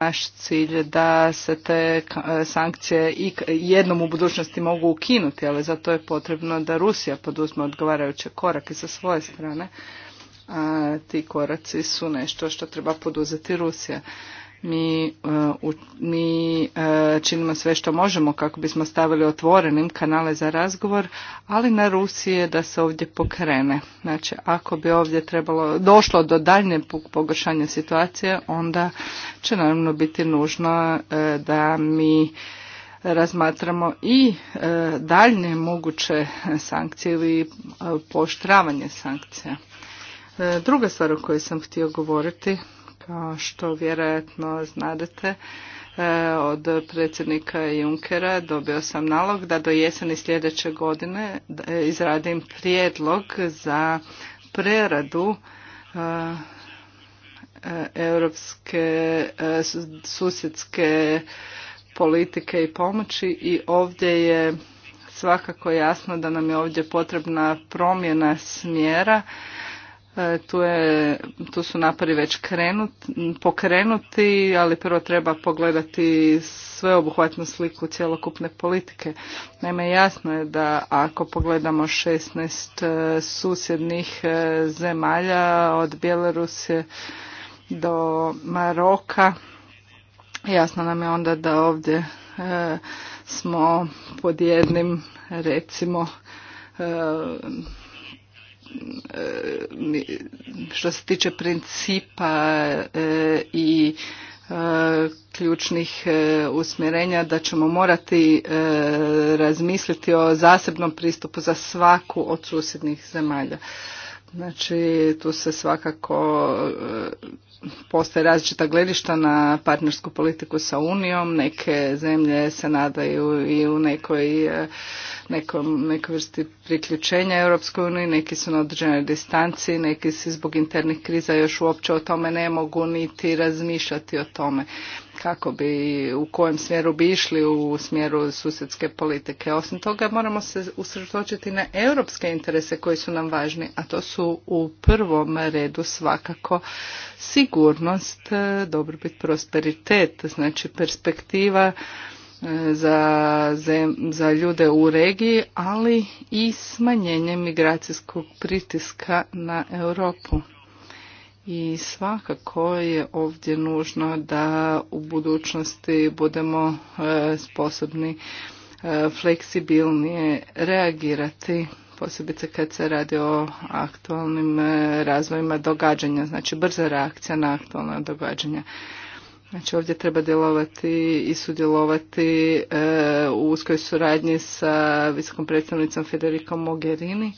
naš cilj da se te sankcije i jednom u budućnosti mogu ukinuti, ali zato je potrebno da Rusija poduzme odgovarajuće korake sa svoje strane. A ti koraci su nešto što treba poduzeti Rusija mi, e, mi e, činimo sve što možemo kako bismo stavili otvorenim kanale za razgovor, ali na Rusiji da se ovdje pokrene. Znači, ako bi ovdje trebalo došlo do daljnje pogoršanja situacije, onda će naravno biti nužno e, da mi razmatramo i daljnje moguće sankcije ili poštravanje sankcija. Druga stvar o kojoj sam htio govoriti kao što vjerojatno znadete, e, od predsjednika Junkera dobio sam nalog da do jeseni sljedeće godine e, izradim prijedlog za preradu e, europske susjedske politike i pomoći i ovdje je svakako jasno da nam je ovdje potrebna promjena smjera E, tu, je, tu su napori već pokrenuti, ali prvo treba pogledati sveobuhvatnu sliku cjelokupne politike. Naime, jasno je da ako pogledamo 16 e, susjednih e, zemalja od Bjelorusije do Maroka, jasno nam je onda da ovdje smo pod jednim recimo E, što se tiče principa e, i e, ključnih usmjerenja da ćemo morati razmisliti o zasebnom pristupu za svaku od susjednih zemalja. Znači, tu se svakako e, postoje različita gledišta na partnersku politiku sa Unijom. Neke zemlje se nadaju i u nekoj, e, nekom, nekoj vrsti priključenja Europskoj uniji, neki su na određenoj distanci, neki se zbog internih kriza još uopće o tome ne mogu niti razmišljati o tome kako bi, u kojem smjeru bi išli u smjeru susjedske politike. Osim toga moramo se usredotočiti na europske interese koji su nam važni, a to su u prvom redu svakako sigurnost, e, dobrobit, prosperitet, znači perspektiva e, za, za ljude u regiji, ali i smanjenje migracijskog pritiska na Europu i svakako je ovdje nužno da u budućnosti budemo e, sposobni e, fleksibilnije reagirati posebice kad se radi o aktualnim e, razvojima događanja, znači brza reakcija na aktualna događanja. Znači ovdje treba djelovati i sudjelovati u uskoj suradnji sa visokom predstavnicom Federico Mogherini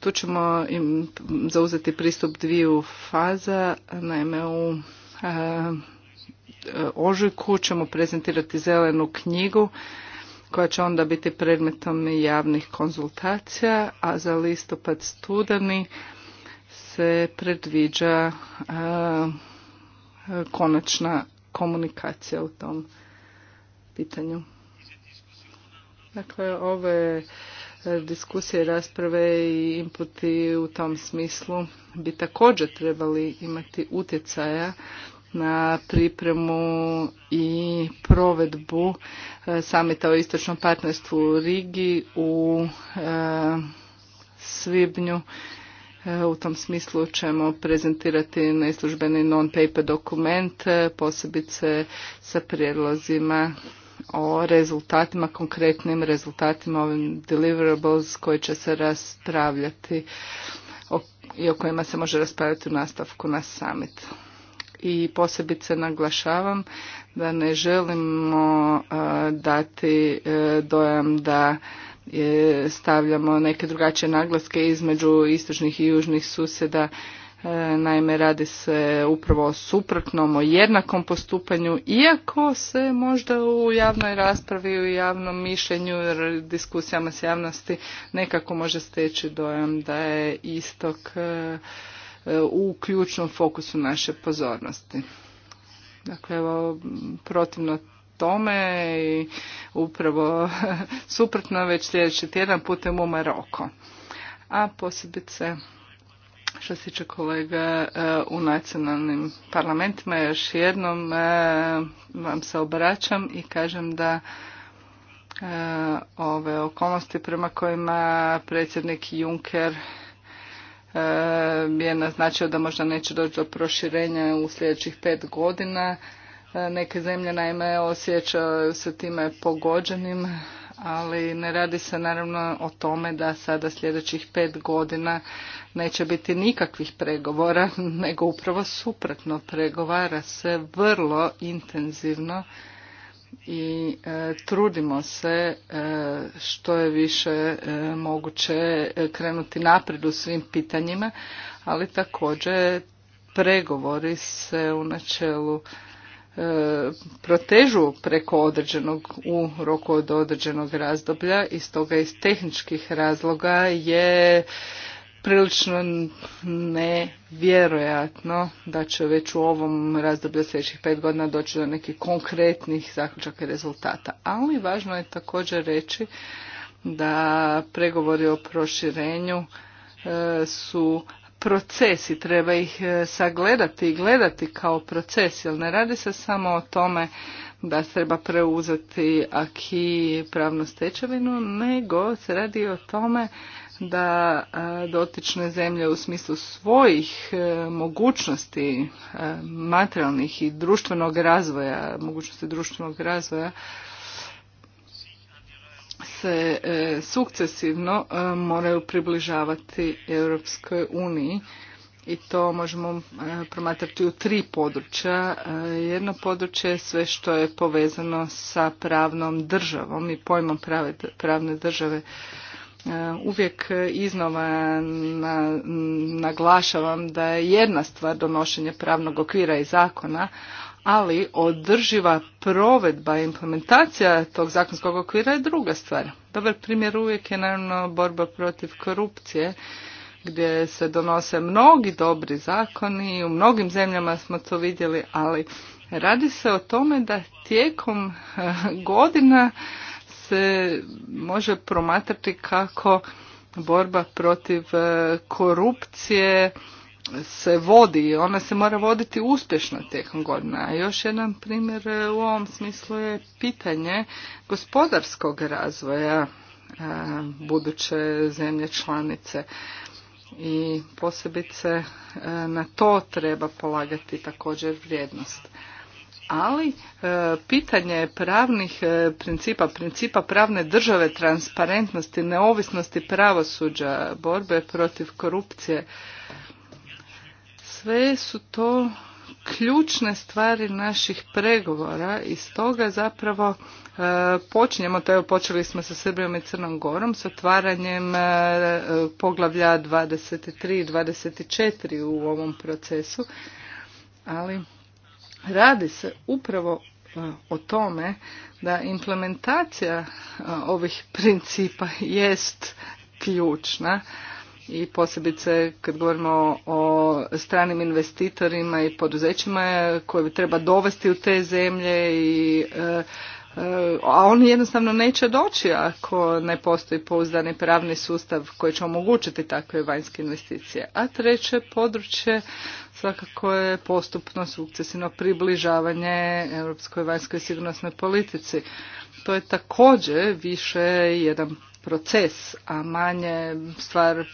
tu ćemo im zauzeti pristup dviju faza. Naime, u e, ožujku ćemo prezentirati zelenu knjigu koja će onda biti predmetom javnih konzultacija, a za listopad studeni se predviđa e, konačna komunikacija u tom pitanju. Dakle, ove diskusije rasprave i inputi u tom smislu bi također trebali imati utjecaja na pripremu i provedbu e, samita o istočnom partnerstvu u Rigi u e, svibnju. E, u tom smislu ćemo prezentirati neslužbeni non-paper dokument, posebice sa prijedlozima o rezultatima, konkretnim rezultatima ovim deliverables koji će se raspravljati i o kojima se može raspravljati u nastavku na summit. I posebice naglašavam da ne želimo e, dati e, dojam da e, stavljamo neke drugačije naglaske između istočnih i južnih susjeda E, naime, radi se upravo o suprotnom, o jednakom postupanju, iako se možda u javnoj raspravi, u javnom mišljenju, diskusijama s javnosti nekako može steći dojam da je istok e, e, u ključnom fokusu naše pozornosti. Dakle, evo, protivno tome i upravo suprotno već sljedeći tjedan putem u Maroko. A posebice što se tiče kolega eh, u nacionalnim parlamentima, još jednom eh, vam se obraćam i kažem da eh, ove okolnosti prema kojima predsjednik Juncker je naznačio da možda neće doći do proširenja u sljedećih pet godina. Neke zemlje naime osjećaju se time pogođenim ali ne radi se naravno o tome da sada sljedećih pet godina neće biti nikakvih pregovora, nego upravo suprotno pregovara se vrlo intenzivno i e, trudimo se e, što je više e, moguće krenuti naprijed u svim pitanjima, ali također pregovori se u načelu protežu preko određenog u roku od određenog razdoblja i stoga iz tehničkih razloga je prilično nevjerojatno da će već u ovom razdoblju sljedećih pet godina doći do nekih konkretnih zaključaka i rezultata. Ali važno je također reći da pregovori o proširenju e, su i treba ih e, sagledati i gledati kao proces, jer ne radi se samo o tome da treba preuzeti aki pravnu stečevinu, nego se radi o tome da e, dotične zemlje u smislu svojih e, mogućnosti materijalnih i društvenog razvoja, mogućnosti društvenog razvoja, se e, sukcesivno e, moraju približavati Europskoj uniji i to možemo e, promatrati u tri područja. Jedno područje je sve što je povezano sa pravnom državom i pojmom pravne države. Uvijek iznova naglašavam da je jedna stvar donošenje pravnog okvira i zakona, ali održiva provedba i implementacija tog zakonskog okvira je druga stvar. Dobar primjer uvijek je naravno borba protiv korupcije gdje se donose mnogi dobri zakoni i u mnogim zemljama smo to vidjeli, ali radi se o tome da tijekom eh, godina se može promatrati kako borba protiv eh, korupcije se vodi i ona se mora voditi uspješno tijekom godina. A još jedan primjer e, u ovom smislu je pitanje gospodarskog razvoja e, buduće zemlje članice i posebice e, na to treba polagati također vrijednost. Ali pitanje pravnih principa, principa pravne države, transparentnosti, neovisnosti pravosuđa, borbe protiv korupcije, sve su to ključne stvari naših pregovora i stoga zapravo e, počinjemo, to je počeli smo sa Srbijom i Crnom Gorom, s otvaranjem e, poglavlja 23 i 24 u ovom procesu, ali radi se upravo e, o tome da implementacija e, ovih principa jest ključna i posebice kad govorimo o stranim investitorima i poduzećima koje treba dovesti u te zemlje i e, e, a oni jednostavno neće doći ako ne postoji pouzdani pravni sustav koji će omogućiti takve vanjske investicije. A treće područje svakako je postupno sukcesivno približavanje europskoj vanjskoj sigurnosnoj politici. To je također više jedan proces, a manje stvar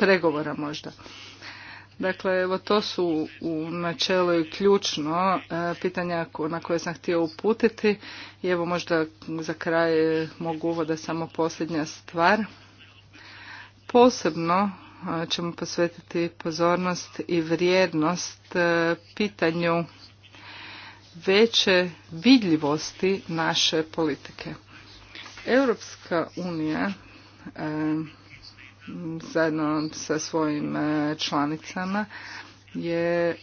pregovora možda. Dakle, evo to su u načelu i ključno e, pitanja na koje sam htio uputiti i evo možda za kraj e, mogu uvoda samo posljednja stvar. Posebno e, ćemo posvetiti pozornost i vrijednost pitanju veće vidljivosti naše politike. Europska unija zajedno sa svojim e, članicama je e,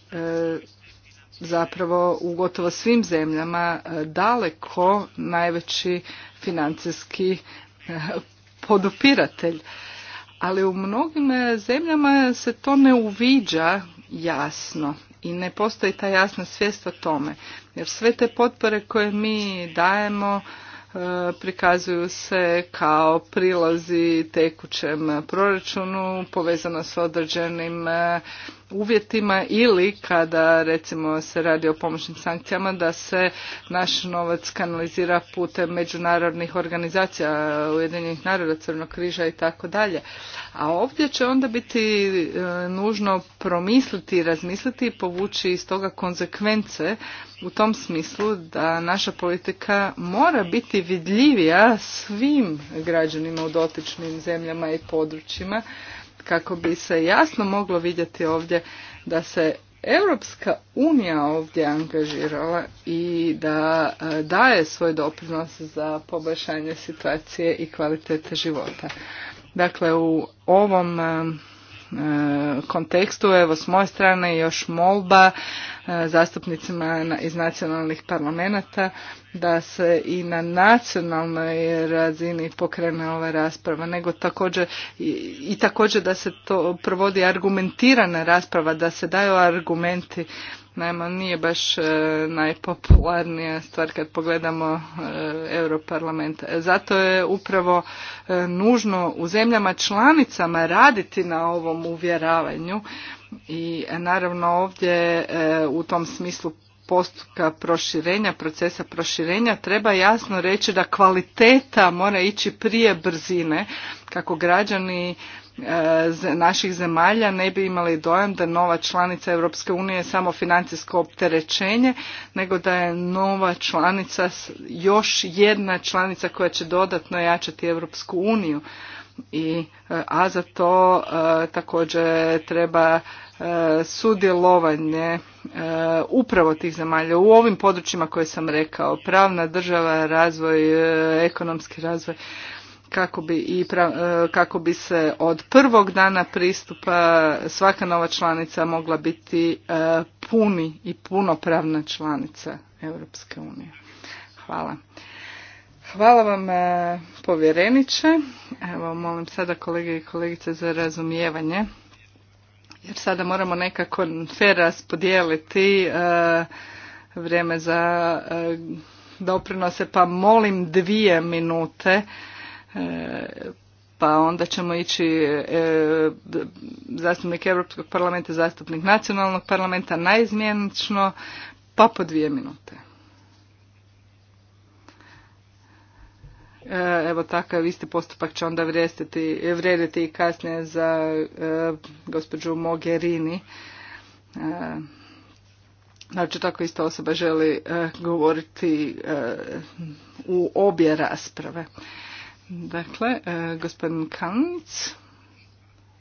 zapravo u gotovo svim zemljama e, daleko najveći financijski podupiratelj. Ali u mnogim zemljama se to ne uviđa jasno i ne postoji ta jasna svijest o tome. Jer sve te potpore koje mi dajemo prikazuju se kao prilozi tekućem proračunu povezano s određenim uvjetima ili kada recimo se radi o pomoćnim sankcijama da se naš novac kanalizira putem međunarodnih organizacija Ujedinjenih naroda, Crnog križa i tako dalje. A ovdje će onda biti e, nužno promisliti, i razmisliti i povući iz toga konzekvence u tom smislu da naša politika mora biti vidljivija svim građanima u dotičnim zemljama i područjima kako bi se jasno moglo vidjeti ovdje da se Europska unija ovdje angažirala i da e, daje svoj doprinos za poboljšanje situacije i kvalitete života. Dakle, u ovom E, kontekstu. Evo s moje strane još molba e, zastupnicima iz nacionalnih parlamenta da se i na nacionalnoj razini pokrene ova rasprava, nego također i, i također da se to provodi argumentirana rasprava, da se daju argumenti nema, nije baš e, najpopularnija stvar kad pogledamo e, Europarlament. E, zato je upravo e, nužno u zemljama članicama raditi na ovom uvjeravanju i naravno ovdje u tom smislu postupka proširenja, procesa proširenja, treba jasno reći da kvaliteta mora ići prije brzine kako građani E, naših zemalja ne bi imali dojam da nova članica Europske unije je samo financijsko opterećenje, nego da je nova članica još jedna članica koja će dodatno jačati Europsku uniju. I, e, a za to e, također treba sudjelovanje upravo tih zemalja u ovim područjima koje sam rekao, pravna država, razvoj, ekonomski razvoj, kako bi, i e, kako bi se od prvog dana pristupa svaka nova članica mogla biti e, puni i punopravna članica Europske unije. Hvala. Hvala vam e, povjereniče. Evo molim sada kolege i kolegice za razumijevanje. Jer sada moramo nekako fer raspodijeliti vrijeme za doprinose pa molim dvije minute pa onda ćemo ići e, zastupnik Europskog parlamenta, zastupnik nacionalnog parlamenta najizmjenično, pa po dvije minute. E, evo takav isti postupak će onda vrijediti, vrijediti i kasnije za e, gospođu Mogherini. E, znači, tako isto osoba želi govoriti u obje rasprave. Dakle, e, gospodin Kalnic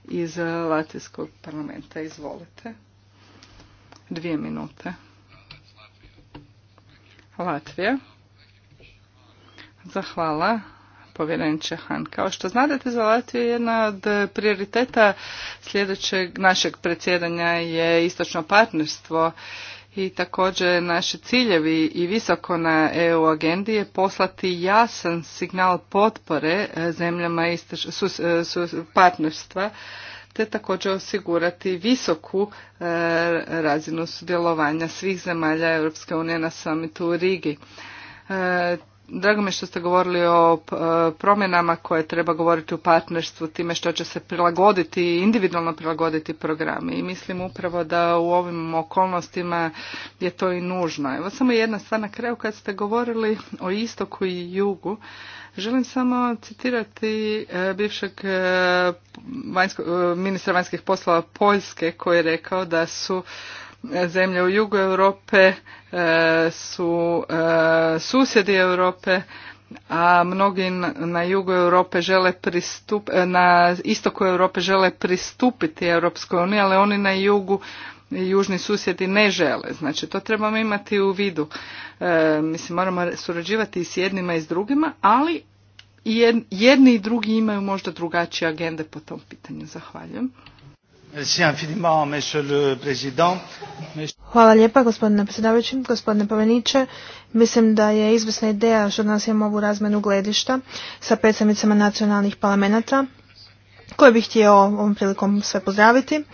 iz Latvijskog parlamenta, izvolite. Dvije minute. Latvija. Zahvala povjereniče Han. Kao što znate za Latviju jedna od prioriteta sljedećeg našeg predsjedanja je istočno partnerstvo i također naši ciljevi i visoko na EU agendi je poslati jasan signal potpore e, zemljama istraž, e, partnerstva te također osigurati visoku e, razinu sudjelovanja svih zemalja EU na samitu u Rigi. Drago mi što ste govorili o e, promjenama koje treba govoriti u partnerstvu, time što će se prilagoditi i individualno prilagoditi programi. I mislim upravo da u ovim okolnostima je to i nužno. Evo samo jedna stvar na kraju kad ste govorili o istoku i jugu. Želim samo citirati e, bivšeg e, ministra vanjskih poslova Poljske koji je rekao da su zemlje u jugu Europe e, su e, susjedi Europe, a mnogi na jugu Europe žele pristup, e, na istoku Europe žele pristupiti Europskoj uniji, ali oni na jugu južni susjedi ne žele. Znači to trebamo imati u vidu. E, mislim moramo surađivati i s jednima i s drugima, ali jedni i drugi imaju možda drugačije agende po tom pitanju. Zahvaljujem. Hvala lijepa gospodine predsjedavajući, gospodine poveniče. Mislim da je izvrsna ideja što danas imamo ovu razmenu gledišta sa predstavnicama nacionalnih parlamenta koje bih htio ovom prilikom sve pozdraviti.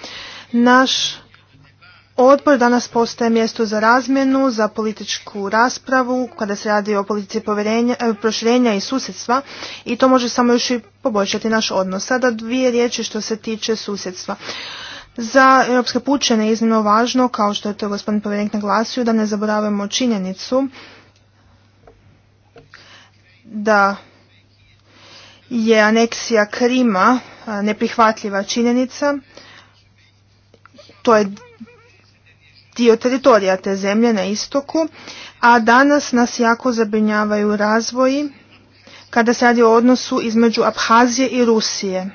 Naš Odbor danas postaje mjesto za razmjenu, za političku raspravu, kada se radi o politici e, proširenja i susjedstva i to može samo još i poboljšati naš odnos. Sada dvije riječi što se tiče susjedstva. Za europske pučene je iznimno važno, kao što je to gospodin povjerenik naglasio, da ne zaboravimo činjenicu da je aneksija Krima neprihvatljiva činjenica. To je dio teritorija te zemlje na istoku, a danas nas jako zabrinjavaju razvoji kada se radi o odnosu između Abhazije i Rusije.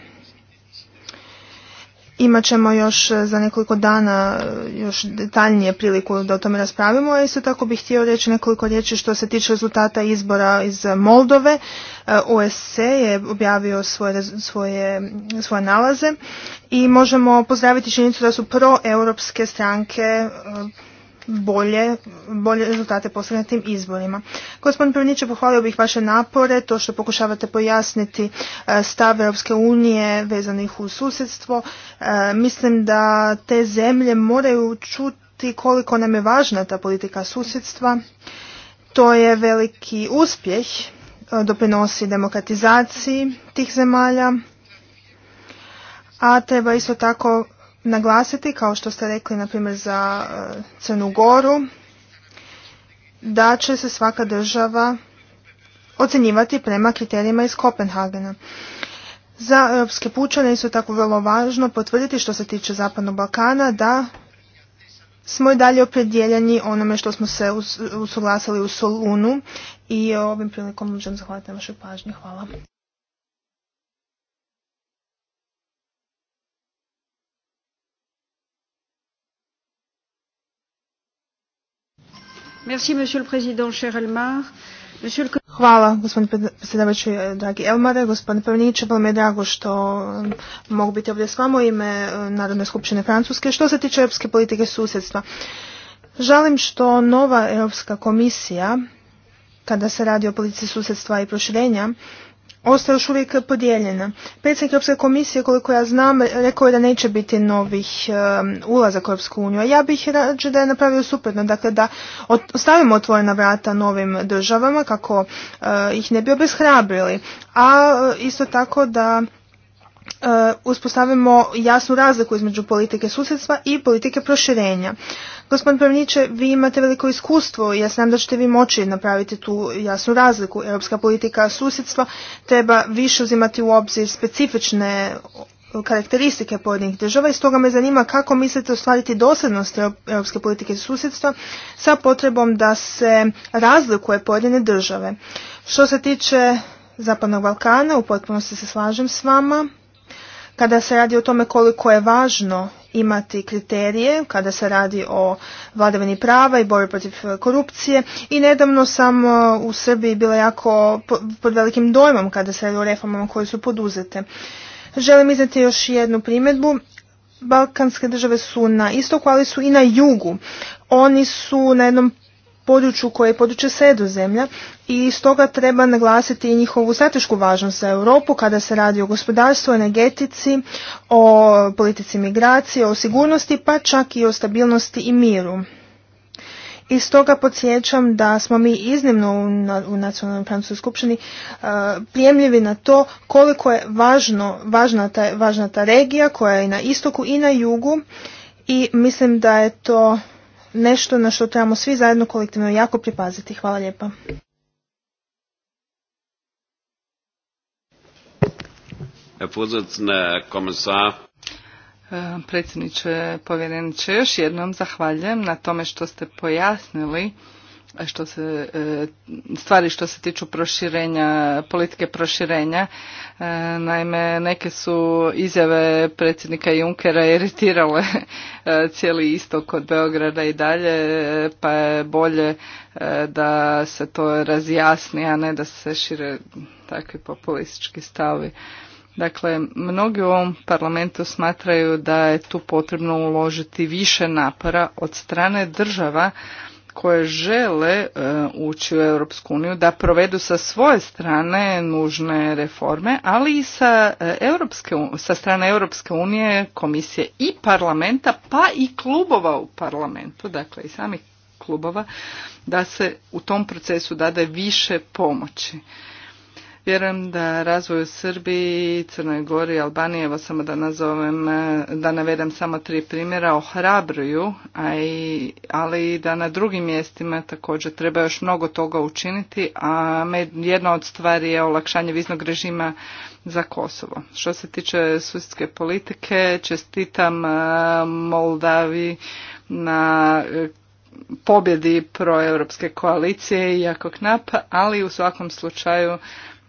Imat ćemo još e, za nekoliko dana e, još detaljnije priliku da o tome raspravimo, a isto tako bih htio reći nekoliko riječi što se tiče rezultata izbora iz Moldove. OSCE je objavio svoje, svoje, svoje nalaze i možemo pozdraviti činjenicu da su proeuropske stranke e, bolje, bolje rezultate na tim izborima. Gospodin Prvniče, pohvalio bih vaše napore, to što pokušavate pojasniti e, stav Europske unije vezanih u susjedstvo. E, mislim da te zemlje moraju čuti koliko nam je važna ta politika susjedstva. To je veliki uspjeh, e, doprinosi demokratizaciji tih zemalja, a treba isto tako naglasiti, kao što ste rekli, na primjer, za e, Crnu Goru, da će se svaka država ocjenjivati prema kriterijima iz Kopenhagena. Za europske pučane isto tako vrlo važno potvrditi što se tiče Zapadnog Balkana da smo i dalje opredjeljeni onome što smo se usuglasili u Solunu i e, ovim prilikom želim zahvaliti na vašoj pažnji. Hvala. Hvala, gospodin predsjedavajući, eh, dragi Elmare, gospodin Prvniće, bilo je drago što eh, mogu biti ovdje s vama u ime eh, Narodne skupštine Francuske. Što se tiče europske politike susjedstva, žalim što nova Europska komisija, kada se radi o politici susjedstva i proširenja, ostaje još uvijek podijeljena. Predsjednik Europske komisije, koliko ja znam, rekao je da neće biti novih ulaza u Europsku uniju. A ja bih rađe da je napravio suprotno, dakle da ostavimo otvorena vrata novim državama kako eh, ih ne bi obeshrabrili. A isto tako da E, uspostavimo jasnu razliku između politike susjedstva i politike proširenja. Gospodin Pravniče, vi imate veliko iskustvo i ja znam da ćete vi moći napraviti tu jasnu razliku. Europska politika susjedstva treba više uzimati u obzir specifične karakteristike pojedinih država i stoga me zanima kako mislite ostvariti dosljednost europske politike susjedstva sa potrebom da se razlikuje pojedine države. Što se tiče Zapadnog Balkana, u potpunosti se slažem s vama kada se radi o tome koliko je važno imati kriterije kada se radi o vladavini prava i borbi protiv e, korupcije i nedavno sam e, u Srbiji bila jako pod velikim dojmom kada se radi o reformama koje su poduzete. Želim izneti još jednu primjedbu. Balkanske države su na istoku, ali su i na jugu. Oni su na jednom području koje je područje sredozemlja i stoga treba naglasiti i njihovu stratešku važnost za Europu kada se radi o gospodarstvu, energetici, o politici migracije, o sigurnosti pa čak i o stabilnosti i miru. I stoga podsjećam da smo mi iznimno u Nacionalnoj francuskoj skupštini e, prijemljivi na to koliko je važno, važna, ta, važna ta regija koja je na istoku i na jugu i mislim da je to nešto na što trebamo svi zajedno kolektivno jako pripaziti. Hvala lijepa. E, predsjedniče povjereniče, još jednom zahvaljujem na tome što ste pojasnili što se e, stvari što se tiču proširenja, politike proširenja. E, naime, neke su izjave predsjednika Junkera iritirale e, cijeli istok od Beograda i dalje, pa je bolje da se to razjasni, a ne da se šire takvi populistički stavi. Dakle, mnogi u ovom parlamentu smatraju da je tu potrebno uložiti više napora od strane država koje žele e, ući u Europsku uniju da provedu sa svoje strane nužne reforme, ali i sa, e, Europske, sa strane Europske unije, komisije i parlamenta, pa i klubova u parlamentu, dakle i samih klubova, da se u tom procesu dade više pomoći. Vjerujem da razvoj u Srbiji, Crnoj Gori, Albaniji, evo samo da nazovem, e, da navedem samo tri primjera, ohrabruju, a ali i da na drugim mjestima također treba još mnogo toga učiniti, a jedna od stvari je olakšanje viznog režima za Kosovo. Što se tiče susjedske politike, čestitam e, Moldavi na e, pobjedi proeuropske koalicije i jako ali u svakom slučaju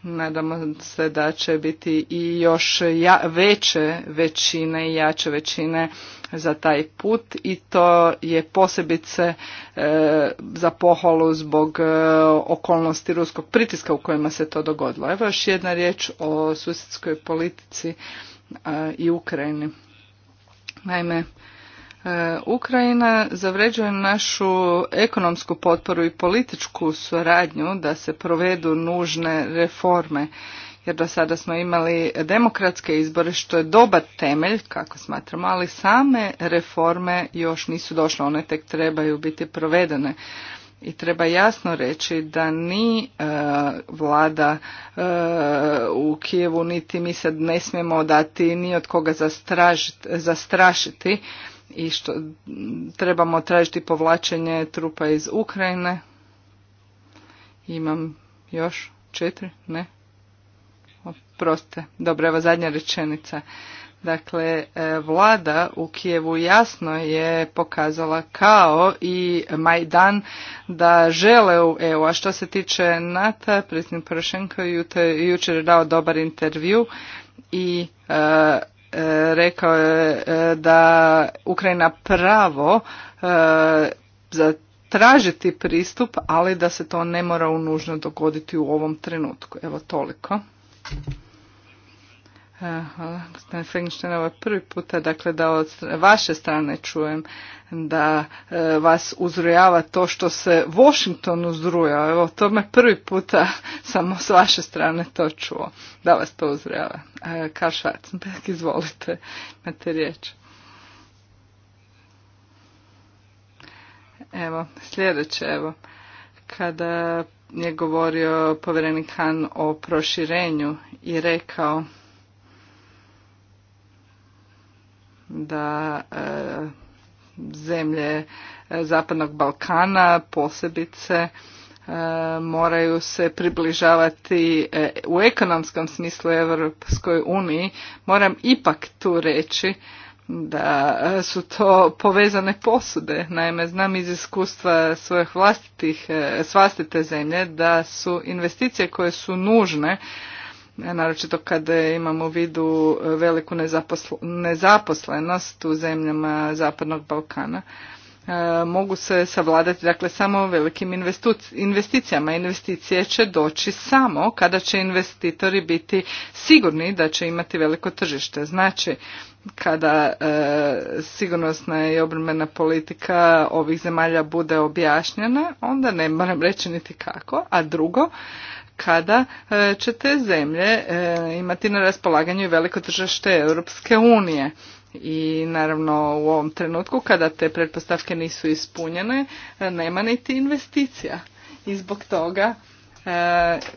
Nadamo se da će biti i još ja, veće većine i jače većine za taj put i to je posebice e, za poholu zbog e, okolnosti ruskog pritiska u kojima se to dogodilo. Evo još jedna riječ o susjedskoj politici e, i Ukrajini. Naime, E, Ukrajina zavređuje našu ekonomsku potporu i političku suradnju da se provedu nužne reforme jer do sada smo imali demokratske izbore što je dobar temelj kako smatramo, ali same reforme još nisu došle, one tek trebaju biti provedene. I treba jasno reći da ni e, vlada e, u Kijevu niti mi sad ne smijemo dati ni od koga zastrašiti i što trebamo tražiti povlačenje trupa iz Ukrajine. Imam još četiri, ne? Proste. dobro, evo zadnja rečenica. Dakle, e, vlada u Kijevu jasno je pokazala kao i Majdan da žele u EU. A što se tiče NATO, predsjednik Porošenko jučer je dao dobar intervju i e, E, rekao je e, da Ukrajina pravo e, za tražiti pristup, ali da se to ne mora nužno dogoditi u ovom trenutku. Evo toliko. Hvala, gospodine ovo prvi puta dakle, da od vaše strane čujem da e, vas uzrujava to što se Washington uzruja. Evo, to me prvi puta samo s vaše strane to čuo, da vas to uzrujava. E, Karl Schwarzenberg, izvolite, imate riječ. Evo, sljedeće, evo, kada je govorio povjerenik Han o proširenju i rekao da e, zemlje e, Zapadnog Balkana posebice e, moraju se približavati u ekonomskom smislu Europskoj uniji, moram ipak tu reći da su to povezane posude. Naime, znam iz iskustva svojih vlastitih, svastite zemlje da su investicije koje su nužne E, naročito kada imamo u vidu e, veliku nezaposlenost u zemljama Zapadnog Balkana. E, mogu se savladati dakle samo velikim investicijama. Investicije će doći samo kada će investitori biti sigurni da će imati veliko tržište. Znači, kada sigurnosna i obrmena politika ovih zemalja bude objašnjena, onda ne moram reći niti kako, a drugo, kada e, će te zemlje e, imati na raspolaganju i veliko tržište Europske unije. I naravno u ovom trenutku kada te pretpostavke nisu ispunjene e, nema niti investicija. I zbog toga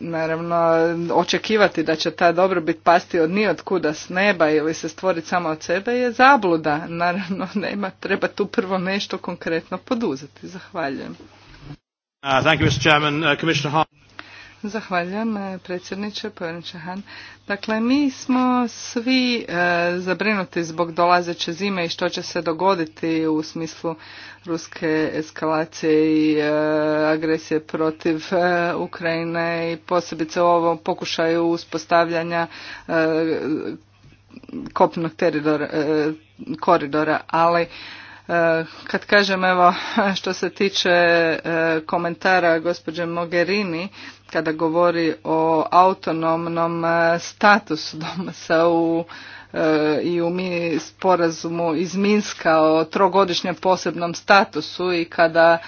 naravno očekivati da će ta dobrobit pasti od ni od kuda s neba ili se stvoriti samo od sebe je zabluda. Naravno nema, treba tu prvo nešto konkretno poduzeti. Zahvaljujem. Uh, thank you, Mr. Chairman. Uh, Commissioner... Zahvaljujem e, predsjedniče pojedinče Han. Dakle, mi smo svi e, zabrinuti zbog dolazeće zime i što će se dogoditi u smislu ruske eskalacije i e, agresije protiv Ukrajine i posebice u ovom pokušaju uspostavljanja kopnog koridora, ali kad kažem evo što se tiče e, komentara gospođe Mogherini kada govori o autonomnom e, statusu Domasa u e, i u mi sporazumu iz Minska o trogodišnjem posebnom statusu i kada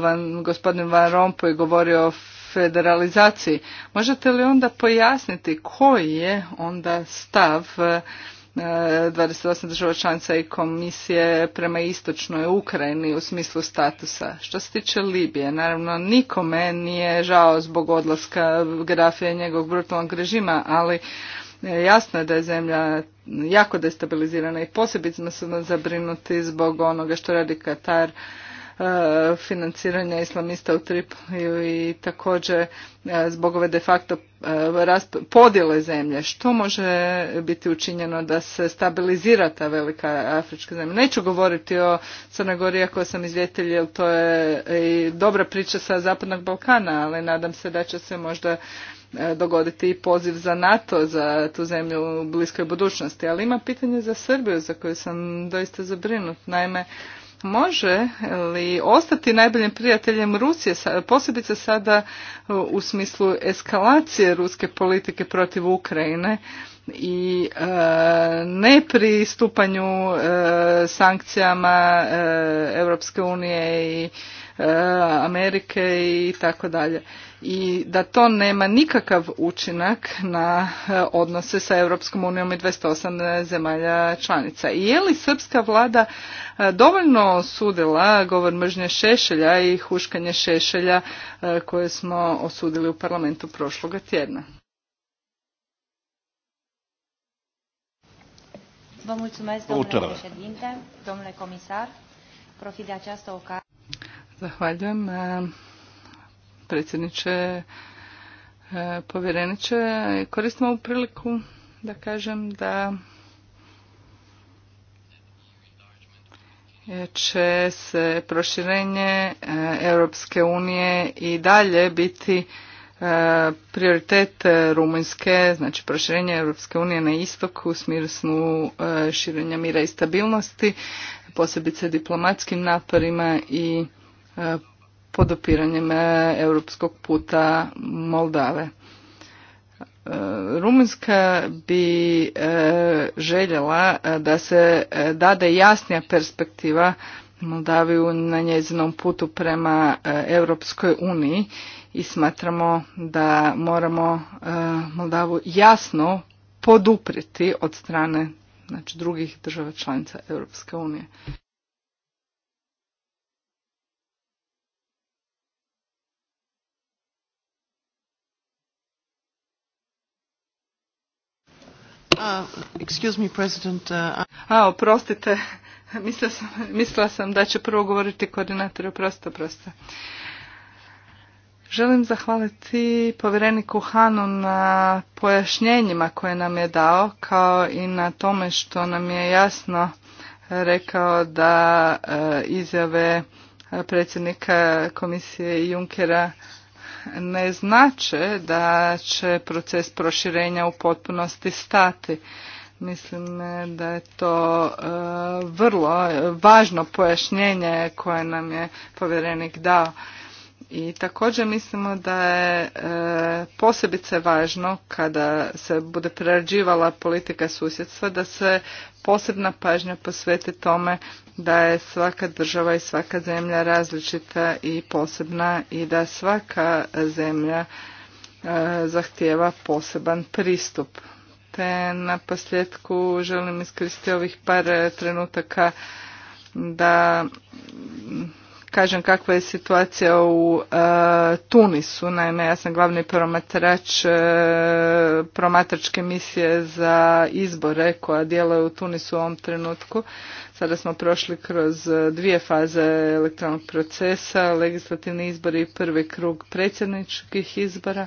van, gospodin Van Rompuy govori o federalizaciji. Možete li onda pojasniti koji je onda stav 28 država članica i komisije prema istočnoj Ukrajini u smislu statusa. Što se tiče Libije, naravno nikome nije žao zbog odlaska grafije njegovog brutalnog režima, ali e, jasno je da je zemlja jako destabilizirana i posebno se zabrinuti zbog onoga što radi Katar E, financiranja islamista u Tripoliju i također e, zbog ove de facto e, podjele zemlje. Što može biti učinjeno da se stabilizira ta velika afrička zemlja? Neću govoriti o Crnoj Gori ako sam izvjetelj jer to je i dobra priča sa Zapadnog Balkana, ali nadam se da će se možda dogoditi i poziv za NATO za tu zemlju u bliskoj budućnosti. Ali ima pitanje za Srbiju za koju sam doista zabrinut. Naime, može li ostati najboljim prijateljem Rusije, posebice sada e, u smislu eskalacije ruske politike protiv Ukrajine i e, nepristupanju ne pristupanju sankcijama Europske unije i E, Amerike i tako dalje. I da to nema nikakav učinak na e, odnose sa Europskom unijom i 28 zemalja članica. I je li srpska vlada e, dovoljno osudila govor mržnje Šešelja i huškanje Šešelja koje smo osudili u parlamentu prošloga tjedna? Vă mulțumesc, domnule comisar. această Zahvaljujem. E, predsjedniče, e, povjereniče, koristim ovu priliku da kažem da će se proširenje e, Europske unije i dalje biti prioritet Rumunjske, znači proširenje Europske unije na istoku, u smislu širenja mira i stabilnosti, posebice diplomatskim naporima i E, podopiranjem e, europskog puta Moldave. E, Rumunjska bi željela da se dade jasnija perspektiva Moldaviju na njezinom putu prema Europskoj uniji i smatramo da moramo Moldavu jasno podupriti od strane znači, drugih država članica Europske unije. Ah, uh, A, oprostite. Mislila sam, mislila sam da će prvo govoriti koordinator. Oprostite, oprostite. Želim zahvaliti povjereniku Hanu na pojašnjenjima koje nam je dao, kao i na tome što nam je jasno rekao da e, izjave e, predsjednika komisije Junkera ne znače da će proces proširenja u potpunosti stati. Mislim e, da je to e, vrlo važno pojašnjenje koje nam je povjerenik dao i također mislimo da je e, posebice važno kada se bude prerađivala politika susjedstva da se posebna pažnja posveti tome da je svaka država i svaka zemlja različita i posebna i da svaka zemlja e, zahtijeva poseban pristup. Te na posljedku želim iskoristiti ovih par e, trenutaka da kažem kakva je situacija u e, Tunisu. Naime, ja sam glavni promatrač e, promatračke misije za izbore koja djeluje u Tunisu u ovom trenutku. Sada smo prošli kroz e, dvije faze elektronog procesa, legislativni izbori i prvi krug predsjedničkih izbora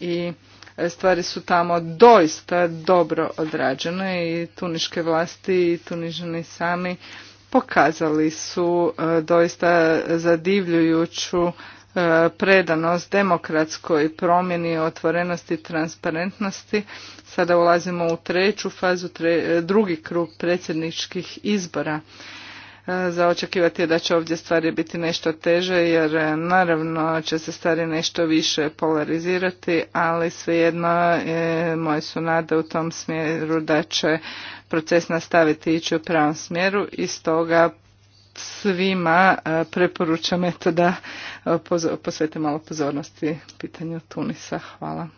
i e, stvari su tamo doista dobro odrađene i tuniške vlasti i tunižani sami pokazali su e, doista zadivljujuću e, predanost demokratskoj promjeni otvorenosti i transparentnosti. Sada ulazimo u treću fazu, e, drugi krug predsjedničkih izbora. Za očekivati je da će ovdje stvari biti nešto teže jer naravno će se stvari nešto više polarizirati, ali svejedno moje su nade u tom smjeru da će proces nastaviti ići u pravom smjeru i stoga svima e, preporučam eto da posvete malo pozornosti pitanju Tunisa. Hvala.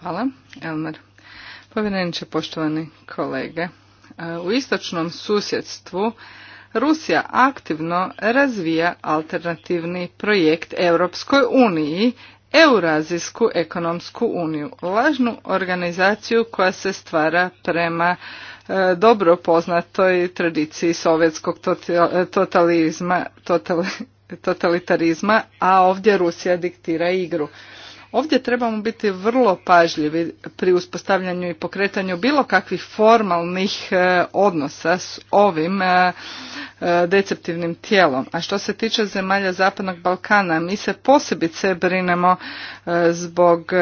Hvala. Elmer. Povjereniče, poštovani kolege. E, u istočnom susjedstvu Rusija aktivno razvija alternativni projekt Europskoj uniji Eurazijsku ekonomsku uniju, lažnu organizaciju koja se stvara prema e, dobro poznatoj tradiciji sovjetskog e, totalizma, totalitarizma, a ovdje Rusija diktira igru. Ovdje trebamo biti vrlo pažljivi pri uspostavljanju i pokretanju bilo kakvih formalnih e, odnosa s ovim e, e, deceptivnim tijelom. A što se tiče zemalja Zapadnog Balkana, mi se posebice brinemo zbog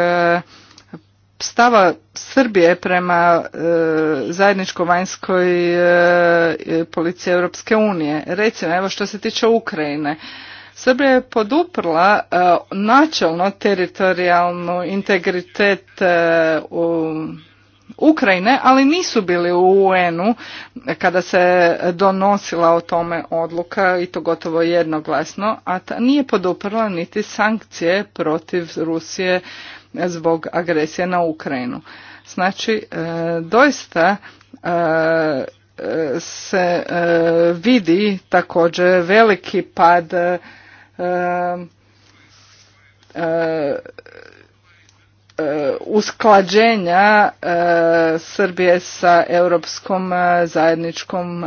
stava Srbije prema zajedničkoj zajedničko vanjskoj policiji Europske unije. Recimo, evo što se tiče Ukrajine, Srbija je poduprla e, načelno teritorijalnu integritet e, u Ukrajine, ali nisu bili u UN-u kada se donosila o tome odluka i to gotovo jednoglasno, a ta nije poduprla niti sankcije protiv Rusije zbog agresije na Ukrajinu. Znači, e, doista se vidi također veliki pad E, e, usklađenja e, Srbije sa europskom zajedničkom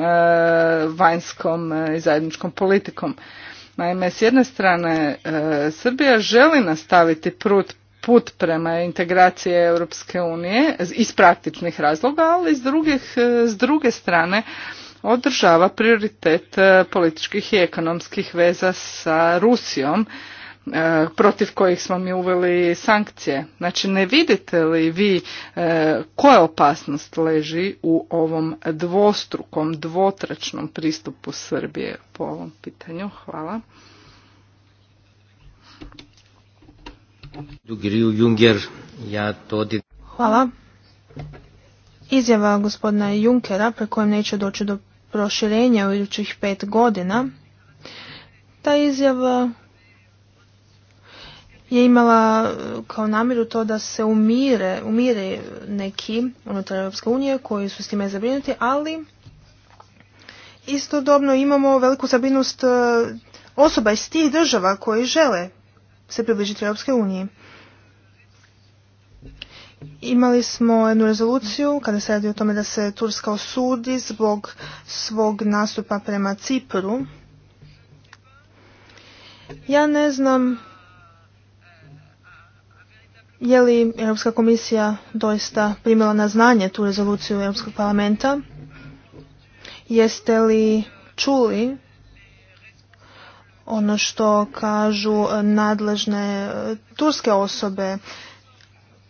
vanjskom i zajedničkom politikom. Naime, s jedne strane Srbija želi nastaviti put prema integraciji Europske unije iz praktičnih razloga, ali drugih, s druge strane održava prioritet e, političkih i ekonomskih veza sa Rusijom e, protiv kojih smo mi uveli sankcije. Znači ne vidite li vi e, koja opasnost leži u ovom dvostrukom, dvotračnom pristupu Srbije po ovom pitanju? Hvala. Hvala. Izjava gospodina Junkera pre kojem neće doći do proširenja u idućih pet godina, ta izjava je imala e, kao namjeru to da se umire, umire neki unutar Europske unije koji su s time zabrinuti, ali istodobno imamo veliku zabrinutost e, osoba iz tih država koji žele se približiti Europske unije. Imali smo jednu rezoluciju kada se radi o tome da se Turska osudi zbog svog nastupa prema Cipru. Ja ne znam je li Europska komisija doista primila na znanje tu rezoluciju Europskog parlamenta. Jeste li čuli ono što kažu nadležne turske osobe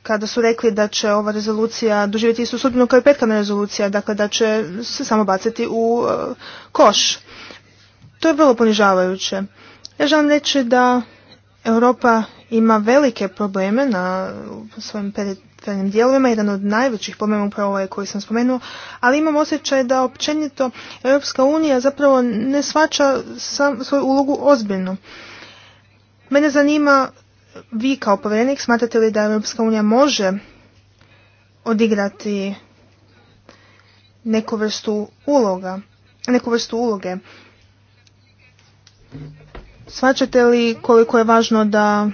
kada su rekli da će ova rezolucija doživjeti istu sudbinu kao i petkana rezolucija, dakle da će se samo baciti u uh, koš. To je vrlo ponižavajuće. Ja želim reći da Europa ima velike probleme na svojim perifernim dijelovima, jedan od najvećih problema upravo ovaj koji sam spomenuo, ali imam osjećaj da općenito Europska unija zapravo ne svača svoju ulogu ozbiljno. Mene zanima vi kao povjerenik smatrate li da Europska unija može odigrati neku vrstu uloga, neku vrstu uloge? Svačate li koliko je važno da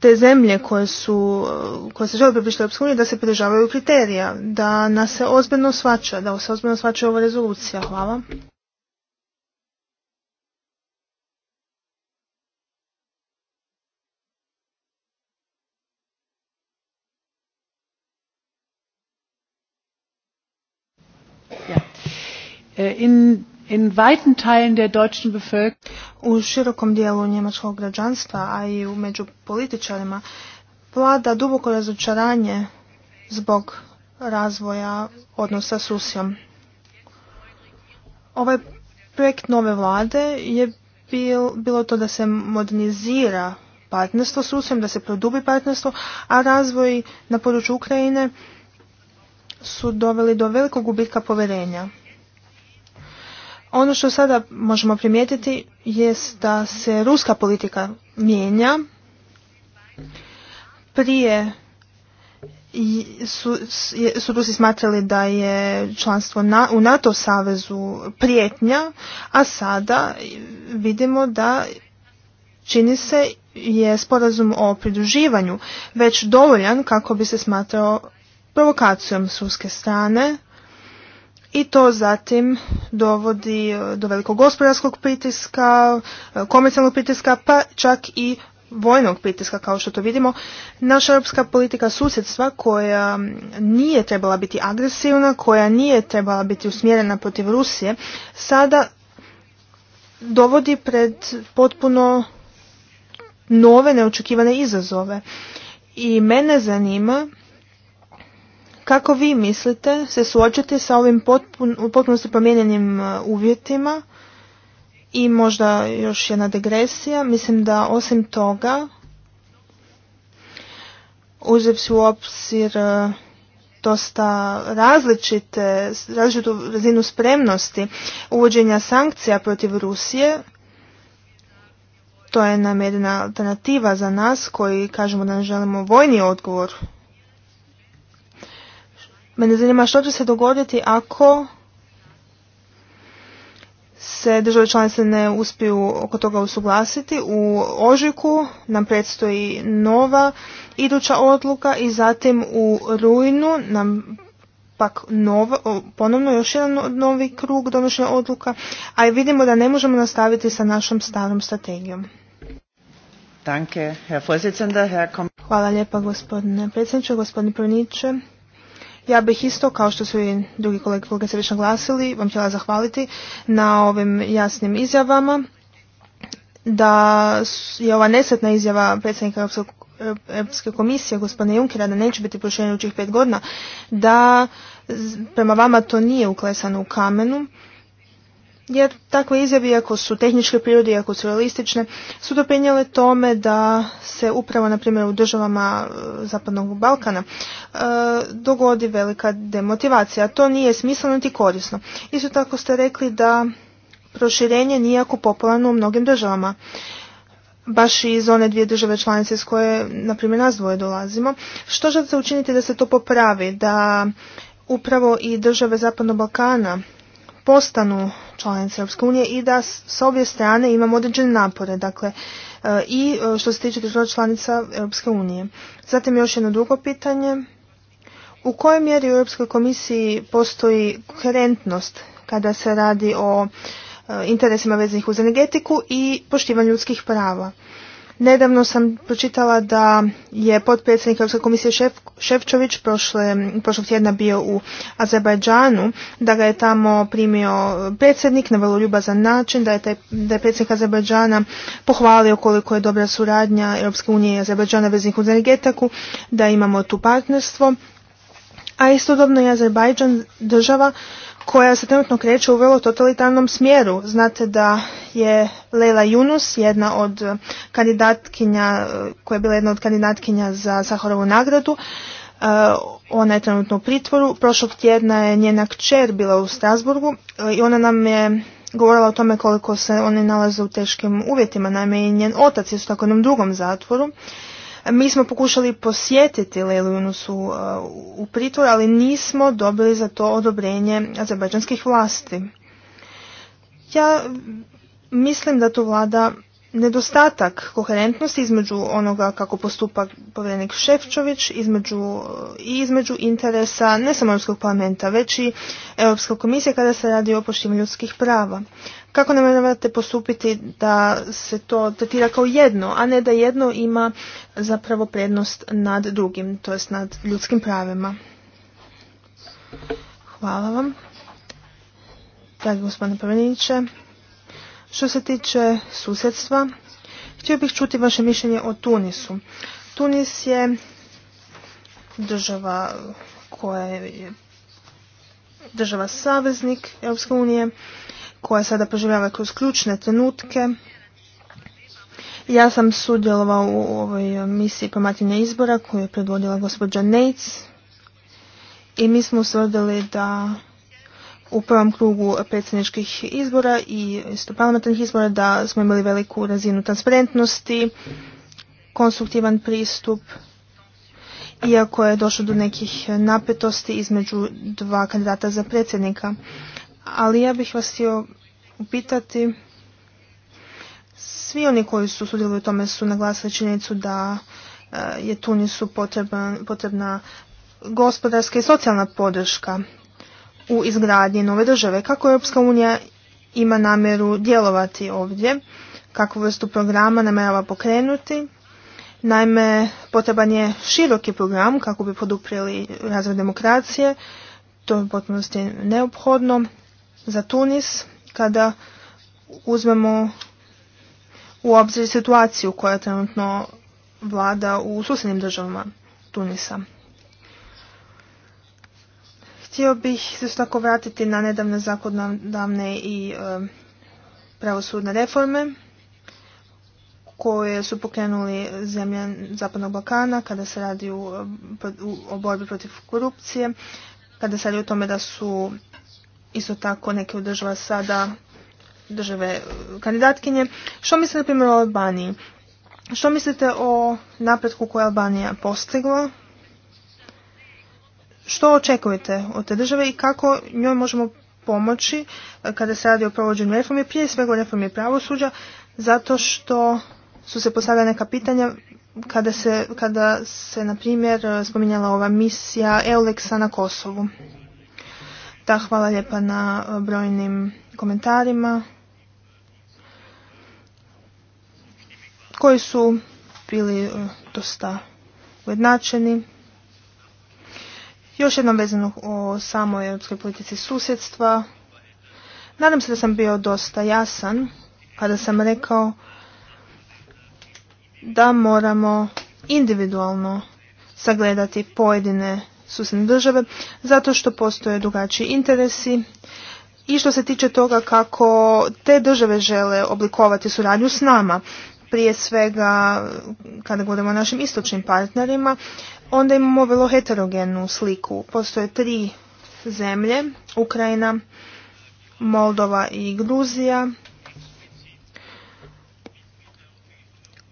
te zemlje koje, su, koje se žele približiti Europskoj da se pridržavaju kriterija, da nas se ozbiljno svača, da se ozbiljno svača ova rezolucija. Hvala. Eh, in, in weiten U širokom dijelu njemačkog građanstva, a i među političarima, vlada duboko razočaranje zbog razvoja odnosa s Rusijom. Ovaj projekt nove vlade je bilo to da se modernizira partnerstvo s Rusijom, da se produbi partnerstvo, a razvoj na području Ukrajine su doveli do velikog gubitka povjerenja. Ono što sada možemo primijetiti jest da se ruska politika mijenja. Prije su, su Rusi smatrali da je članstvo u NATO savezu prijetnja, a sada vidimo da čini se je sporazum o pridruživanju već dovoljan kako bi se smatrao provokacijom s ruske strane i to zatim dovodi e, do velikog gospodarskog pritiska, e, komercijalnog pritiska pa čak i vojnog pritiska kao što to vidimo. Naša europska politika susjedstva koja nije trebala biti agresivna, koja nije trebala biti usmjerena protiv Rusije, sada dovodi pred potpuno nove neočekivane izazove. I mene zanima kako vi mislite se suočiti sa ovim potpun, potpunosti promijenjenim e, uvjetima i možda još jedna degresija? Mislim da osim toga, uzevši u obzir e, dosta različite, različitu razinu spremnosti uvođenja sankcija protiv Rusije, to je nam alternativa za nas koji kažemo da ne želimo vojni odgovor Mene zanima što će se dogoditi ako se države članice ne uspiju oko toga usuglasiti. U ožiku nam predstoji nova iduća odluka i zatim u rujnu nam pak ponovno još jedan novi krug donošenja odluka, a i vidimo da ne možemo nastaviti sa našom starom strategijom. Danke, Herr Hvala lijepa gospodine predsjedniče, gospodine Prvniče. Ja bih isto, kao što su i drugi kolege koliko se već naglasili, vam htjela zahvaliti na ovim jasnim izjavama da je ova nesretna izjava predsjednika Europske komisije, gospodine Junkera, da neće biti u učih pet godina, da prema vama to nije uklesano u kamenu jer takve izjave, iako su tehničke prirode, iako su realistične, su doprinjele tome da se upravo, na primjer, u državama e, Zapadnog Balkana e, dogodi velika demotivacija. To nije smisleno niti korisno. Isto tako ste rekli da proširenje nije jako popularno u mnogim državama. Baš iz one dvije države članice s koje, na primjer, nas dvoje dolazimo. Što želite učiniti da se to popravi? Da upravo i države Zapadnog Balkana postanu članice Europske unije i da s obje strane imamo određene napore, dakle e, i e, što se tiče država članica Europske unije. Zatim još jedno drugo pitanje. U kojoj mjeri u Europskoj komisiji postoji koherentnost kada se radi o e, interesima vezanih uz energetiku i poštivanju ljudskih prava? Nedavno sam pročitala da je potpredsjednik Europske komisije Šef, Šefčović prošle, prošlog tjedna bio u Azerbajdžanu, da ga je tamo primio predsjednik na vrlo ljubazan način, da je, taj, da predsjednik Azerbajdžana pohvalio koliko je dobra suradnja Europske unije i Azerbajdžana veznih uz energetaku, da imamo tu partnerstvo. A istodobno je Azerbajdžan država koja se trenutno kreće u vrlo totalitarnom smjeru. Znate da je Leila Yunus jedna od eh, kandidatkinja, eh, koja je bila jedna od kandidatkinja za Saharovu nagradu, eh, ona je trenutno u pritvoru. Prošlog tjedna je njena kćer bila u Strasburgu i ona nam je govorila o tome koliko se oni nalaze u teškim uvjetima. Naime, i njen otac je u takvom drugom zatvoru mi smo pokušali posjetiti Lejlu Junusu u e, pritvor, ali nismo dobili za to odobrenje azerbajdžanskih vlasti. Ja mislim da tu vlada nedostatak koherentnosti između onoga kako postupa povjerenik Šefčović između, i između interesa ne samo Europskog parlamenta, već i Europske komisije kada se radi o poštivanju ljudskih prava. Kako namjeravate postupiti da se to tretira kao jedno, a ne da jedno ima zapravo prednost nad drugim, to jest nad ljudskim pravima? Hvala vam. Dragi gospodine praveniće što se tiče susjedstva, htio bih čuti vaše mišljenje o Tunisu. Tunis je država koja je država saveznik Europske unije koja sada proživljava kroz ključne trenutke. Ja sam sudjelovao u ovoj misiji promatranja izbora koju je predvodila gospođa Nates i mi smo usvrdili da u prvom krugu predsjedničkih izbora i isto parlamentarnih izbora da smo imali veliku razinu transparentnosti, konstruktivan pristup, iako je došlo do nekih napetosti između dva kandidata za predsjednika. Ali ja bih vas htio Upitati, Svi oni koji su sudjelovali u tome su naglasili činjenicu da e, je Tunisu potrebna, potrebna gospodarska i socijalna podrška u izgradnji nove države. Kako Europska unija ima namjeru djelovati ovdje, kakvu vrstu programa namjerava pokrenuti. Naime, potreban je široki program kako bi poduprijeli razvoj demokracije, to je potpunosti neophodno za Tunis kada uzmemo u obzir situaciju koja trenutno vlada u susjednim državama Tunisa. Htio bih se tako vratiti na nedavne zakonodavne i e, pravosudne reforme koje su pokrenuli zemlje Zapadnog Balkana kada se radi u, o borbi protiv korupcije, kada se radi o tome da su isto tako neke od država sada države e, kandidatkinje. Što mislite na primjer o Albaniji? Što mislite o napretku koje je Albanija postigla? Što očekujete od te države i kako njoj možemo pomoći e, kada se radi o provođenju reformi, prije svega reformi pravosuđa, zato što su se postavljala neka pitanja kada se, kada se na primjer, e, spominjala ova misija Euleksa na Kosovu. Da, hvala lijepa na e, brojnim komentarima koji su bili e, dosta ujednačeni. Još jednom vezano o samoj europskoj politici susjedstva. Nadam se da sam bio dosta jasan kada sam rekao da moramo individualno sagledati pojedine susjedne države, zato što postoje drugačiji interesi i što se tiče toga kako te države žele oblikovati suradnju s nama, prije svega kada govorimo o našim istočnim partnerima, onda imamo vrlo heterogenu sliku. Postoje tri zemlje, Ukrajina, Moldova i Gruzija,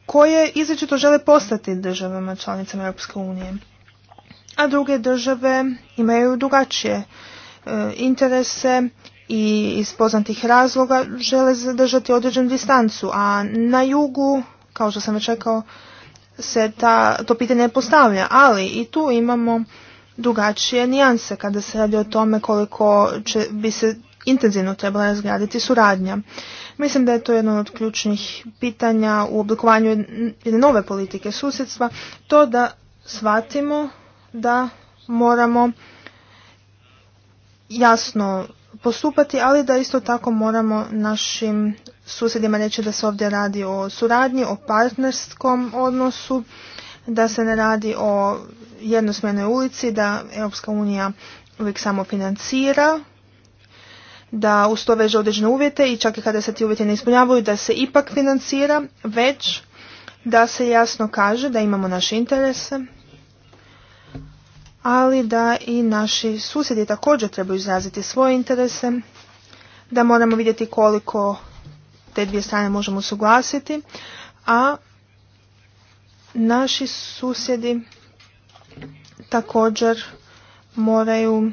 koje izrečito žele postati državama članicama Europske unije a druge države imaju drugačije e, interese i iz poznatih razloga žele zadržati određenu distancu, a na jugu, kao što sam već rekao, se ta, to pitanje postavlja, ali i tu imamo drugačije nijanse kada se radi o tome koliko će, bi se intenzivno trebala razgraditi suradnja. Mislim da je to jedno od ključnih pitanja u oblikovanju jedne nove politike susjedstva, to da shvatimo da moramo jasno postupati, ali da isto tako moramo našim susjedima reći da se ovdje radi o suradnji, o partnerskom odnosu, da se ne radi o jednosmjernoj ulici, da Europska unija uvijek samo financira, da uz to veže određene uvjete i čak i kada se ti uvjeti ne ispunjavaju da se ipak financira, već da se jasno kaže da imamo naše interese, ali da i naši susjedi također trebaju izraziti svoje interese, da moramo vidjeti koliko te dvije strane možemo suglasiti, a naši susjedi također moraju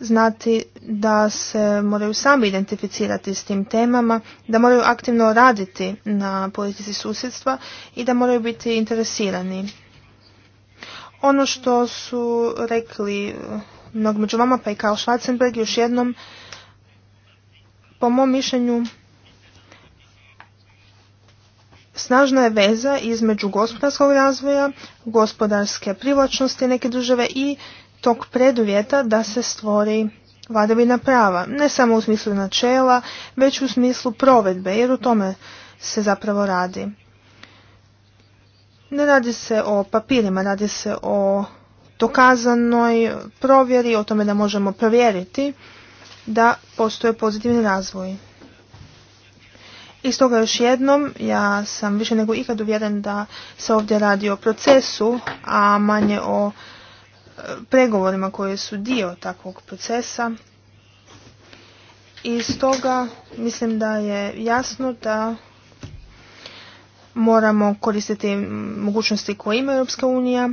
znati da se moraju sami identificirati s tim temama, da moraju aktivno raditi na politici susjedstva i da moraju biti interesirani ono što su rekli eh, mnog među vama, pa i Karl Schwarzenberg, još jednom, po mom mišljenju, snažna je veza između gospodarskog razvoja, gospodarske privlačnosti neke države i tog preduvjeta da se stvori vladavina prava. Ne samo u smislu načela, već u smislu provedbe, jer u tome se zapravo radi. Ne radi se o papirima, radi se o dokazanoj provjeri, o tome da možemo provjeriti da postoje pozitivni razvoj. I stoga još jednom, ja sam više nego ikad uvjeren da se ovdje radi o procesu, a manje o e, pregovorima koje su dio takvog procesa. I stoga mislim da je jasno da moramo koristiti mogućnosti koje ima Europska unija,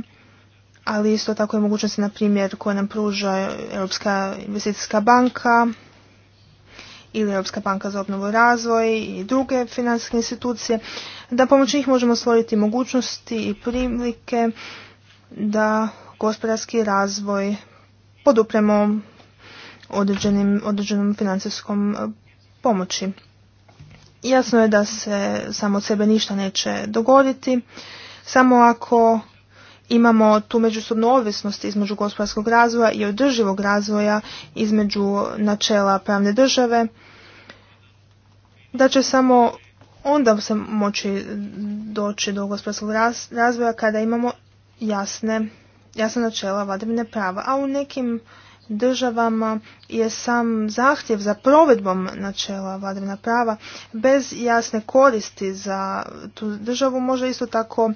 ali isto tako i mogućnosti, na primjer, koje nam pruža Europska investicijska banka ili Europska banka za obnovu i razvoj i druge financijske institucije, da pomoću njih možemo stvoriti mogućnosti i prilike da gospodarski razvoj podupremo određenom financijskom eh, pomoći. Jasno je da se samo od sebe ništa neće dogoditi, samo ako imamo tu međusobnu ovisnost između gospodarskog razvoja i održivog razvoja između načela pravne države, da će samo onda se moći doći do gospodarskog razvoja kada imamo jasne, jasna načela vladavine prava. A u nekim državama je sam zahtjev za provedbom načela vladavina prava bez jasne koristi za tu državu može isto tako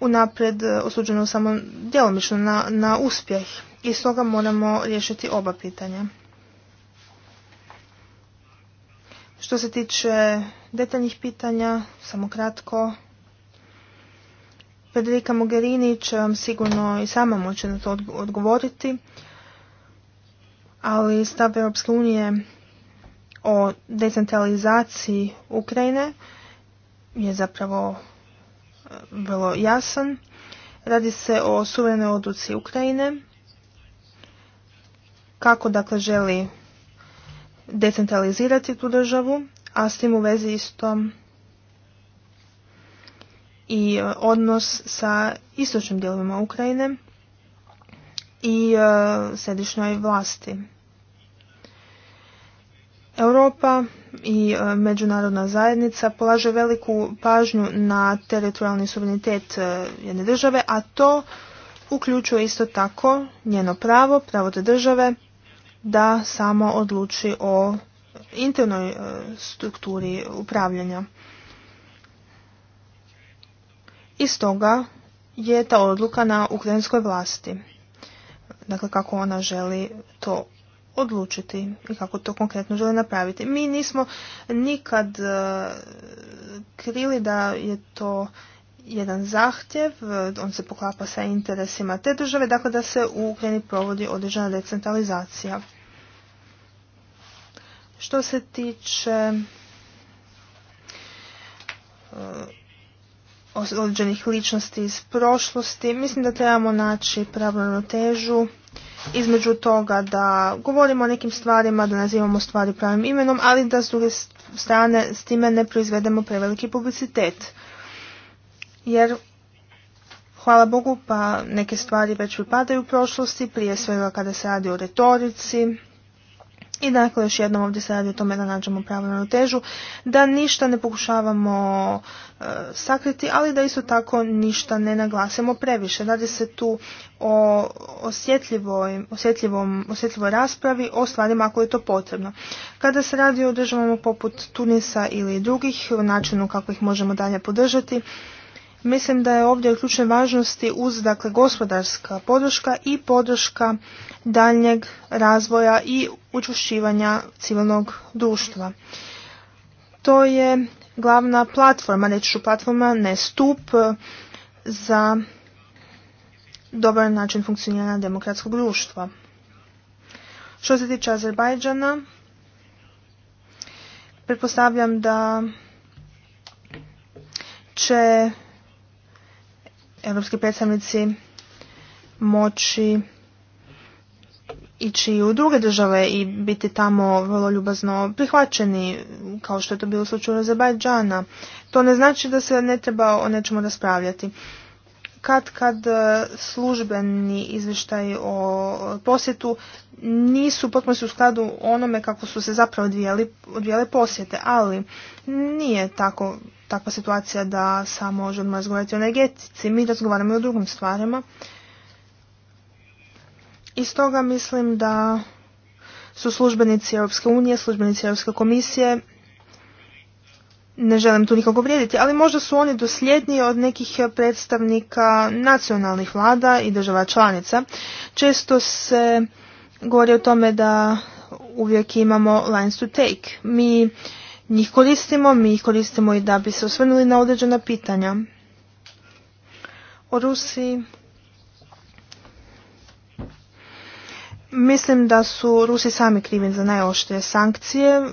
unaprijed e, osuđeno samo djelomično na, na uspjeh i stoga moramo riješiti oba pitanja. Što se tiče detaljnih pitanja, samo kratko, Federica Mogherini će vam sigurno i sama moći na to odgovoriti ali stav Europske unije o decentralizaciji Ukrajine je zapravo e, vrlo jasan. Radi se o suverenoj odluci Ukrajine kako dakle želi decentralizirati tu državu, a s tim u vezi isto i e, odnos sa istočnim dijelovima Ukrajine i e, središnjoj vlasti. Europa i e, međunarodna zajednica polaže veliku pažnju na teritorijalni suverenitet e, jedne države, a to uključuje isto tako njeno pravo, pravo te države da samo odluči o internoj strukturi upravljanja. I stoga je ta odluka na ukrajinskoj vlasti dakle kako ona želi to odlučiti i kako to konkretno želi napraviti. Mi nismo nikad e, krili da je to jedan zahtjev, e, on se poklapa sa interesima te države, dakle da se u Ukrajini provodi određena decentralizacija. Što se tiče e, određenih ličnosti iz prošlosti. Mislim da trebamo naći pravu težu između toga da govorimo o nekim stvarima, da nazivamo stvari pravim imenom, ali da s druge strane s time ne proizvedemo preveliki publicitet. Jer, hvala Bogu, pa neke stvari već pripadaju u prošlosti, prije svega kada se radi o retorici, i dakle, još jednom ovdje se radi o tome da nađemo pravu težu, da ništa ne pokušavamo e, sakriti, ali da isto tako ništa ne naglasimo previše. Radi se tu o osjetljivoj, osjetljivom, osjetljivoj raspravi, o stvarima ako je to potrebno. Kada se radi o državama poput Tunisa ili drugih, načinu kako ih možemo dalje podržati, Mislim da je ovdje od ključne važnosti uz dakle, gospodarska podrška i podrška daljnjeg razvoja i učušćivanja civilnog društva. To je glavna platforma, neću ću platforma, ne stup za dobar način funkcioniranja demokratskog društva. Što se tiče Azerbajdžana, pretpostavljam da će europski predstavnici moći ići u druge države i biti tamo vrlo ljubazno prihvaćeni, kao što je to bilo u slučaju Azerbajdžana. To ne znači da se ne treba o nečemu raspravljati. Kad kad e, službeni izvještaj o posjetu nisu potpuno u skladu onome kako su se zapravo odvijale posjete, ali nije tako takva situacija da samo možemo razgovarati o energetici. Mi razgovaramo i o drugim stvarima. I stoga mislim da su službenici Europske unije, službenici Europske komisije, ne želim tu nikoga vrijediti, ali možda su oni dosljedniji od nekih predstavnika nacionalnih vlada i država članica. Često se govori o tome da uvijek imamo lines to take. Mi njih koristimo, mi ih koristimo i da bi se osvrnuli na određena pitanja. O Rusiji Mislim da su Rusi sami krivi za najoštrije sankcije,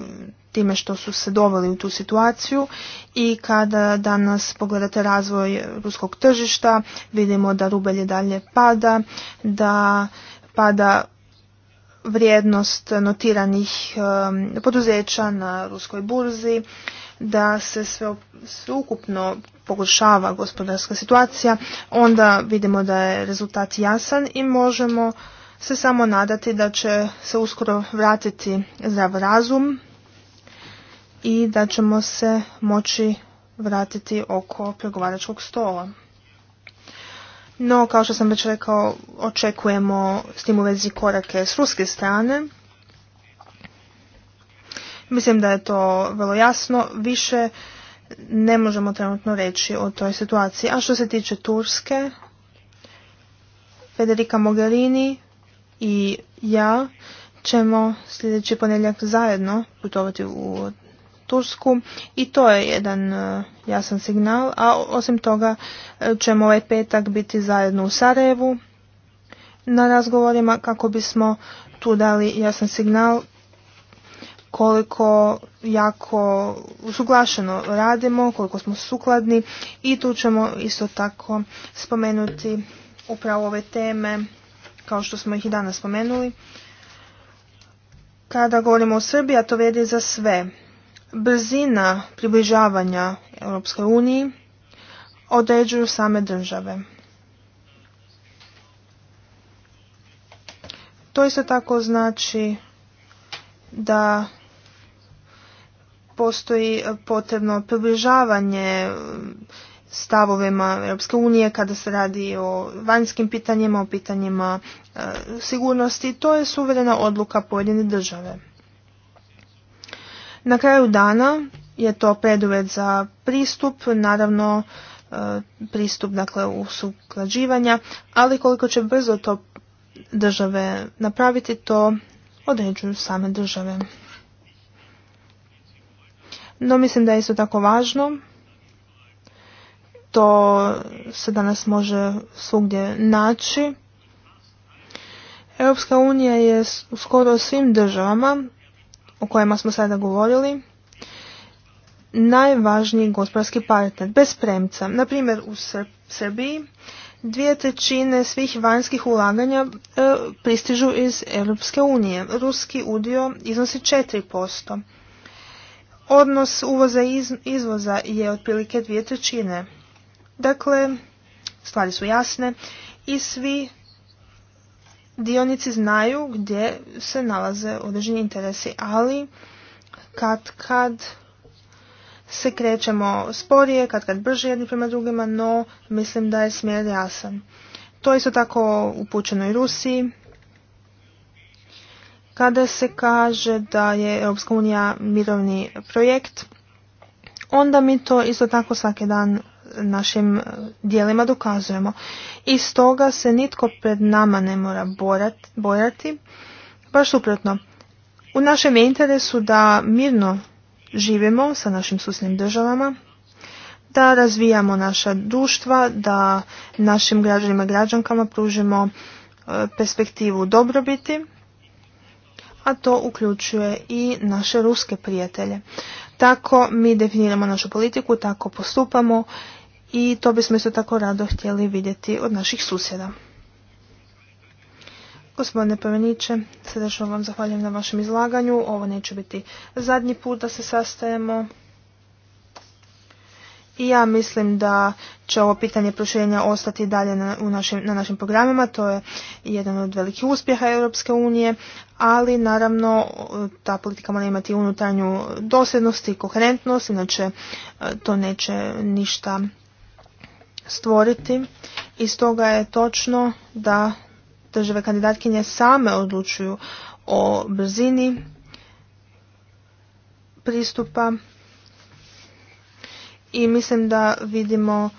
time što su se doveli u tu situaciju i kada danas pogledate razvoj ruskog tržišta, vidimo da rubelje dalje pada, da pada vrijednost notiranih poduzeća na ruskoj burzi, da se sve, ukupno pogoršava gospodarska situacija, onda vidimo da je rezultat jasan i možemo se samo nadati da će se uskoro vratiti zdrav razum i da ćemo se moći vratiti oko pregovaračkog stola. No, kao što sam već rekao, očekujemo s tim u vezi korake s ruske strane. Mislim da je to vrlo jasno. Više ne možemo trenutno reći o toj situaciji. A što se tiče Turske, Federica Mogherini i ja ćemo sljedeći ponedjeljak zajedno putovati u Tursku i to je jedan e, jasan signal, a osim toga e, ćemo ovaj petak biti zajedno u Sarajevu na razgovorima kako bismo tu dali jasan signal koliko jako usuglašeno radimo, koliko smo sukladni i tu ćemo isto tako spomenuti upravo ove teme kao što smo ih i danas spomenuli. Kada govorimo o Srbiji, a to vedi za sve brzina približavanja Europskoj uniji određuju same države. To isto tako znači da postoji potrebno približavanje um, stavovima Europske unije kada se radi o vanjskim pitanjima, o pitanjima uh, sigurnosti. To je suverena odluka pojedine države. Na kraju dana je to preduvjet za pristup, naravno e, pristup dakle usklađivanja, ali koliko će brzo to države napraviti, to određuju same države. No mislim da je isto tako važno, to se danas može svugdje naći. Europska unija je u skoro svim državama o kojima smo sada govorili najvažniji gospodarski partner, bez premca. Na primjer u Srbiji dvije trećine svih vanjskih ulaganja e, pristižu iz Europske unije. Ruski udio iznosi 4%. Odnos uvoza i izvoza je otprilike dvije trećine. Dakle, stvari su jasne i svi dionici znaju gdje se nalaze određeni interesi, ali kad kad se krećemo sporije, kad kad brže jedni prema drugima, no mislim da je smjer jasan. To je isto tako upućeno i Rusiji. Kada se kaže da je Europska unija mirovni projekt, onda mi to isto tako svaki dan našim e, dijelima dokazujemo. I stoga se nitko pred nama ne mora bojati, baš suprotno. U našem interesu da mirno živimo sa našim susjednim državama, da razvijamo naša društva, da našim građanima i građankama pružimo e, perspektivu dobrobiti, a to uključuje i naše ruske prijatelje. Tako mi definiramo našu politiku, tako postupamo i to bismo isto tako rado htjeli vidjeti od naših susjeda. Gospodine sada srdečno vam zahvaljujem na vašem izlaganju. Ovo neće biti zadnji put da se sastajemo. I ja mislim da će ovo pitanje proširenja ostati dalje na, u našim, na našim programima. To je jedan od velikih uspjeha Europske unije, ali naravno ta politika mora imati unutarnju dosljednost i koherentnost, inače e, to neće ništa stvoriti i stoga je točno da države kandidatkinje same odlučuju o brzini pristupa i mislim da vidimo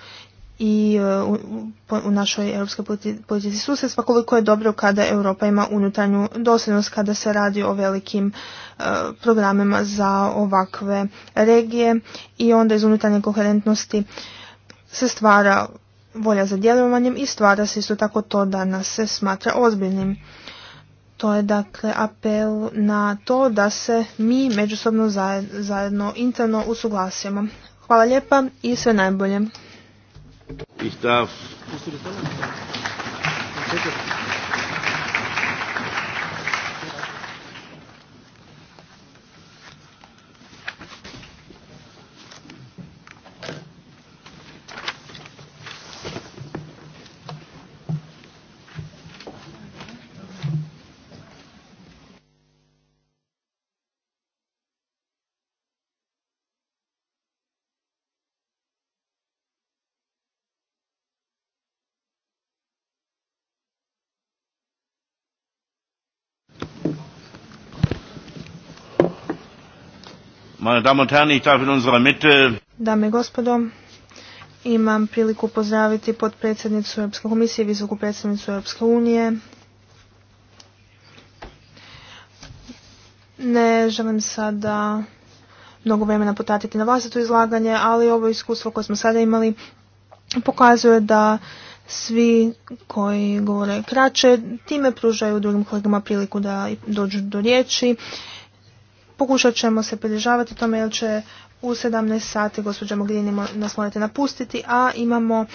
i e, u našoj europskoj politici susjedstva koliko je dobro kada Europa ima unutarnju dosljednost kada se radi o velikim e, programima za ovakve regije i onda iz unutarnje koherentnosti se stvara volja za djelovanjem i stvara se isto tako to da nas se smatra ozbiljnim. To je dakle apel na to da se mi međusobno zajedno interno usuglasimo. Hvala lijepa i sve najbolje. Meine Dame i gospodo, imam priliku pozdraviti potpredsjednicu Europske komisije, visoku predsjednicu Europske unije. Ne želim sada mnogo vremena potratiti na vlastito izlaganje, ali ovo iskustvo koje smo sada imali pokazuje da svi koji govore kraće time pružaju drugim kolegama priliku da dođu do riječi Pokušat ćemo se pridržavati tome jer će u 17 sati gospođa Mogrini nas morate napustiti, a imamo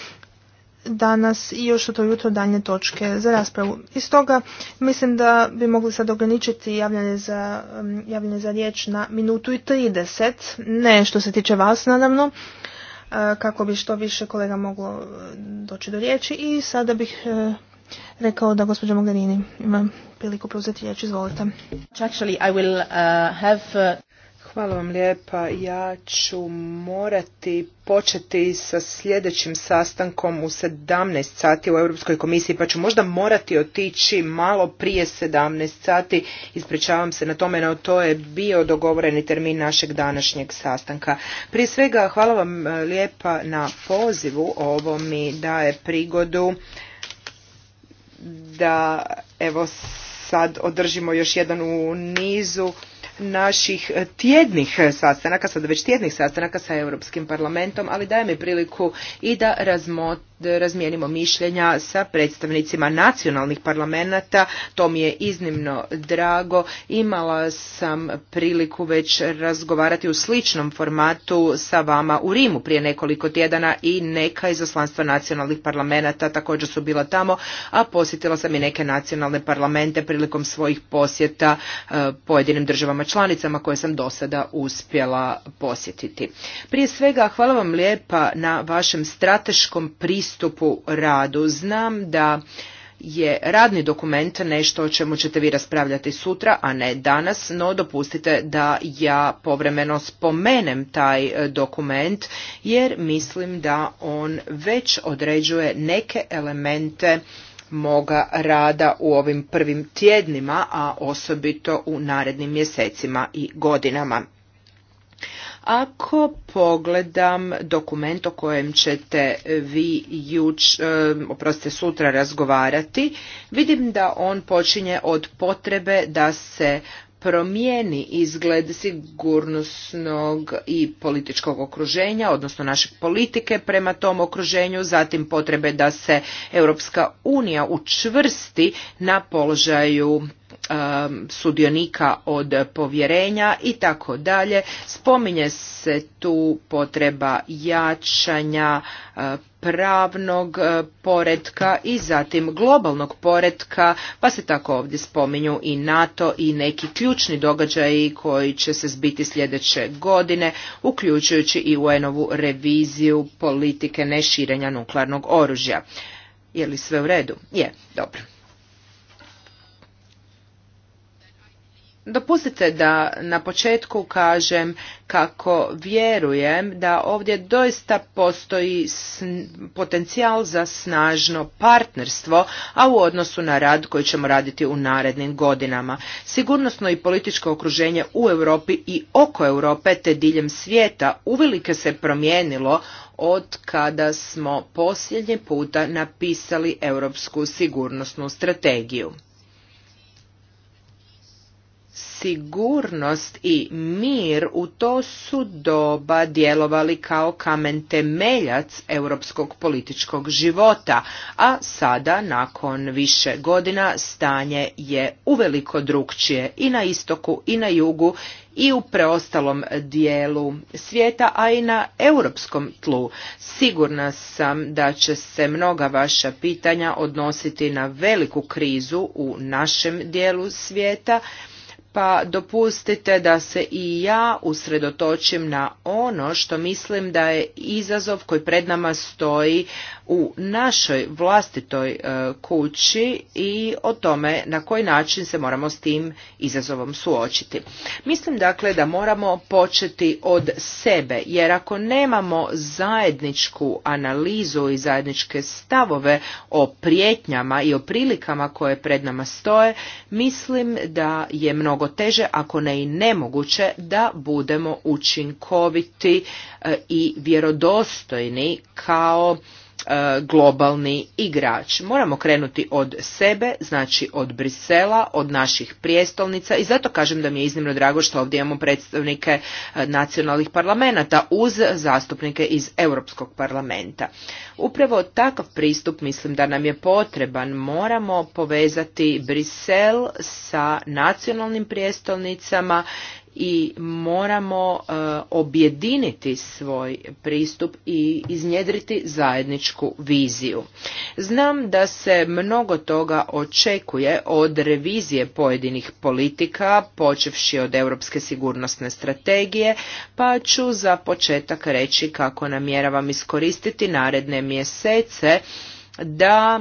danas i još u to jutro danje točke za raspravu. I stoga mislim da bi mogli sad ograničiti javljanje za, um, javljanje za riječ na minutu i 30, ne što se tiče vas naravno, uh, kako bi što više kolega moglo uh, doći do riječi i sada bih uh, rekao da gospođa Mogherini ima priliku preuzeti riječ. Izvolite. Actually, I will, uh, have, uh... Hvala vam lijepa. Ja ću morati početi sa sljedećim sastankom u 17 sati u Europskoj komisiji, pa ću možda morati otići malo prije 17 sati. Ispričavam se na tome, no to je bio dogovoreni termin našeg današnjeg sastanka. Prije svega, hvala vam eh, lijepa na pozivu. Ovo mi daje prigodu da evo sad održimo još jedan u nizu naših e, tjednih e, sastanaka, sada već tjednih sastanaka sa Europskim parlamentom, ali daje mi priliku i da razmijenimo mišljenja sa predstavnicima nacionalnih parlamenta. To mi je iznimno drago. Imala sam priliku već razgovarati u sličnom formatu sa vama u Rimu prije nekoliko tjedana i neka izaslanstva nacionalnih parlamenta također su bila tamo, a posjetila sam i neke nacionalne parlamente prilikom svojih posjeta e, pojedinim državama članicama koje sam do sada uspjela posjetiti. Prije svega hvala vam lijepa na vašem strateškom pristupu radu. Znam da je radni dokument nešto o čemu ćete vi raspravljati sutra, a ne danas, no dopustite da ja povremeno spomenem taj e, dokument jer mislim da on već određuje neke elemente moga rada u ovim prvim tjednima, a osobito u narednim mjesecima i godinama. Ako pogledam dokument o kojem ćete vi juč, e, oprostite, sutra razgovarati, vidim da on počinje od potrebe da se promijeni izgled sigurnosnog i političkog okruženja, odnosno naše politike prema tom okruženju, zatim potrebe da se Europska unija učvrsti na položaju Um, sudionika od povjerenja i tako dalje. Spominje se tu potreba jačanja uh, pravnog uh, poretka i zatim globalnog poretka, pa se tako ovdje spominju i NATO i neki ključni događaji koji će se zbiti sljedeće godine, uključujući i UN-ovu reviziju politike neširenja nuklearnog oružja. Je li sve u redu? Je, dobro. Dopustite da na početku kažem kako vjerujem da ovdje doista postoji potencijal za snažno partnerstvo, a u odnosu na rad koji ćemo raditi u narednim godinama. Sigurnosno i političko okruženje u Europi i oko Europe te diljem svijeta uvelike se promijenilo od kada smo posljednji puta napisali europsku sigurnosnu strategiju sigurnost i mir u to su doba djelovali kao kamen temeljac europskog političkog života, a sada nakon više godina stanje je uveliko drukčije i na istoku i na jugu i u preostalom dijelu svijeta, a i na europskom tlu. Sigurna sam da će se mnoga vaša pitanja odnositi na veliku krizu u našem dijelu svijeta, pa dopustite da se i ja usredotočim na ono što mislim da je izazov koji pred nama stoji u našoj vlastitoj e, kući i o tome na koji način se moramo s tim izazovom suočiti. Mislim dakle da moramo početi od sebe jer ako nemamo zajedničku analizu i zajedničke stavove o prijetnjama i o prilikama koje pred nama stoje, mislim da je mnogo mnogo ako ne i nemoguće, da budemo učinkoviti e, i vjerodostojni kao E, globalni igrač. Moramo krenuti od sebe, znači od Brisela, od naših prijestolnica i zato kažem da mi je iznimno drago što ovdje imamo predstavnike e, nacionalnih parlamenta uz zastupnike iz Europskog parlamenta. Upravo takav pristup mislim da nam je potreban. Moramo povezati Brisel sa nacionalnim prijestolnicama i moramo e, objediniti svoj pristup i iznjedriti zajedničku viziju. Znam da se mnogo toga očekuje od revizije pojedinih politika, počevši od Europske sigurnosne strategije, pa ću za početak reći kako namjeravam iskoristiti naredne mjesece da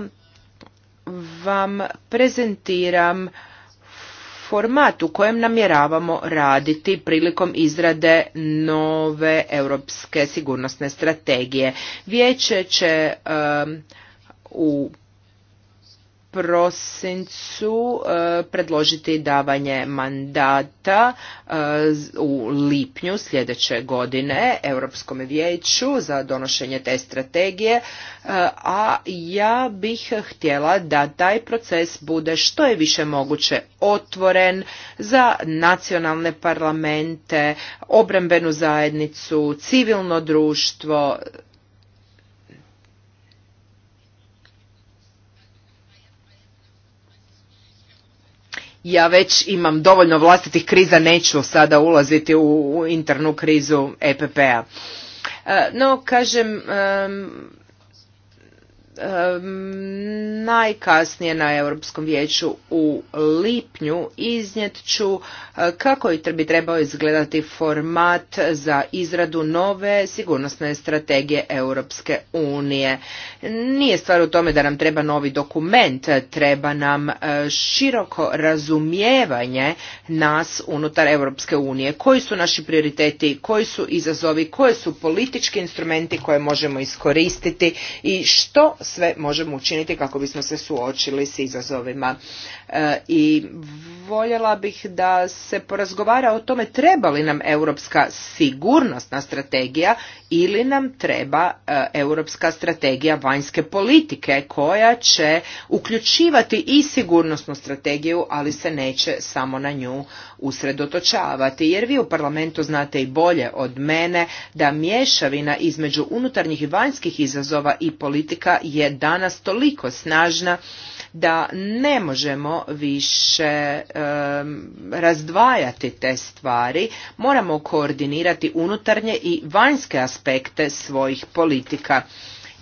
vam prezentiram format u kojem namjeravamo raditi prilikom izrade nove europske sigurnosne strategije. Vijeće će u prosincu e, predložiti davanje mandata e, u lipnju sljedeće godine Europskom vijeću za donošenje te strategije, e, a ja bih htjela da taj proces bude što je više moguće otvoren za nacionalne parlamente, obrambenu zajednicu, civilno društvo, ja već imam dovoljno vlastitih kriza, neću sada ulaziti u internu krizu EPP-a. E, no, kažem, najkasnije na Europskom vijeću u lipnju iznijet ću e, kako bi trebao izgledati format za izradu nove sigurnosne strategije Europske unije. Nije stvar u tome da nam treba novi dokument, treba nam e, široko razumijevanje nas unutar Europske unije. Koji su naši prioriteti, koji su izazovi, koje su politički instrumenti koje možemo iskoristiti i što sve možemo učiniti kako bismo se suočili s izazovima. E, I voljela bih da se porazgovara o tome treba li nam europska sigurnosna strategija ili nam treba e, europska strategija vanjske politike koja će uključivati i sigurnosnu strategiju, ali se neće samo na nju usredotočavati. Jer vi u parlamentu znate i bolje od mene da mješavina između unutarnjih i vanjskih izazova i politika je je danas toliko snažna da ne možemo više razdvajati te stvari, moramo koordinirati unutarnje i vanjske aspekte svojih politika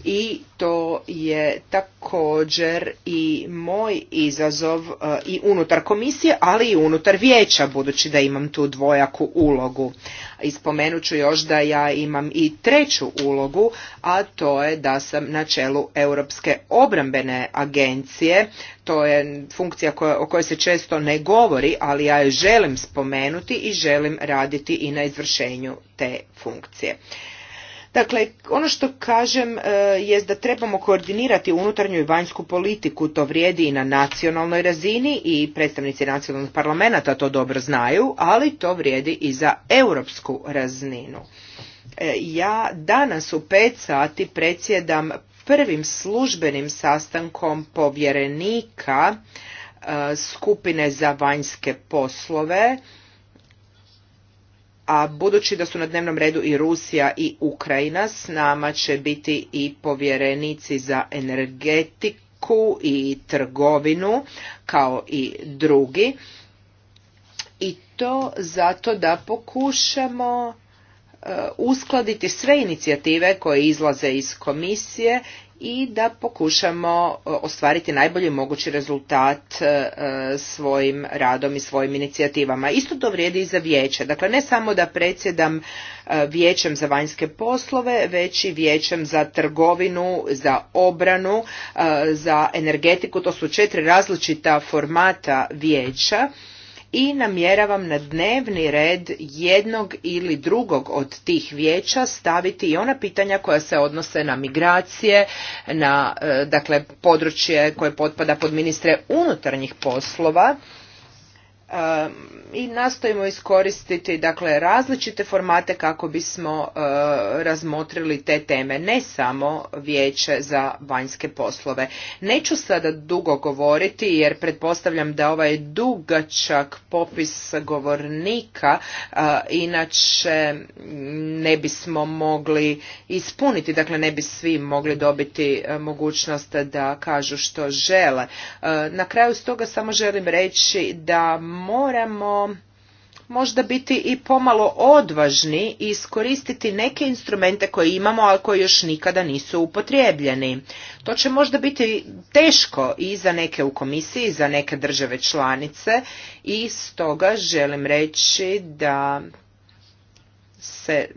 i to je također i moj izazov e, i unutar komisije, ali i unutar vijeća, budući da imam tu dvojaku ulogu. I ću još da ja imam i treću ulogu, a to je da sam na čelu Europske obrambene agencije. To je funkcija o kojoj se često ne govori, ali ja je želim spomenuti i želim raditi i na izvršenju te funkcije. Dakle, ono što kažem e, je da trebamo koordinirati unutarnju i vanjsku politiku, to vrijedi i na nacionalnoj razini i predstavnici nacionalnog parlamenta to dobro znaju, ali to vrijedi i za europsku razninu. E, ja danas u pet sati predsjedam prvim službenim sastankom povjerenika e, skupine za vanjske poslove a budući da su na dnevnom redu i Rusija i Ukrajina, s nama će biti i povjerenici za energetiku i trgovinu, kao i drugi. I to zato da pokušamo e, uskladiti sve inicijative koje izlaze iz komisije i da pokušamo e, ostvariti najbolji mogući rezultat e, svojim radom i svojim inicijativama. Isto to vrijedi i za vijeće. Dakle, ne samo da predsjedam e, vijećem za vanjske poslove, već i vijećem za trgovinu, za obranu, za energetiku. To su četiri različita formata vijeća i namjeravam na dnevni red jednog ili drugog od tih vijeća staviti i ona pitanja koja se odnose na migracije, na e, dakle područje koje potpada pod ministre unutarnjih poslova i nastojimo iskoristiti dakle različite formate kako bismo e, razmotrili te teme ne samo vijeće za vanjske poslove neću sada dugo govoriti jer pretpostavljam da ovaj dugačak popis govornika e, inače ne bismo mogli ispuniti dakle ne bi svi mogli dobiti e, mogućnost da kažu što žele na kraju stoga samo želim reći da moramo možda biti i pomalo odvažni i iskoristiti neke instrumente koje imamo, ali koji još nikada nisu upotrijebljeni. To će možda biti teško i za neke u komisiji, i za neke države članice i stoga želim reći da se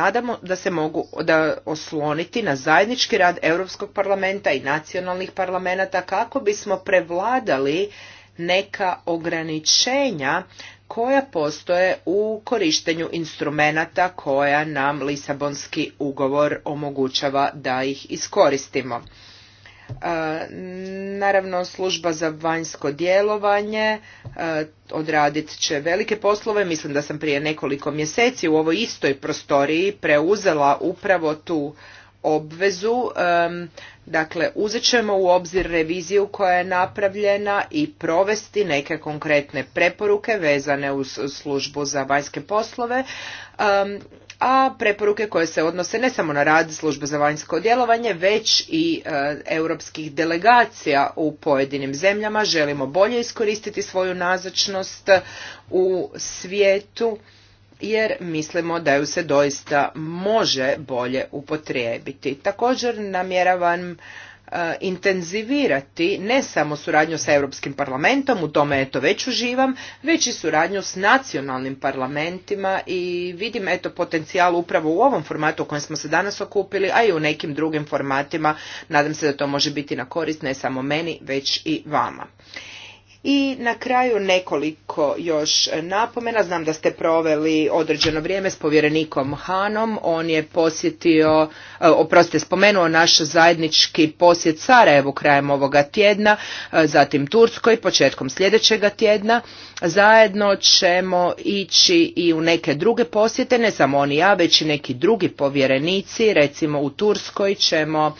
nadamo da se mogu da osloniti na zajednički rad Europskog parlamenta i nacionalnih parlamenta kako bismo prevladali neka ograničenja koja postoje u korištenju instrumenata koja nam Lisabonski ugovor omogućava da ih iskoristimo. E, naravno, služba za vanjsko djelovanje e, odradit će velike poslove. Mislim da sam prije nekoliko mjeseci u ovoj istoj prostoriji preuzela upravo tu obvezu. Dakle, uzet ćemo u obzir reviziju koja je napravljena i provesti neke konkretne preporuke vezane uz službu za vanjske poslove, um, a preporuke koje se odnose ne samo na rad službe za vanjsko djelovanje, već i uh, europskih delegacija u pojedinim zemljama. Želimo bolje iskoristiti svoju nazočnost u svijetu jer mislimo da ju se doista može bolje upotrijebiti. Također namjeravam e, intenzivirati ne samo suradnju sa Europskim parlamentom, u tome eto već uživam, već i suradnju s nacionalnim parlamentima i vidim eto potencijal upravo u ovom formatu u kojem smo se danas okupili, a i u nekim drugim formatima. Nadam se da to može biti na korist ne samo meni, već i vama. I na kraju nekoliko još napomena. Znam da ste proveli određeno vrijeme s povjerenikom Hanom. On je posjetio, e, oprostite, spomenuo naš zajednički posjet Sarajevu krajem ovoga tjedna, e, zatim Turskoj početkom sljedećega tjedna. Zajedno ćemo ići i u neke druge posjete, ne samo on i ja, već i neki drugi povjerenici. Recimo u Turskoj ćemo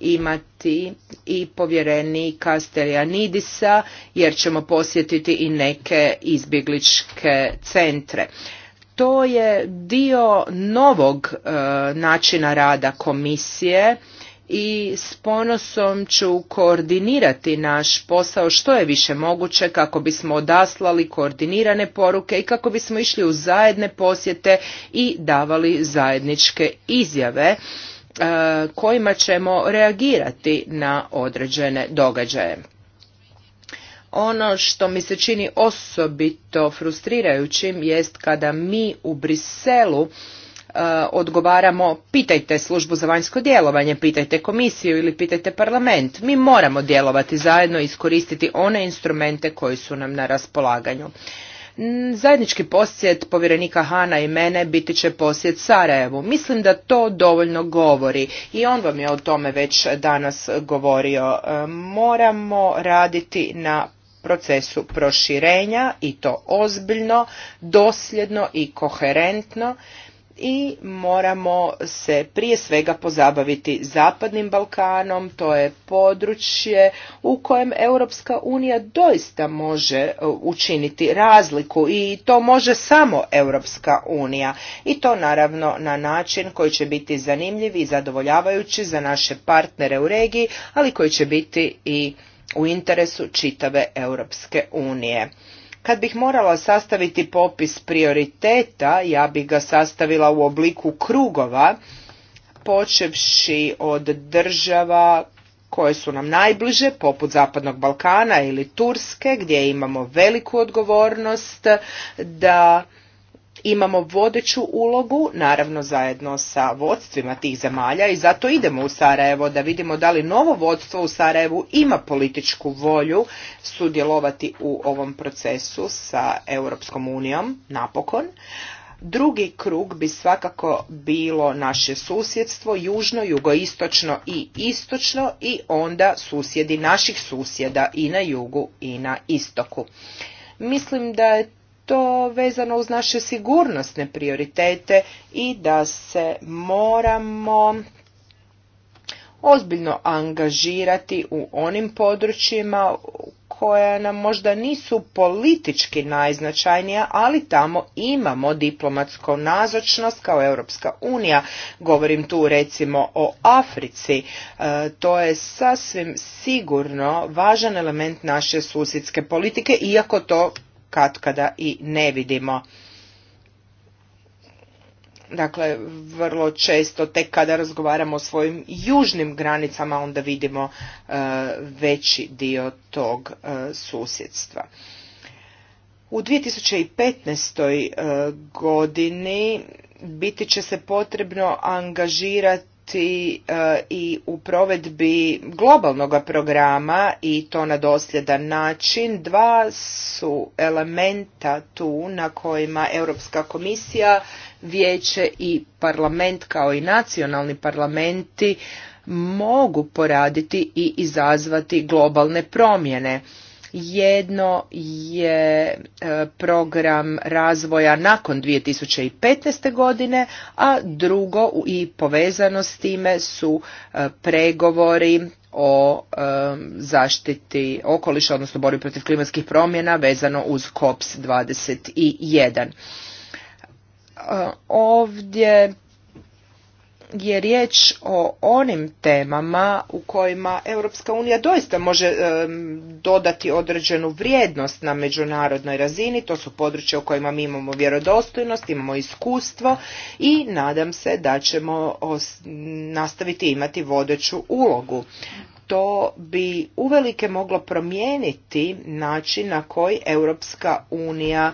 imati i povjerenika Stelianidisa jer ćemo posjetiti i neke izbjegličke centre. To je dio novog e, načina rada komisije i s ponosom ću koordinirati naš posao što je više moguće kako bismo odaslali koordinirane poruke i kako bismo išli u zajedne posjete i davali zajedničke izjave E, kojima ćemo reagirati na određene događaje. Ono što mi se čini osobito frustrirajućim jest kada mi u Briselu e, odgovaramo pitajte službu za vanjsko djelovanje, pitajte komisiju ili pitajte parlament. Mi moramo djelovati zajedno i iskoristiti one instrumente koji su nam na raspolaganju. Zajednički posjet povjerenika Hana i mene biti će posjet Sarajevu. Mislim da to dovoljno govori i on vam je o tome već danas govorio. E, moramo raditi na procesu proširenja i to ozbiljno, dosljedno i koherentno i moramo se prije svega pozabaviti zapadnim Balkanom, to je područje u kojem Europska unija doista može e, učiniti razliku i to može samo Europska unija i to naravno na način koji će biti zanimljiv i zadovoljavajući za naše partnere u regiji, ali koji će biti i u interesu čitave Europske unije. Kad bih morala sastaviti popis prioriteta, ja bih ga sastavila u obliku krugova, počevši od država koje su nam najbliže, poput Zapadnog Balkana ili Turske, gdje imamo veliku odgovornost da imamo vodeću ulogu, naravno zajedno sa vodstvima tih zemalja i zato idemo u Sarajevo da vidimo da li novo vodstvo u Sarajevu ima političku volju sudjelovati u ovom procesu sa Europskom unijom napokon. Drugi krug bi svakako bilo naše susjedstvo, južno, jugoistočno i istočno i onda susjedi naših susjeda i na jugu i na istoku. Mislim da je to vezano uz naše sigurnosne prioritete i da se moramo ozbiljno angažirati u onim područjima koja nam možda nisu politički najznačajnija, ali tamo imamo diplomatsku nazočnost kao Europska unija. Govorim tu recimo o Africi. E, to je sasvim sigurno važan element naše susjedske politike, iako to kada i ne vidimo. Dakle, vrlo često tek kada razgovaramo o svojim južnim granicama onda vidimo e, veći dio tog e, susjedstva. U 2015. E, godini biti će se potrebno angažirati E, i u provedbi globalnog programa i to na dosljedan način. Dva su elementa tu na kojima Europska komisija, vijeće i parlament kao i nacionalni parlamenti mogu poraditi i izazvati globalne promjene jedno je e, program razvoja nakon 2015. godine, a drugo i povezano s time su e, pregovori o e, zaštiti okoliša, odnosno borbi protiv klimatskih promjena vezano uz COPS 21. ovdje je riječ o onim temama u kojima Europska unija doista može dodati određenu vrijednost na međunarodnoj razini. To su područja u kojima mi imamo vjerodostojnost, imamo iskustvo i nadam se da ćemo nastaviti imati vodeću ulogu to bi uvelike moglo promijeniti način na koji Europska unija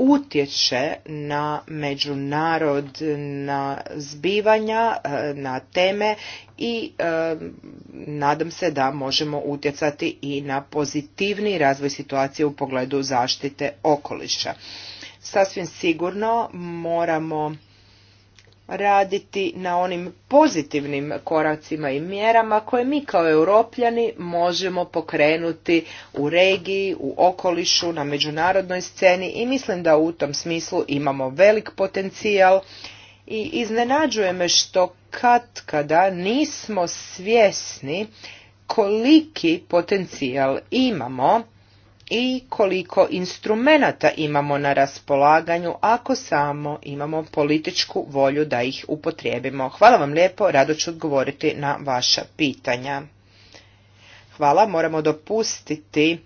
utječe na međunarodna zbivanja, e, na teme i e, nadam se da možemo utjecati i na pozitivni razvoj situacije u pogledu zaštite okoliša. Sasvim sigurno moramo raditi na onim pozitivnim koracima i mjerama koje mi kao europljani možemo pokrenuti u regiji, u okolišu, na međunarodnoj sceni i mislim da u tom smislu imamo velik potencijal i iznenađuje me što kad kada nismo svjesni koliki potencijal imamo i koliko instrumenata imamo na raspolaganju ako samo imamo političku volju da ih upotrijebimo. Hvala vam lijepo, rado ću odgovoriti na vaša pitanja. Hvala, moramo dopustiti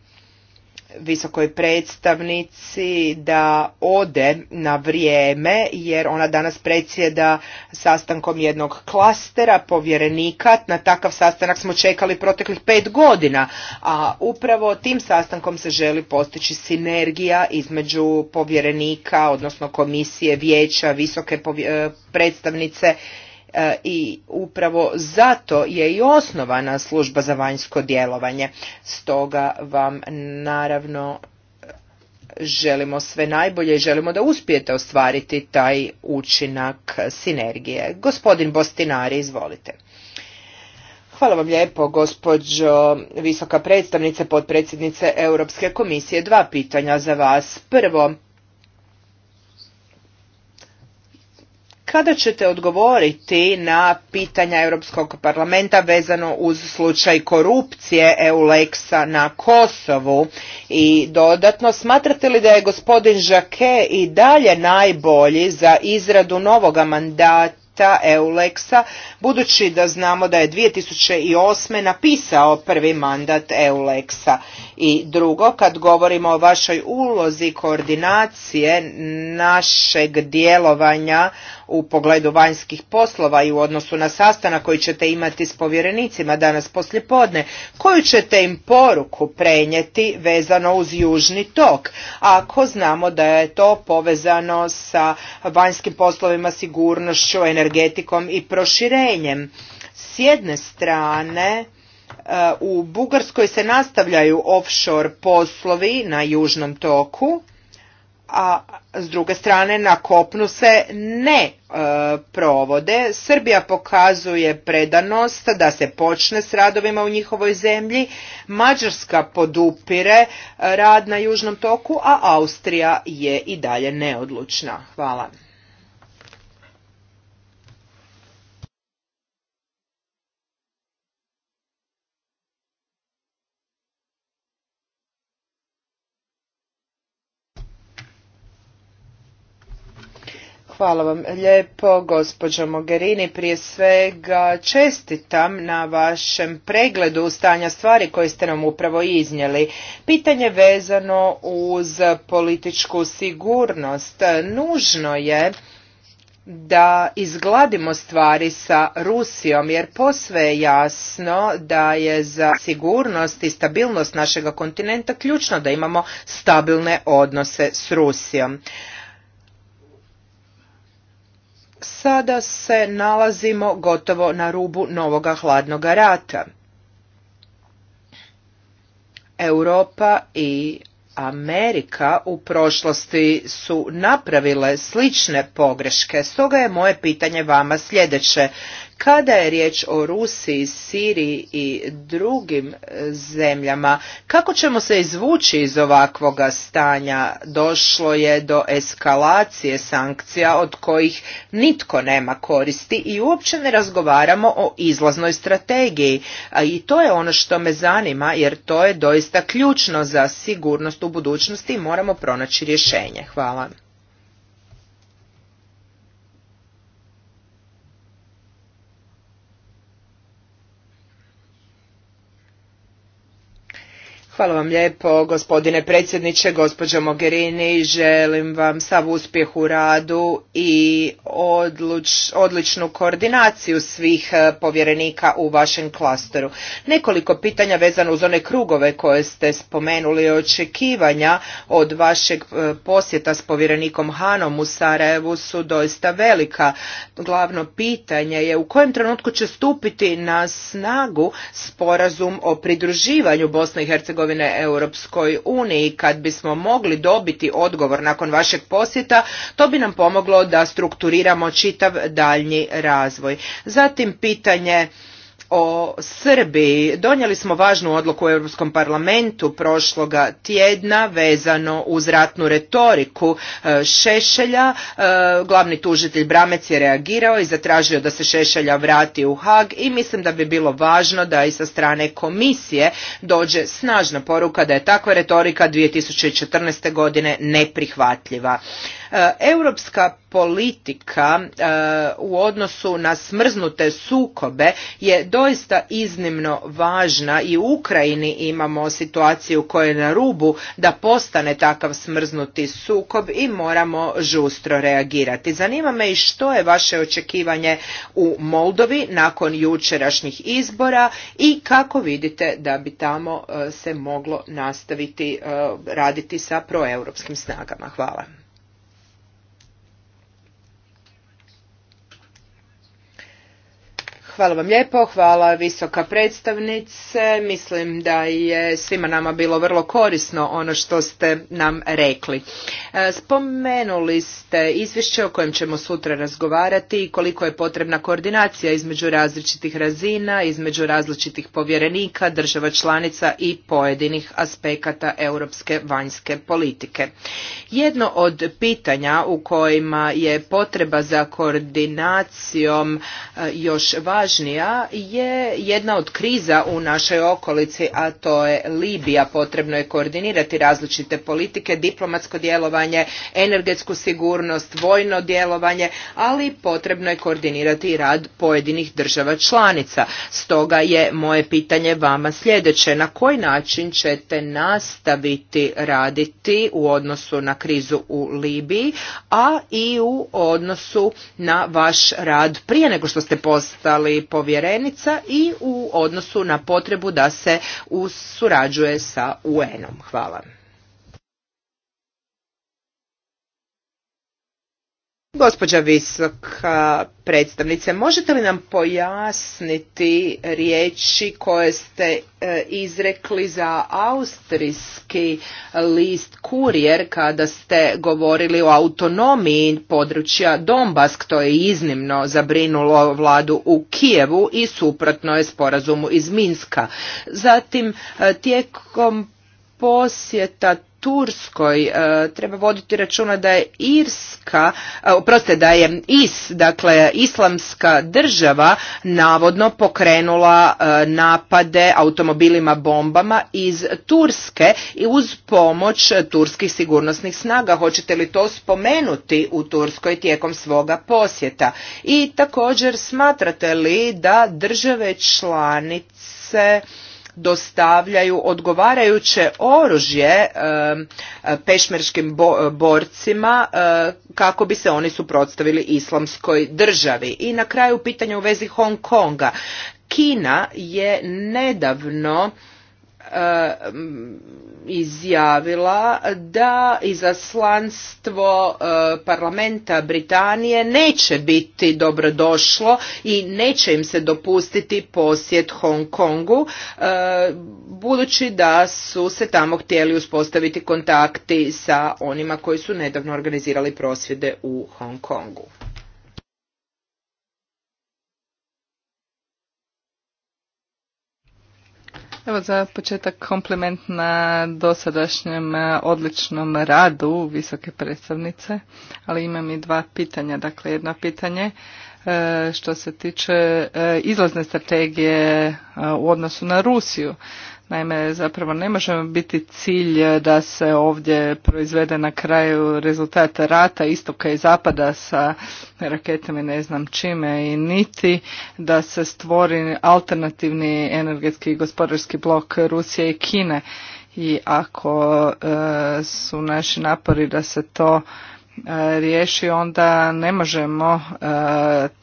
visokoj predstavnici da ode na vrijeme jer ona danas predsjeda sastankom jednog klastera povjerenika. Na takav sastanak smo čekali proteklih pet godina, a upravo tim sastankom se želi postići sinergija između povjerenika, odnosno komisije, vijeća, visoke predstavnice E, i upravo zato je i osnovana služba za vanjsko djelovanje. Stoga vam naravno želimo sve najbolje i želimo da uspijete ostvariti taj učinak sinergije. Gospodin Bostinari, izvolite. Hvala vam lijepo, gospođo visoka predstavnice, potpredsjednice Europske komisije. Dva pitanja za vas. Prvo, Kada ćete odgovoriti na pitanja Europskog parlamenta vezano uz slučaj korupcije Eulexa na Kosovu i dodatno smatrate li da je gospodin Žake i dalje najbolji za izradu novoga mandata ta Eulexa, budući da znamo da je 2008. napisao prvi mandat Eulexa. I drugo, kad govorimo o vašoj ulozi koordinacije našeg djelovanja u pogledu vanjskih poslova i u odnosu na sastanak koji ćete imati s povjerenicima danas poslijepodne, koju ćete im poruku prenijeti vezano uz južni tok, ako znamo da je to povezano sa vanjskim poslovima, sigurnošću, energetikom i proširenjem. S jedne strane, e, u Bugarskoj se nastavljaju offshore poslovi na južnom toku, a s druge strane na kopnu se ne e, provode. Srbija pokazuje predanost da se počne s radovima u njihovoj zemlji, Mađarska podupire e, rad na Južnom toku, a Austrija je i dalje neodlučna. Hvala. Hvala vam lijepo, gospođo Mogherini. Prije svega čestitam na vašem pregledu stanja stvari koje ste nam upravo iznijeli. Pitanje vezano uz političku sigurnost. Nužno je da izgladimo stvari sa Rusijom, jer posve je jasno da je za sigurnost i stabilnost našega kontinenta ključno da imamo stabilne odnose s Rusijom. Sada se nalazimo gotovo na rubu novoga hladnoga rata. Europa i Amerika u prošlosti su napravile slične pogreške, stoga je moje pitanje vama sljedeće. Kada je riječ o Rusiji, Siriji i drugim e, zemljama, kako ćemo se izvući iz ovakvoga stanja? Došlo je do eskalacije sankcija od kojih nitko nema koristi i uopće ne razgovaramo o izlaznoj strategiji. I to je ono što me zanima jer to je doista ključno za sigurnost u budućnosti i moramo pronaći rješenje. Hvala. Hvala vam lijepo, gospodine predsjedniče, gospođo Mogherini. Želim vam sav uspjeh u radu i odličnu koordinaciju svih e, povjerenika u vašem klasteru. Nekoliko pitanja vezano uz one krugove koje ste spomenuli očekivanja od vašeg e, posjeta s povjerenikom Hanom u Sarajevu su doista velika. Glavno pitanje je u kojem trenutku će stupiti na snagu sporazum o pridruživanju Bosne i Hercegovine Hercegovine Europskoj uniji. Kad bismo mogli dobiti odgovor nakon vašeg posjeta, to bi nam pomoglo da strukturiramo čitav daljnji razvoj. Zatim pitanje o Srbiji. Donijeli smo važnu odluku u Europskom parlamentu prošloga tjedna vezano uz ratnu retoriku e, Šešelja. E, glavni tužitelj Bramec je reagirao i zatražio da se Šešelja vrati u Hag i mislim da bi bilo važno da i sa strane komisije dođe snažna poruka da je takva retorika 2014. godine neprihvatljiva. E, europska politika e, u odnosu na smrznute sukobe je doista iznimno važna i u Ukrajini imamo situaciju koja je na rubu da postane takav smrznuti sukob i moramo žustro reagirati. Zanima me i što je vaše očekivanje u Moldovi nakon jučerašnjih izbora i kako vidite da bi tamo e, se moglo nastaviti raditi sa proeuropskim snagama. Hvala. Hvala vam lijepo, hvala visoka predstavnice. Mislim da je svima nama bilo vrlo korisno ono što ste nam rekli. E, spomenuli ste izvješće o kojem ćemo sutra razgovarati i koliko je potrebna koordinacija između različitih razina, između različitih povjerenika, država članica i pojedinih aspekata europske vanjske politike. Jedno od pitanja u kojima je potreba za koordinacijom e, još važno najvažnija je jedna od kriza u našoj okolici, a to je Libija. Potrebno je koordinirati različite politike, diplomatsko djelovanje, energetsku sigurnost, vojno djelovanje, ali potrebno je koordinirati i rad pojedinih država članica. Stoga je moje pitanje vama sljedeće. Na koji način ćete nastaviti raditi u odnosu na krizu u Libiji, a i u odnosu na vaš rad prije nego što ste postali povjerenica i u odnosu na potrebu da se surađuje sa UN-om. Hvala. Gospođa visoka predstavnice, možete li nam pojasniti riječi koje ste e, izrekli za austrijski list Kurijer kada ste govorili o autonomiji područja Donbass, to je iznimno zabrinulo vladu u Kijevu i suprotno je sporazumu iz Minska. Zatim e, tijekom posjeta Turskoj. E, treba voditi računa da je Irska, e, oprostite, da je IS, dakle islamska država, navodno pokrenula e, napade automobilima bombama iz Turske i uz pomoć turskih sigurnosnih snaga. Hoćete li to spomenuti u Turskoj tijekom svoga posjeta? I također smatrate li da države članice dostavljaju odgovarajuće oružje e, pešmerškim borcima e, kako bi se oni suprotstavili islamskoj državi. I na kraju pitanje u vezi Hong Konga. Kina je nedavno E, izjavila da izaslanstvo e, parlamenta Britanije neće biti dobrodošlo i neće im se dopustiti posjet Hong Kongu e, budući da su se tamo htjeli uspostaviti kontakti sa onima koji su nedavno organizirali prosvjede u Hong Kongu. Evo za početak kompliment na dosadašnjem e, odličnom radu visoke predstavnice, ali imam i dva pitanja. Dakle, jedno pitanje e, što se tiče e, izlazne strategije u odnosu na Rusiju. Naime, zapravo ne može biti cilj da se ovdje proizvede na kraju rezultate rata istoka i zapada sa raketama i ne znam čime i niti da se stvori alternativni energetski i gospodarski blok Rusije i Kine. I ako e, su naši napori da se to E, riješi onda ne možemo e,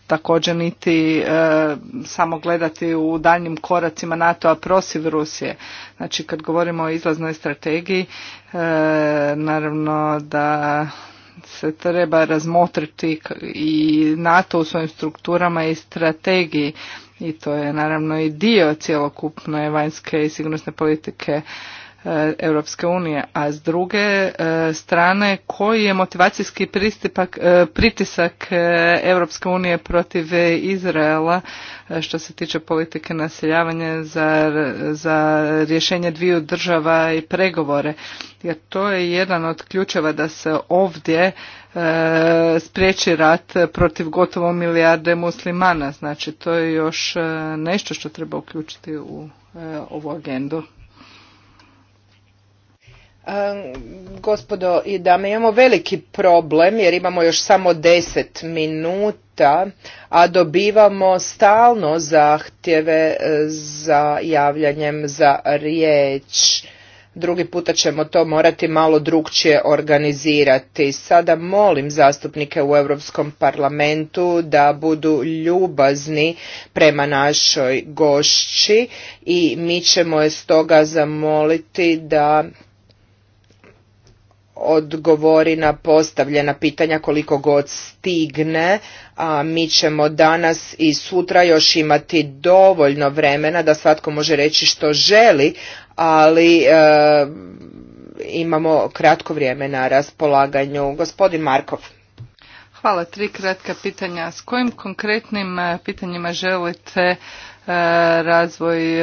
također niti e, samo gledati u daljnjim koracima NATO-a prosiv Rusije. Znači kad govorimo o izlaznoj strategiji e, naravno da se treba razmotriti i NATO u svojim strukturama i strategiji i to je naravno i dio cjelokupne vanjske i sigurnosne politike E, Europske unije, a s druge e, strane koji je motivacijski pristipak, e, pritisak Europske unije protiv Izraela što se tiče politike naseljavanja za, za rješenje dviju država i pregovore. Jer to je jedan od ključeva da se ovdje e, spriječi rat protiv gotovo milijarde muslimana. Znači to je još nešto što treba uključiti u ovu agendu. Gospodo i dame, imamo veliki problem jer imamo još samo deset minuta, a dobivamo stalno zahtjeve e, za javljanjem za riječ. Drugi puta ćemo to morati malo drugčije organizirati. Sada molim zastupnike u Europskom parlamentu da budu ljubazni prema našoj gošći i mi ćemo je stoga zamoliti da odgovori na postavljena pitanja koliko god stigne, a mi ćemo danas i sutra još imati dovoljno vremena da svatko može reći što želi, ali e, imamo kratko vrijeme na raspolaganju. Gospodin Markov. Hvala, tri kratka pitanja. S kojim konkretnim e, pitanjima želite e, razvoj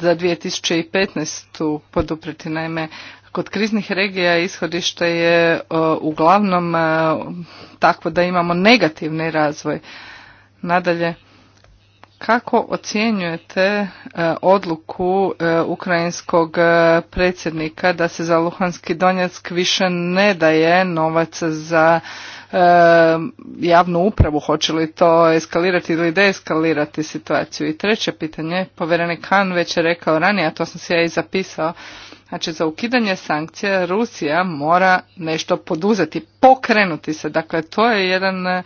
za 2015. podupreti. Naime, Kod kriznih regija ishodište je e, uglavnom e, tako da imamo negativni razvoj. Nadalje, kako ocjenjujete e, odluku ukrajinskog predsjednika da se za Luhanski Donjack više ne daje novac za javnu upravu? Hoće li to eskalirati ili deeskalirati situaciju? I treće pitanje, povjerenik Han već je rekao ranije, a to sam se ja i zapisao, Znači za ukidanje sankcija Rusija mora nešto poduzeti, pokrenuti se. Dakle, to je jedan e,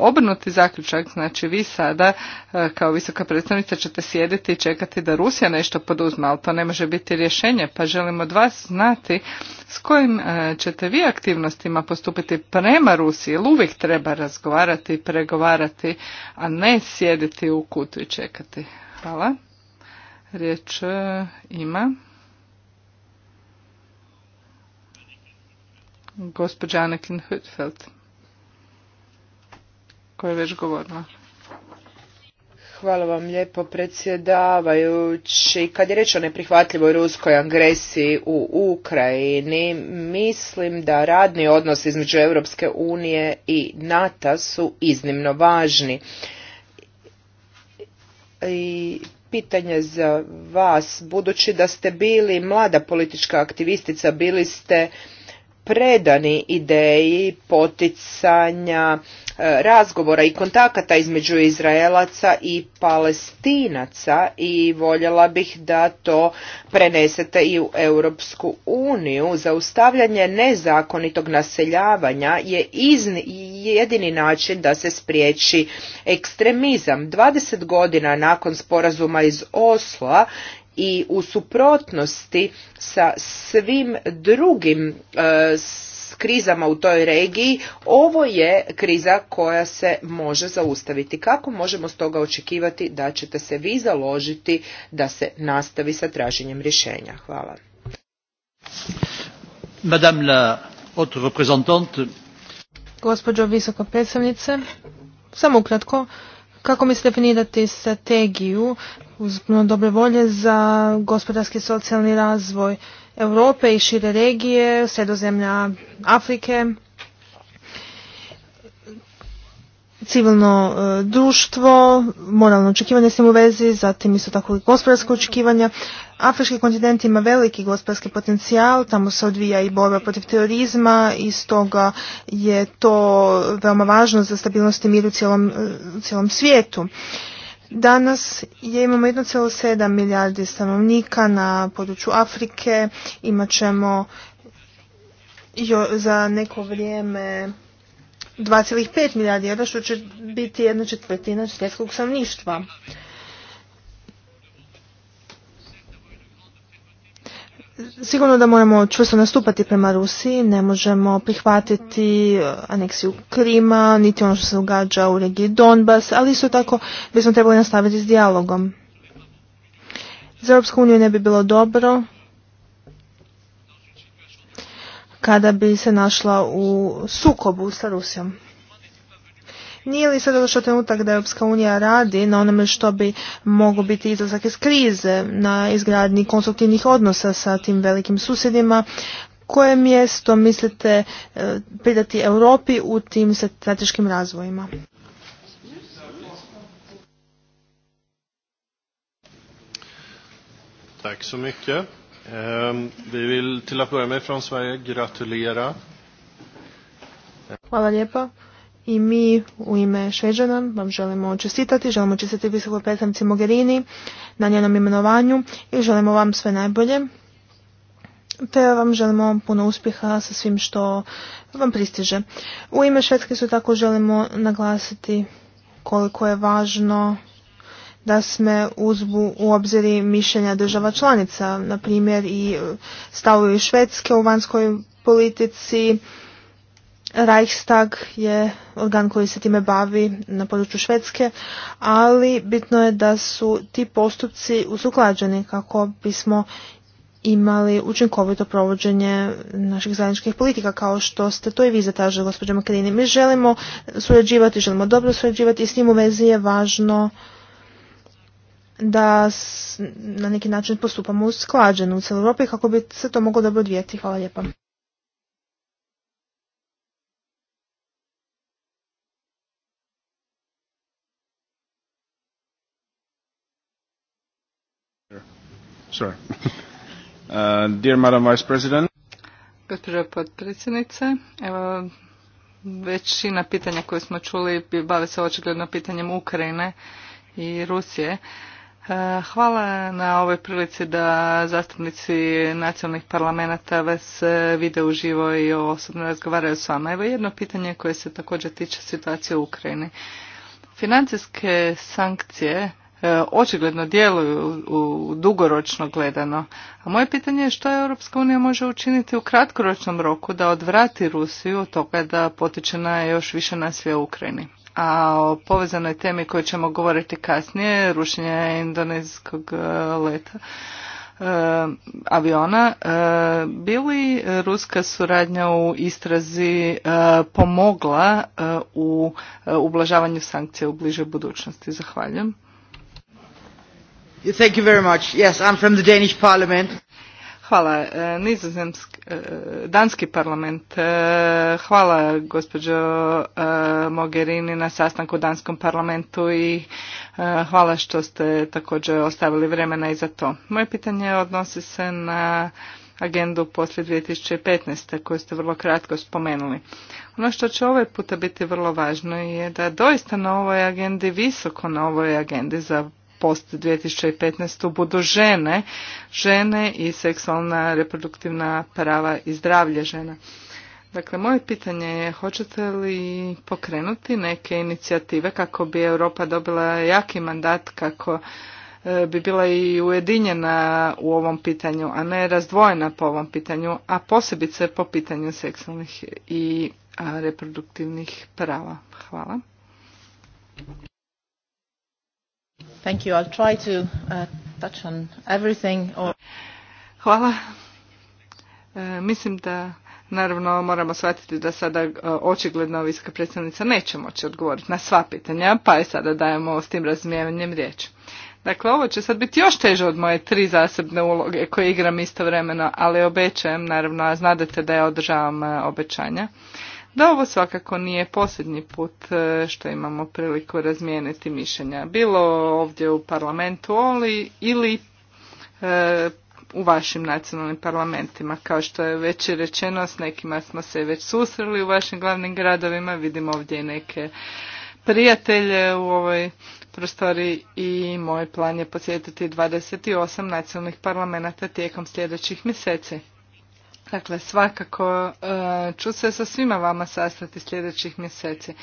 obrnuti zaključak. Znači vi sada e, kao visoka predstavnica ćete sjediti i čekati da Rusija nešto poduzme, ali to ne može biti rješenje. Pa želim od vas znati s kojim e, ćete vi aktivnostima postupiti prema Rusiji. Jer uvijek treba razgovarati i pregovarati, a ne sjediti u kutu i čekati. Hvala. Riječ ima. gospođa Anakin Hütfeld koja je već govorila. Hvala vam lijepo predsjedavajući. Kad je reč o neprihvatljivoj ruskoj agresiji u Ukrajini, mislim da radni odnos između Europske unije i NATO su iznimno važni. I pitanje za vas, budući da ste bili mlada politička aktivistica, bili ste predani ideji poticanja e, razgovora i kontakata između Izraelaca i Palestinaca i voljela bih da to prenesete i u Europsku uniju. Zaustavljanje nezakonitog naseljavanja je jedini način da se spriječi ekstremizam. 20 godina nakon sporazuma iz Osla i u suprotnosti sa svim drugim e, krizama u toj regiji, ovo je kriza koja se može zaustaviti. Kako možemo stoga očekivati da ćete se vi založiti da se nastavi sa traženjem rješenja? Hvala. Madame la haute représentante. Gospođo visoka predstavnice, samo ukratko, kako mislite definirati strategiju uz dobre volje za gospodarski i socijalni razvoj Europe i šire regije, sredozemlja Afrike, civilno e, društvo, moralno očekivanje s tim u vezi, zatim isto tako i gospodarsko očekivanja. Afrički kontinent ima veliki gospodarski potencijal, tamo se odvija i borba protiv terorizma i stoga je to veoma važno za stabilnost i mir u cijelom, svijetu. Danas je imamo 1,7 milijardi stanovnika na području Afrike, imat ćemo jo, za neko vrijeme 2,5 milijardi eura što će biti jedna četvrtina svjetskog stanovništva. Sigurno da moramo čvrsto nastupati prema Rusiji, ne možemo prihvatiti e, aneksiju Krima, niti ono što se događa u regiji Donbas, ali isto tako bismo trebali nastaviti s dijalogom. Za Europsku uniju ne bi bilo dobro kada bi se našla u sukobu sa Rusijom. Nije li sad došao trenutak da Europska unija radi na onome što bi mogao biti izlazak iz krize, na izgradnji konstruktivnih odnosa sa tim velikim susjedima, koje mjesto mislite e, pridati Europi u tim strateškim razvojima? Tack så mycket. Ehm, vi vill till Hvala lijepa i mi u ime Šveđana vam želimo čestitati, želimo čestitati visokoj predstavnici Mogherini na njenom imenovanju i želimo vam sve najbolje. Te vam želimo puno uspjeha sa svim što vam pristiže. U ime Švedske su tako želimo naglasiti koliko je važno da sme uzbu u obziri mišljenja država članica, na primjer i stavuju Švedske u vanjskoj politici, Reichstag je organ koji se time bavi na području Švedske, ali bitno je da su ti postupci usuklađeni kako bismo imali učinkovito provođenje naših zajedničkih politika kao što ste to i vi zatražili gospođo Makarini. Mi želimo surađivati, želimo dobro surađivati i s tim u vezi je važno da na neki način postupamo usklađeno u cijeloj Europi kako bi se to moglo dobro odvijeti. Hvala lijepa. Uh, Gospođo potpredsjednice, većina pitanja koje smo čuli bave se očigledno pitanjem Ukrajine i Rusije. Uh, hvala na ovoj prilici da zastupnici nacionalnih parlamenta vas uh, vide uživo i osobno razgovaraju s vama. Evo jedno pitanje koje se također tiče situacije u Ukrajini. Financijske sankcije E, očigledno djeluju u dugoročno gledano. A moje pitanje je što Europska unija može učiniti u kratkoročnom roku da odvrati Rusiju od toga da potiče na još više na sve Ukrajini. A o povezanoj temi koju ćemo govoriti kasnije, rušenje indonezijskog e, leta, e, aviona. Bili ruska suradnja u istrazi pomogla u ublažavanju sankcija u bližoj budućnosti? Zahvaljujem. Thank you Hvala, nizozemski, danski parlament. E, hvala gospođo e, Mogherini na sastanku u danskom parlamentu i e, hvala što ste također ostavili vremena i za to. Moje pitanje odnosi se na agendu poslije 2015. koju ste vrlo kratko spomenuli. Ono što će ovaj puta biti vrlo važno je da doista na ovoj agendi, visoko na ovoj agendi za post 2015. budu žene, žene i seksualna reproduktivna prava i zdravlje žena. Dakle, moje pitanje je hoćete li pokrenuti neke inicijative kako bi Europa dobila jaki mandat kako e, bi bila i ujedinjena u ovom pitanju, a ne razdvojena po ovom pitanju, a posebice po pitanju seksualnih i reproduktivnih prava. Hvala. Hvala. mislim da naravno moramo shvatiti da sada e, očigledno viska predstavnica neće moći odgovoriti na sva pitanja, pa je sada dajemo s tim razumijevanjem riječ. Dakle, ovo će sad biti još teže od moje tri zasebne uloge koje igram istovremeno, ali obećajem, naravno, a znadete da ja održavam e, obećanja da ovo svakako nije posljednji put e, što imamo priliku razmijeniti mišljenja. Bilo ovdje u parlamentu oli, ili e, u vašim nacionalnim parlamentima. Kao što je već rečeno, s nekima smo se već susreli u vašim glavnim gradovima. Vidimo ovdje i neke prijatelje u ovoj prostori i moj plan je posjetiti 28 nacionalnih parlamenta tijekom sljedećih mjeseci. Dakle, svakako e, ću se sa svima vama sastati sljedećih mjeseci.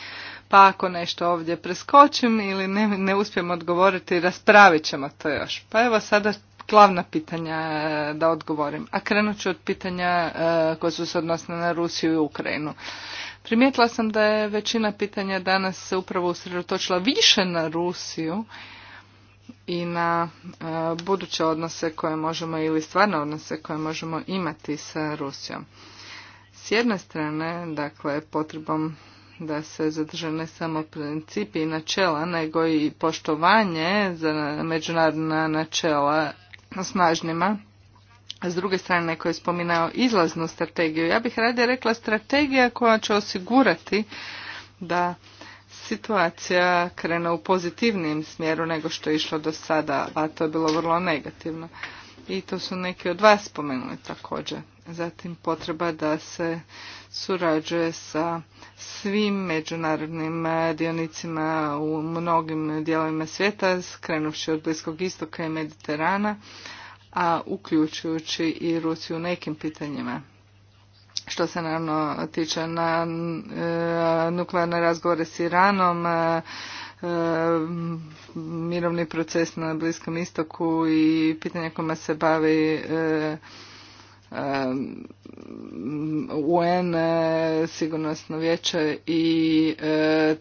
Pa ako nešto ovdje preskočim ili ne, ne uspijem odgovoriti, raspravit ćemo to još. Pa evo sada glavna pitanja e, da odgovorim. A krenut ću od pitanja e, koja su se odnosne na Rusiju i Ukrajinu. Primijetila sam da je većina pitanja danas se upravo usredotočila više na Rusiju i na e, buduće odnose koje možemo ili stvarne odnose koje možemo imati sa Rusijom. S jedne strane, dakle, potrebom da se zadrže ne samo principi i načela, nego i poštovanje za međunarodna načela snažnima. s druge strane, neko je spominao izlaznu strategiju. Ja bih radije rekla strategija koja će osigurati da situacija krene u pozitivnijem smjeru nego što je išlo do sada, a to je bilo vrlo negativno. I to su neki od vas spomenuli također. Zatim potreba da se surađuje sa svim međunarodnim e, dionicima u mnogim dijelovima svijeta, skrenuši od Bliskog istoka i Mediterana, a uključujući i Rusiju u nekim pitanjima što se naravno tiče na e, nuklearne razgovore s Iranom, e, e, mirovni proces na Bliskom istoku i pitanje kojima se bavi UN, sigurnosno vijeće i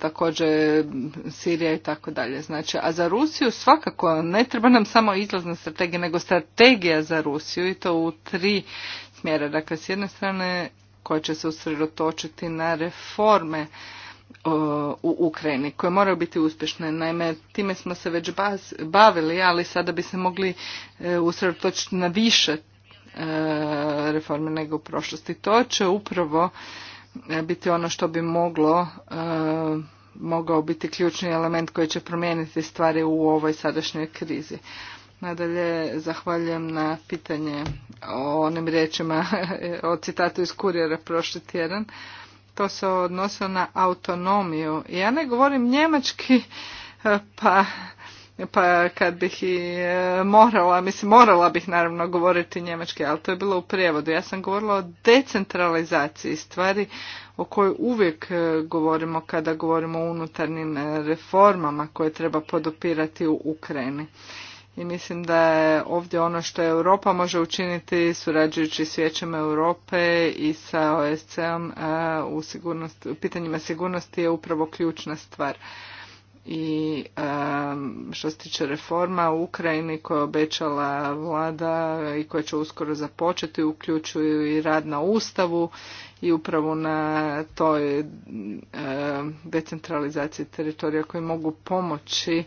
također Sirija i tako dalje. Znači, a za Rusiju svakako ne treba nam samo izlazna strategija, nego strategija za Rusiju i to u tri smjera. Dakle, s jedne strane koje će se usredotočiti na reforme u Ukrajini koje moraju biti uspješne. Naime, time smo se već bavili, ali sada bi se mogli e, usredotočiti na više e, reforme nego u prošlosti. To će upravo e, biti ono što bi moglo mogao biti ključni element koji će promijeniti stvari u ovoj sadašnjoj krizi. Nadalje, zahvaljujem na pitanje o onim riječima, o citatu iz kurijera prošli tjedan. To se odnosi na autonomiju. Ja ne govorim njemački, pa, pa kad bih i e, morala, mislim morala bih naravno govoriti njemački, ali to je bilo u prijevodu. Ja sam govorila o decentralizaciji stvari o kojoj uvijek e, govorimo kada govorimo o unutarnjim e, reformama koje treba podopirati u Ukrajini i mislim da je ovdje ono što Europa može učiniti surađujući s Vijećem Europe i sa OSC-om e, u, u pitanjima sigurnosti je upravo ključna stvar. I e, što se tiče reforma u Ukrajini koja je obećala vlada i koje će uskoro započeti uključuju i rad na Ustavu i upravo na toj e, decentralizaciji teritorija koji mogu pomoći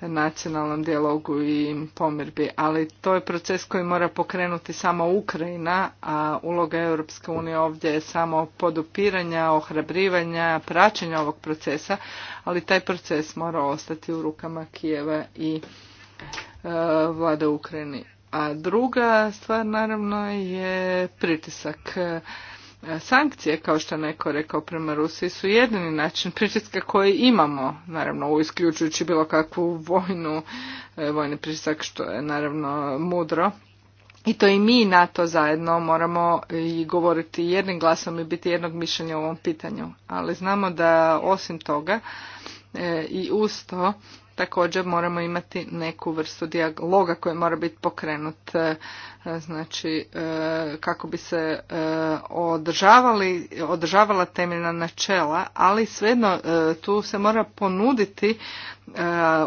nacionalnom dijalogu i pomirbi. Ali to je proces koji mora pokrenuti samo Ukrajina, a uloga Europske unije ovdje je samo podupiranja, ohrabrivanja, praćenja ovog procesa, ali taj proces mora ostati u rukama Kijeva i e, vlade Ukrajini. A druga stvar naravno je pritisak. E, sankcije, kao što neko rekao prema Rusiji, su jedini način pritiska koji imamo, naravno isključujući bilo kakvu vojnu, e, vojni pritisak, što je naravno mudro. I to i mi NATO zajedno moramo i govoriti jednim glasom i biti jednog mišljenja u ovom pitanju. Ali znamo da osim toga e, i uz to također moramo imati neku vrstu dijaloga koji mora biti pokrenut E, znači e, kako bi se e, održavali, održavala temeljna načela, ali svejedno tu se mora ponuditi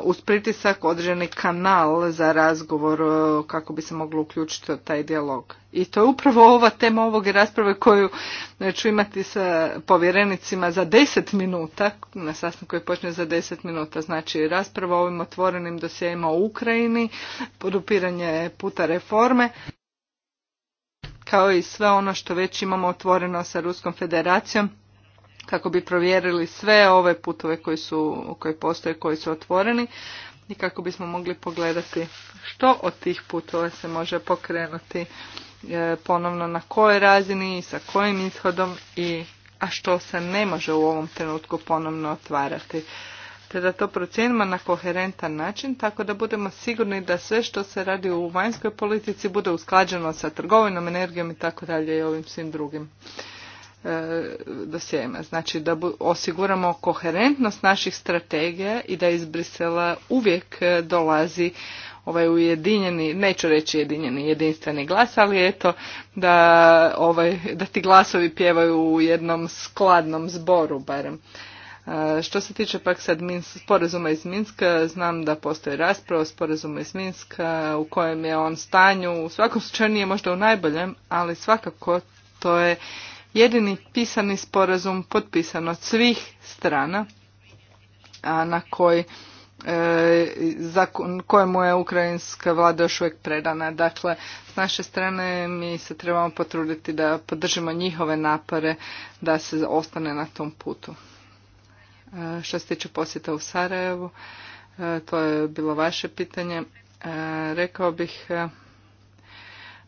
uz pritisak određeni kanal za razgovor kako bi se moglo uključiti taj dijalog. I to je upravo ova tema ovog rasprave koju ću imati sa povjerenicima za deset minuta, na sastanku koji počne za deset minuta, znači rasprava o ovim otvorenim dosjejima u Ukrajini, podupiranje puta reforme, kao i sve ono što već imamo otvoreno sa Ruskom federacijom kako bi provjerili sve ove putove koji, su, koji postoje, koji su otvoreni i kako bismo mogli pogledati što od tih putova se može pokrenuti e, ponovno na kojoj razini i sa kojim ishodom i a što se ne može u ovom trenutku ponovno otvarati te da to procijenimo na koherentan način tako da budemo sigurni da sve što se radi u vanjskoj politici bude usklađeno sa trgovinom, energijom i tako dalje i ovim svim drugim e, dosjejima. Znači da osiguramo koherentnost naših strategija i da iz Brisela uvijek e, dolazi ovaj ujedinjeni, neću reći jedinjeni, jedinstveni glas, ali eto da, ovaj, da ti glasovi pjevaju u jednom skladnom zboru barem. Što se tiče pak sad sporazuma iz Minska, znam da postoji rasprava o sporazumu iz Minska u kojem je on stanju, u svakom slučaju nije možda u najboljem, ali svakako to je jedini pisani sporazum potpisan od svih strana a na koji e, kojemu je ukrajinska vlada još uvijek predana. Dakle, s naše strane mi se trebamo potruditi da podržimo njihove napore da se ostane na tom putu. Što se tiče posjeta u Sarajevu, e, to je bilo vaše pitanje. E, rekao bih e,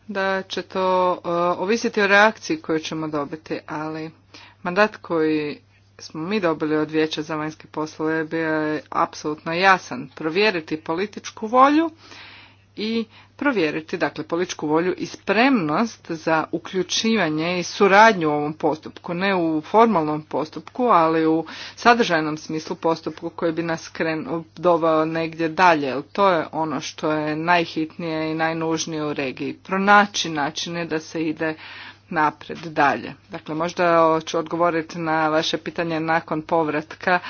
da će to ovisiti o reakciji koju ćemo dobiti, ali mandat koji smo mi dobili od Vijeća za vanjske poslove bio je apsolutno jasan. Provjeriti političku volju i provjeriti dakle političku volju i spremnost za uključivanje i suradnju u ovom postupku, ne u formalnom postupku, ali u sadržajnom smislu postupku koji bi nas dovao negdje dalje, jer to je ono što je najhitnije i najnužnije u regiji. Pronaći načine da se ide napred dalje. Dakle, možda ću odgovoriti na vaše pitanje nakon povratka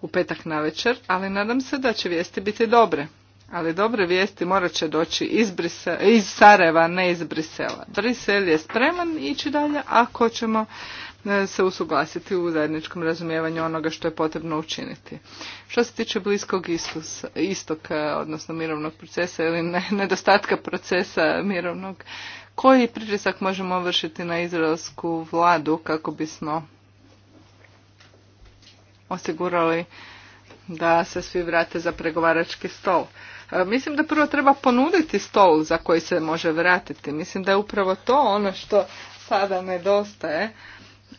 u petak na večer, ali nadam se da će vijesti biti dobre. Ali dobre vijesti morat će doći iz, Sareva, iz Sarajeva, ne iz Brisela. Brisel je spreman ići dalje ako ćemo e, se usuglasiti u zajedničkom razumijevanju onoga što je potrebno učiniti. Što se tiče bliskog istoka, odnosno mirovnog procesa ili nedostatka procesa mirovnog, koji pritisak možemo vršiti na izraelsku vladu kako bismo osigurali da se svi vrate za pregovarački stol. Mislim da prvo treba ponuditi stol za koji se može vratiti. Mislim da je upravo to ono što sada nedostaje.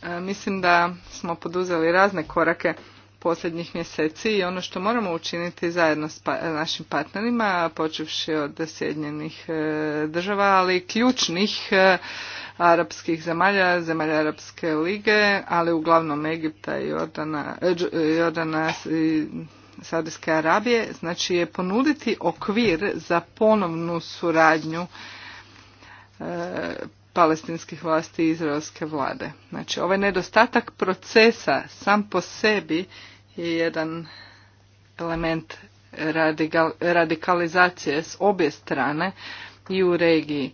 Mislim da smo poduzeli razne korake posljednjih mjeseci i ono što moramo učiniti zajedno s pa, našim partnerima, počevši od Sjedinjenih e, država, ali ključnih e, arapskih zemalja, zemalja Arapske lige, ali uglavnom Egipta i Jordana, e, Jordana i Saudijske Arabije, znači je ponuditi okvir za ponovnu suradnju e, palestinskih vlasti i izraelske vlade. Znači ovaj nedostatak procesa sam po sebi je jedan element radikalizacije s obje strane i u regiji.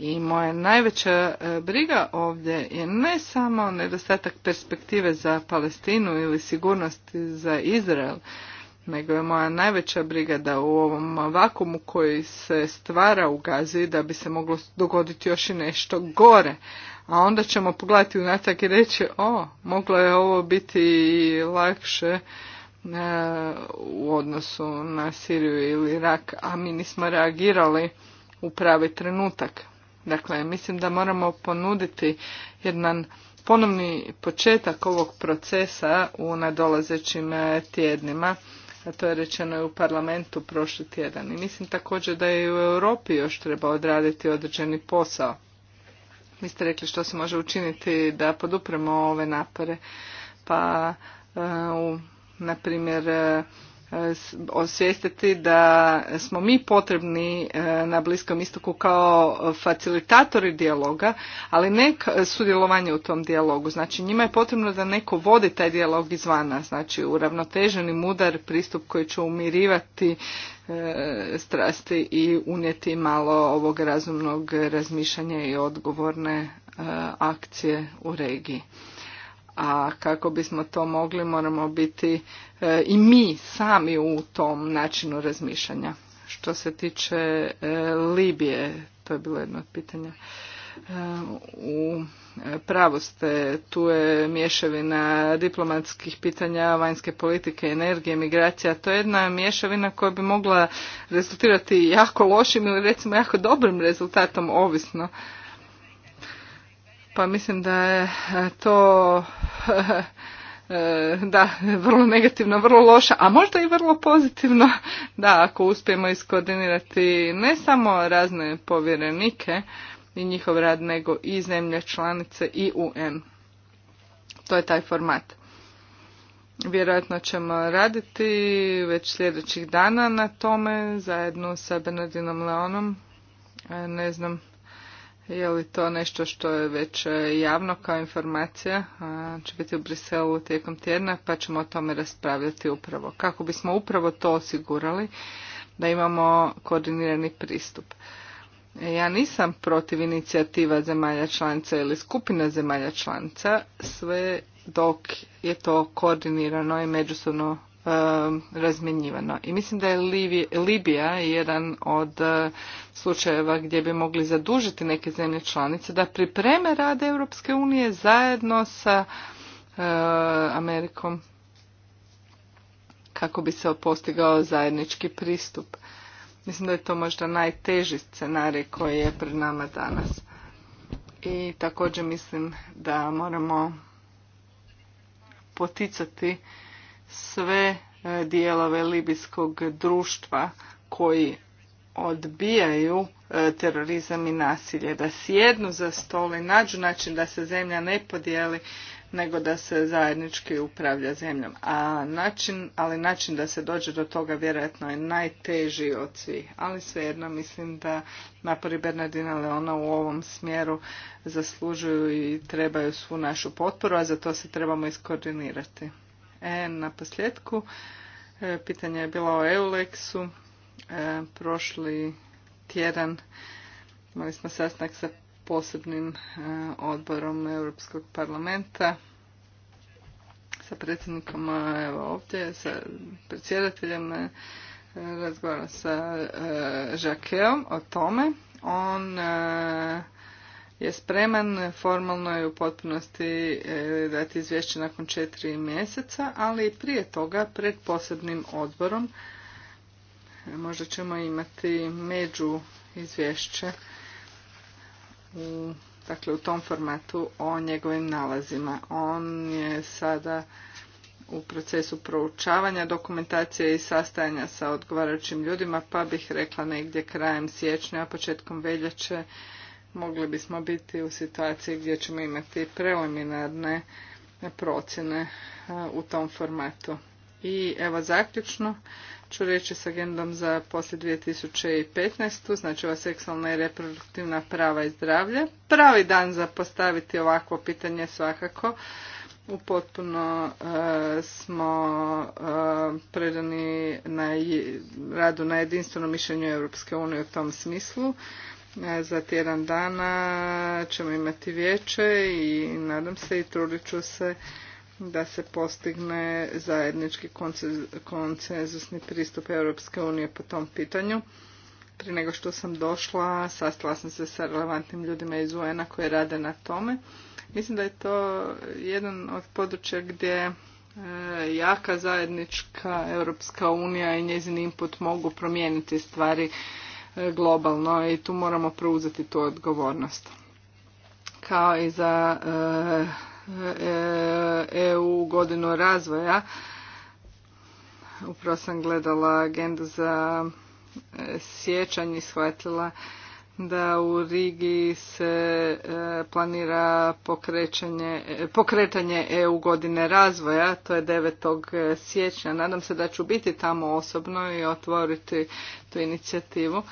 I moja najveća e, briga ovdje je ne samo nedostatak perspektive za Palestinu ili sigurnosti za Izrael, nego je moja najveća briga da u ovom vakumu koji se stvara u Gazi da bi se moglo dogoditi još i nešto gore. A onda ćemo pogledati unatak i reći, o, moglo je ovo biti lakše e, u odnosu na Siriju ili Irak, a mi nismo reagirali u pravi trenutak. Dakle, mislim da moramo ponuditi jedan ponovni početak ovog procesa u nadolazećim tjednima to je rečeno i u parlamentu prošli tjedan. I mislim također da je i u Europi još treba odraditi određeni posao. Vi ste rekli što se može učiniti da podupremo ove napore. Pa, e, u, na primjer, e, osvijestiti da smo mi potrebni e, na Bliskom istoku kao facilitatori dijaloga, ali ne sudjelovanje u tom dijalogu. Znači njima je potrebno da neko vodi taj dijalog izvana, znači uravnoteženi mudar pristup koji će umirivati e, strasti i unijeti malo ovog razumnog razmišljanja i odgovorne e, akcije u regiji. A kako bismo to mogli moramo biti E, i mi sami u tom načinu razmišljanja. Što se tiče e, Libije, to je bilo jedno od pitanja. E, u pravoste, tu je mješavina diplomatskih pitanja, vanjske politike, energije, migracija. To je jedna mješavina koja bi mogla rezultirati jako lošim ili recimo jako dobrim rezultatom, ovisno. Pa mislim da je to E, da, vrlo negativno, vrlo loša, a možda i vrlo pozitivno, da, ako uspijemo iskoordinirati ne samo razne povjerenike i njihov rad, nego i zemlje članice i UN. To je taj format. Vjerojatno ćemo raditi već sljedećih dana na tome, zajedno sa Bernardinom Leonom. E, ne znam je li to nešto što je već e, javno kao informacija? Će biti u Briselu tijekom tjedna pa ćemo o tome raspravljati upravo. Kako bismo upravo to osigurali da imamo koordinirani pristup. E, ja nisam protiv inicijativa zemalja članica ili skupina zemalja članica sve dok je to koordinirano i međusobno Um, razmjenjivano. I mislim da je Libija jedan od uh, slučajeva gdje bi mogli zadužiti neke zemlje članice da pripreme rade Europske unije zajedno sa uh, Amerikom kako bi se postigao zajednički pristup. Mislim da je to možda najteži scenarij koji je pred nama danas. I također mislim da moramo poticati sve e, dijelove libijskog društva koji odbijaju e, terorizam i nasilje, da sjednu za stol i nađu način da se zemlja ne podijeli, nego da se zajednički upravlja zemljom. A način, ali način da se dođe do toga vjerojatno je najteži od svih. Ali svejedno mislim da napori Bernardina Leona u ovom smjeru zaslužuju i trebaju svu našu potporu, a za to se trebamo iskoordinirati. E, na posljedku, e, pitanje je bilo o Eulexu. E, prošli tjedan imali smo sastanak sa posebnim e, odborom Europskog parlamenta sa predsjednikom e, evo ovdje, sa predsjedateljem razgovara sa Žakeom o tome. On je spreman, formalno je u potpunosti e, dati izvješće nakon četiri mjeseca, ali prije toga pred posebnim odborom e, možda ćemo imati među izvješće u, dakle, u tom formatu o njegovim nalazima. On je sada u procesu proučavanja dokumentacije i sastajanja sa odgovarajućim ljudima, pa bih rekla negdje krajem siječnja, početkom veljače mogli bismo biti u situaciji gdje ćemo imati preliminarne procjene e, u tom formatu. I evo zaključno ću reći s agendom za poslije 2015. znači ova seksualna i reproduktivna prava i zdravlje. Pravi dan za postaviti ovakvo pitanje svakako. U potpuno e, smo e, predani na radu na jedinstveno mišljenju Europske unije u tom smislu. E, za tjedan dana ćemo imati vijeće i nadam se i trudit ću se da se postigne zajednički koncenzusni pristup Europske unije po tom pitanju. Prije nego što sam došla, sastala sam se sa relevantnim ljudima iz UN-a koji rade na tome. Mislim da je to jedan od područja gdje e, jaka zajednička Europska unija i njezin input mogu promijeniti stvari globalno i tu moramo preuzeti tu odgovornost. Kao i za EU e, e godinu razvoja, upravo sam gledala agendu za e, sjećanje i shvatila da u Rigi se e, planira e, pokretanje EU godine razvoja, to je 9. E, siječnja. Nadam se da ću biti tamo osobno i otvoriti tu inicijativu.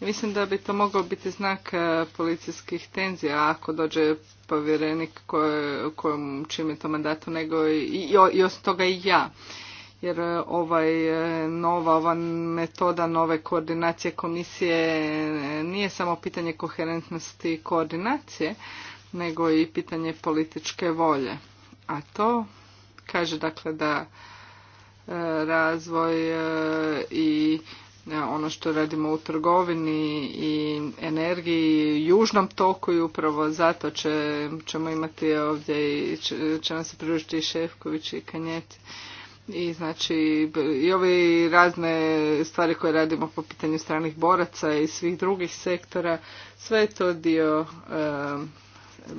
Mislim da bi to mogao biti znak policijskih tenzija ako dođe povjerenik koj, kojom čim je to mandatu nego i, i, i osim toga i ja jer e, ovaj e, nova, ova metoda nove koordinacije komisije e, nije samo pitanje koherentnosti i koordinacije, nego i pitanje političke volje. A to kaže dakle da razvoj i ono što radimo u trgovini i energiji južnom toku i upravo zato će, ćemo imati ovdje i će, će nam se priružiti i Šefković i Kanjeti i znači i ove razne stvari koje radimo po pitanju stranih boraca i svih drugih sektora, sve je to dio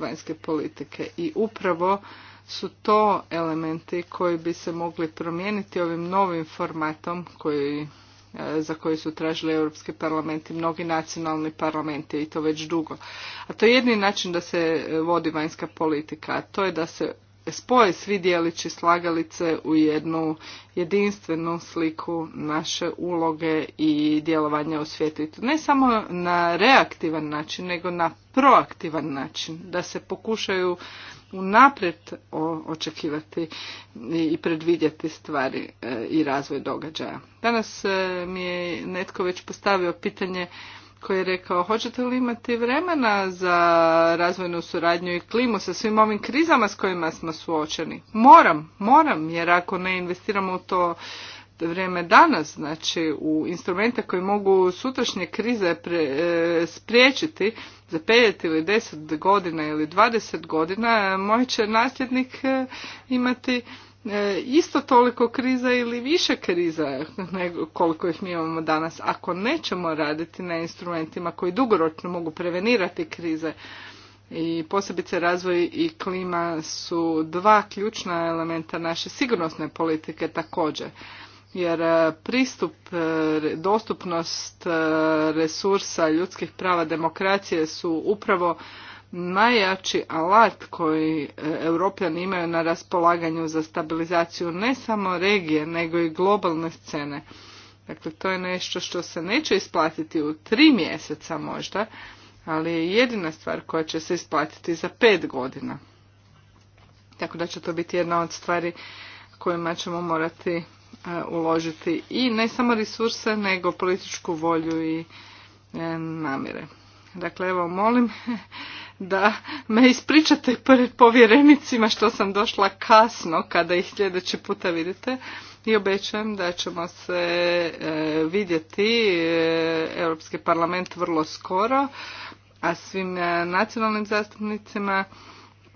vanjske politike. I upravo su to elementi koji bi se mogli promijeniti ovim novim formatom koji, e, za koji su tražili Europski parlament i mnogi nacionalni parlamenti i to već dugo. A to je jedni način da se e, vodi vanjska politika, a to je da se spoje svi dijelići slagalice u jednu jedinstvenu sliku naše uloge i djelovanja u svijetu. ne samo na reaktivan način, nego na proaktivan način, da se pokušaju unaprijed očekivati i predvidjeti stvari e, i razvoj događaja. Danas e, mi je netko već postavio pitanje koji je rekao hoćete li imati vremena za razvojnu suradnju i klimu sa svim ovim krizama s kojima smo suočeni. Moram, moram, jer ako ne investiramo u to vrijeme danas, znači u instrumente koji mogu sutrašnje krize e, spriječiti za 5 ili 10 godina ili 20 godina, moj će nasljednik e, imati E, isto toliko kriza ili više kriza nego koliko ih mi imamo danas ako nećemo raditi na instrumentima koji dugoročno mogu prevenirati krize i posebice razvoj i klima su dva ključna elementa naše sigurnosne politike također jer e, pristup, e, dostupnost resursa, ljudskih prava, demokracije su upravo najjači alat koji e, europljani imaju na raspolaganju za stabilizaciju ne samo regije nego i globalne scene. Dakle, to je nešto što se neće isplatiti u tri mjeseca možda, ali je jedina stvar koja će se isplatiti za pet godina. Tako da će to biti jedna od stvari kojima ćemo morati e, uložiti i ne samo resurse, nego političku volju i e, namire. Dakle, evo, molim da me ispričate pred povjerenicima što sam došla kasno kada ih sljedeći puta vidite i obećajem da ćemo se e, vidjeti e, Europski parlament vrlo skoro, a svim e, nacionalnim zastupnicima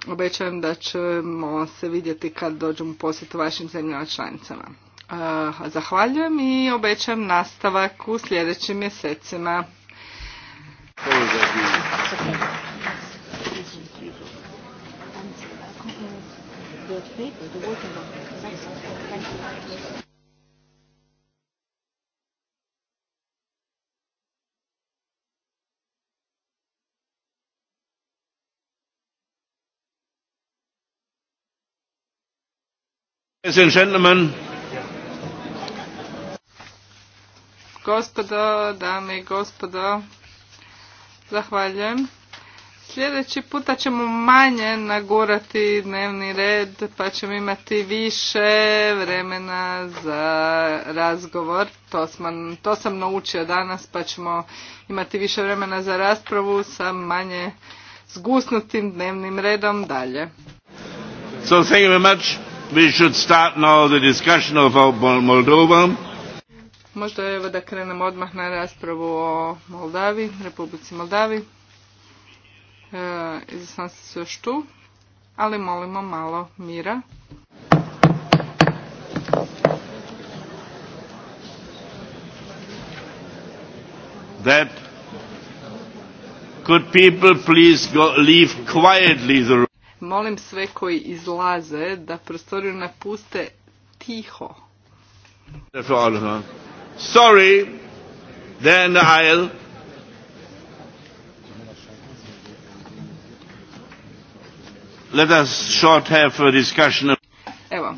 obećajem da ćemo se vidjeti kad dođem u posjet vašim zemljama članicama. Zahvaljujem i obećajem nastavak u sljedećim mjesecima. Gospodo, dame i gospodo, zahvaljujem. Sljedeći puta ćemo manje nagurati dnevni red, pa ćemo imati više vremena za razgovor. To sam, to sam naučio danas, pa ćemo imati više vremena za raspravu sa manje zgusnutim dnevnim redom dalje. So thank We should start now the discussion of Moldova. Možda evo da krenemo odmah na raspravu o Moldavi, Republici Moldavi. E, izaslanci su još tu, ali molimo malo mira. That could people please go leave quietly the room. Molim sve koji izlaze da prostoriju napuste tiho. Sorry, then I'll Let us short have a discussion. Evo,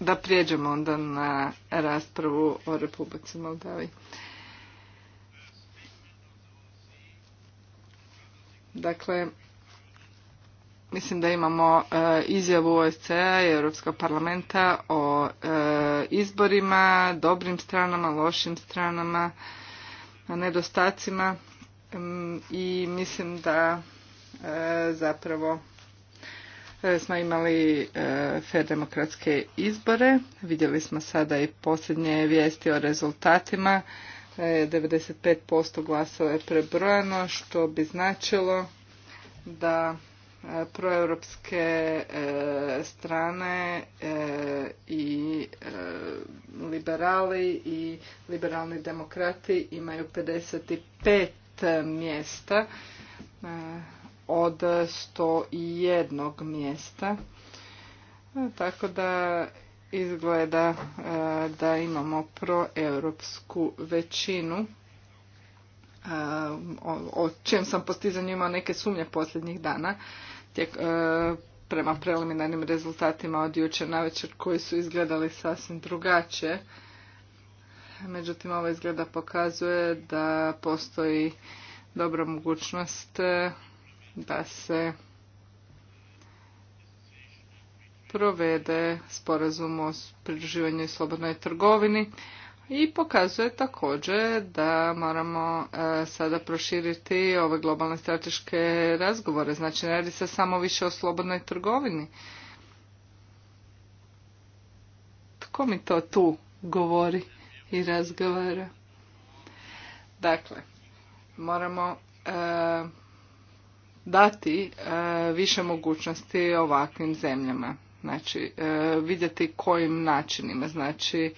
da prijeđemo onda na raspravu o Republici Moldavi. Dakle, mislim da imamo e, izjavu OSCE-a i Europskog parlamenta o e, izborima, dobrim stranama, lošim stranama, nedostacima mm, i mislim da E, zapravo e, smo imali e, fair demokratske izbore. Vidjeli smo sada i posljednje vijesti o rezultatima. 95% glasova je prebrojano, što bi značilo da proeuropske strane i liberali i liberalni demokrati imaju 55 mjesta od 101 mjesta. Tako da izgleda e, da imamo proeuropsku većinu e, o čijem sam postizanju imao neke sumnje posljednjih dana e, prema preliminarnim rezultatima od jučer večer koji su izgledali sasvim drugačije. Međutim, ovo izgleda pokazuje da postoji dobra mogućnost da se provede sporazum o pridruživanju i slobodnoj trgovini i pokazuje također da moramo e, sada proširiti ove globalne strateške razgovore. Znači, ne radi se samo više o slobodnoj trgovini. Tko mi to tu govori i razgovara? Dakle, moramo e, dati e, više mogućnosti ovakvim zemljama. Znači, e, vidjeti kojim načinima. Znači, e,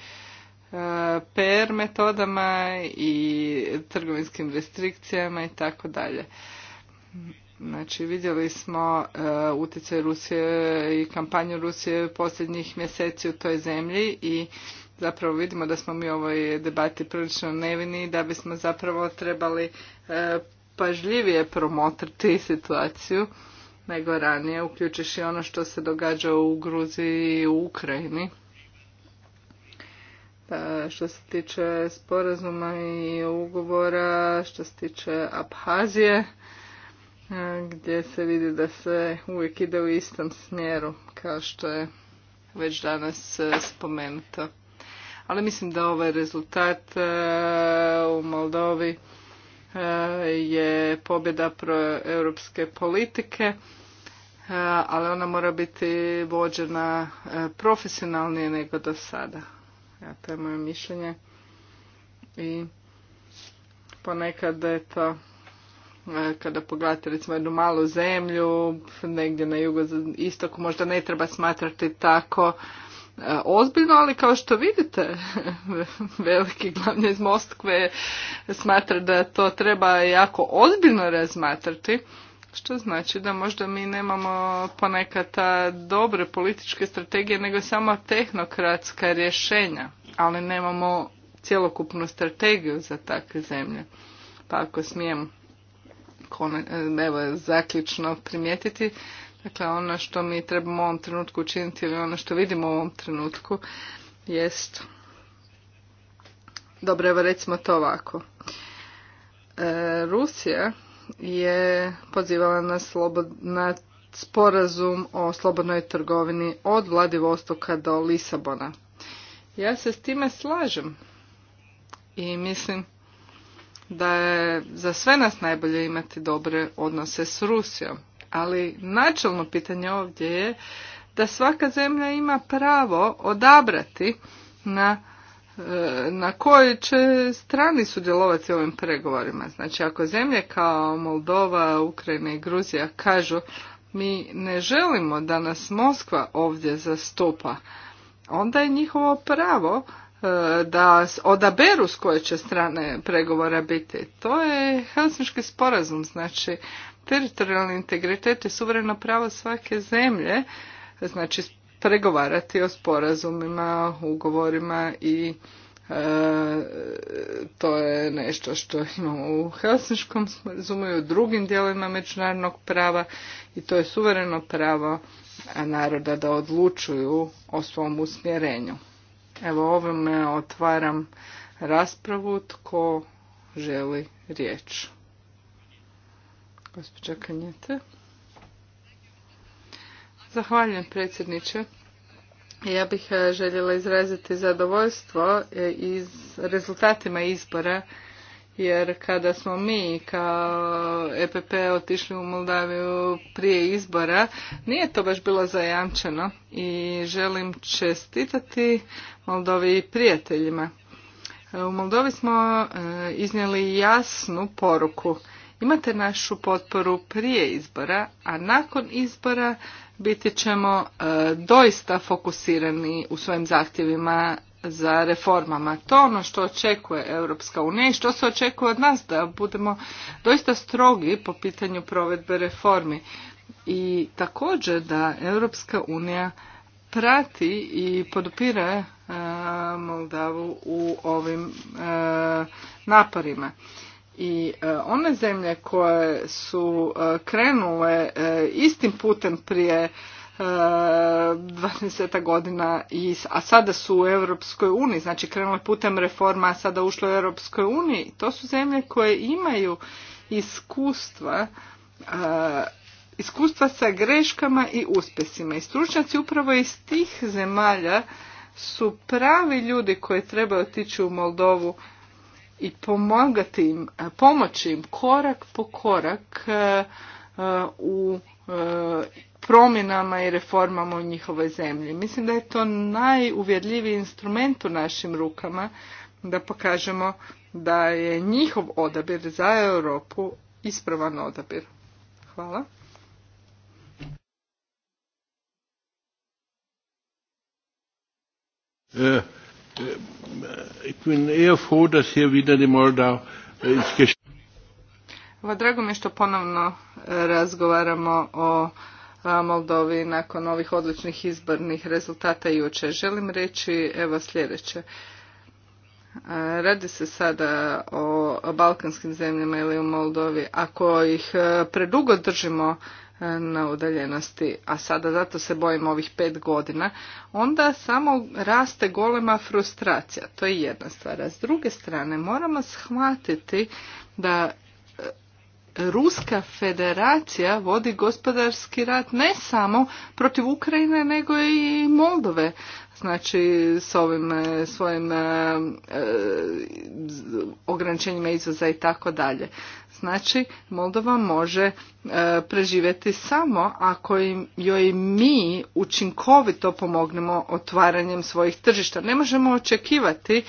PR metodama i trgovinskim restrikcijama i tako dalje. Znači vidjeli smo e, utjecaj Rusije i kampanju Rusije posljednjih mjeseci u toj zemlji i zapravo vidimo da smo mi u ovoj debati prilično nevini da bismo zapravo trebali pažljivije promotriti situaciju nego ranije, uključiš i ono što se događa u Gruziji i u Ukrajini. Pa, što se tiče sporazuma i ugovora, što se tiče Abhazije, e, gdje se vidi da se uvijek ide u istom smjeru, kao što je već danas e, spomenuto. Ali mislim da ovaj rezultat e, u Moldovi je pobjeda pro-europske politike, e, ali ona mora biti vođena e, profesionalnije nego do sada. Ja, to je moje mišljenje. I ponekad, to e, kada pogledate recimo jednu malu zemlju, negdje na jugo istoku, možda ne treba smatrati tako E, ozbiljno, ali kao što vidite, veliki glavni iz Moskve smatra da to treba jako ozbiljno razmatrati, što znači da možda mi nemamo ponekad dobre političke strategije, nego samo tehnokratska rješenja, ali nemamo cjelokupnu strategiju za takve zemlje. Pa ako smijem e, evo, zaključno primijetiti, Dakle, ono što mi trebamo u ovom trenutku učiniti ili ono što vidimo u ovom trenutku jest... Dobro, evo recimo to ovako. E, Rusija je pozivala na, na sporazum o slobodnoj trgovini od Vladivostoka do Lisabona. Ja se s time slažem i mislim da je za sve nas najbolje imati dobre odnose s Rusijom ali načelno pitanje ovdje je da svaka zemlja ima pravo odabrati na e, na kojoj će strani sudjelovati u ovim pregovorima. Znači ako zemlje kao Moldova, Ukrajina i Gruzija kažu mi ne želimo da nas Moskva ovdje zastupa, onda je njihovo pravo e, da odaberu s koje će strane pregovora biti. To je Helsinški sporazum, znači teritorijalni integritet je suvereno pravo svake zemlje, znači pregovarati o sporazumima, ugovorima i e, to je nešto što imamo u Helsinškom sporazumu i u drugim dijelovima međunarodnog prava i to je suvereno pravo naroda da odlučuju o svom usmjerenju. Evo ovime otvaram raspravu tko želi riječ gospođa Kanjete. Zahvaljujem predsjedniče. Ja bih e, željela izraziti zadovoljstvo e, iz rezultatima izbora jer kada smo mi kao EPP otišli u Moldaviju prije izbora, nije to baš bilo zajamčeno i želim čestitati Moldovi i prijateljima. E, u Moldovi smo iznijeli jasnu poruku – imate našu potporu prije izbora, a nakon izbora biti ćemo e, doista fokusirani u svojim zahtjevima za reformama. To ono što očekuje Europska unija i što se očekuje od nas da budemo doista strogi po pitanju provedbe reformi i također da Europska unija prati i podupira e, Moldavu u ovim e, naporima i e, one zemlje koje su e, krenule e, istim putem prije 20 godina, a sada su u Europskoj uniji, znači krenule putem reforma, a sada ušle u Europskoj uniji, to su zemlje koje imaju iskustva iskustva sa greškama i uspjesima. I stručnjaci upravo iz tih zemalja su pravi ljudi koji trebaju otići u Moldovu i pomagati im, e, pomoći im korak po korak e, e, u promjenama i reformama u njihovoj zemlji. Mislim da je to najuvjerljiviji instrument u našim rukama da pokažemo da je njihov odabir za Europu ispravan odabir. Hvala. Eh, ich eh, bin Drago mi je što ponovno eh, razgovaramo o Moldovi nakon ovih odličnih izbornih rezultata juče. Želim reći evo sljedeće. Radi se sada o balkanskim zemljama ili u Moldovi. Ako ih predugo držimo na udaljenosti, a sada zato se bojim ovih pet godina, onda samo raste golema frustracija. To je jedna stvar. A s druge strane, moramo shvatiti da e, Ruska federacija vodi gospodarski rat ne samo protiv Ukrajine, nego i Moldove. Znači, s ovim e, svojim e, e ograničenjima izvoza i tako dalje. Znači, Moldova može e, preživjeti samo ako im, joj mi učinkovito pomognemo otvaranjem svojih tržišta. Ne možemo očekivati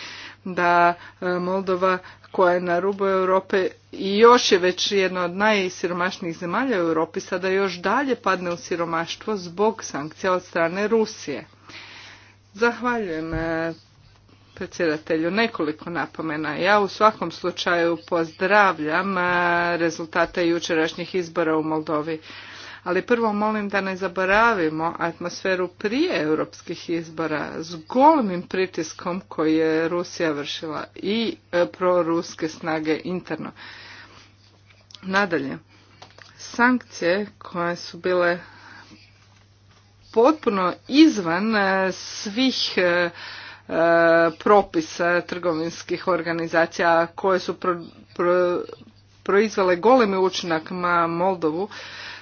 da e, Moldova koja je na rubu Europe i još je već jedna od najsiromašnijih zemalja u Europi, sada još dalje padne u siromaštvo zbog sankcija od strane Rusije. Zahvaljujem e, predsjedatelju. Nekoliko napomena. Ja u svakom slučaju pozdravljam e, rezultate jučerašnjih izbora u Moldovi. Ali prvo molim da ne zaboravimo atmosferu prije europskih izbora s golemim pritiskom koji je Rusija vršila i e, proruske snage interno. Nadalje, sankcije koje su bile potpuno izvan e, svih E, propisa trgovinskih organizacija koje su pro, proizvale golemi učinak na Moldovu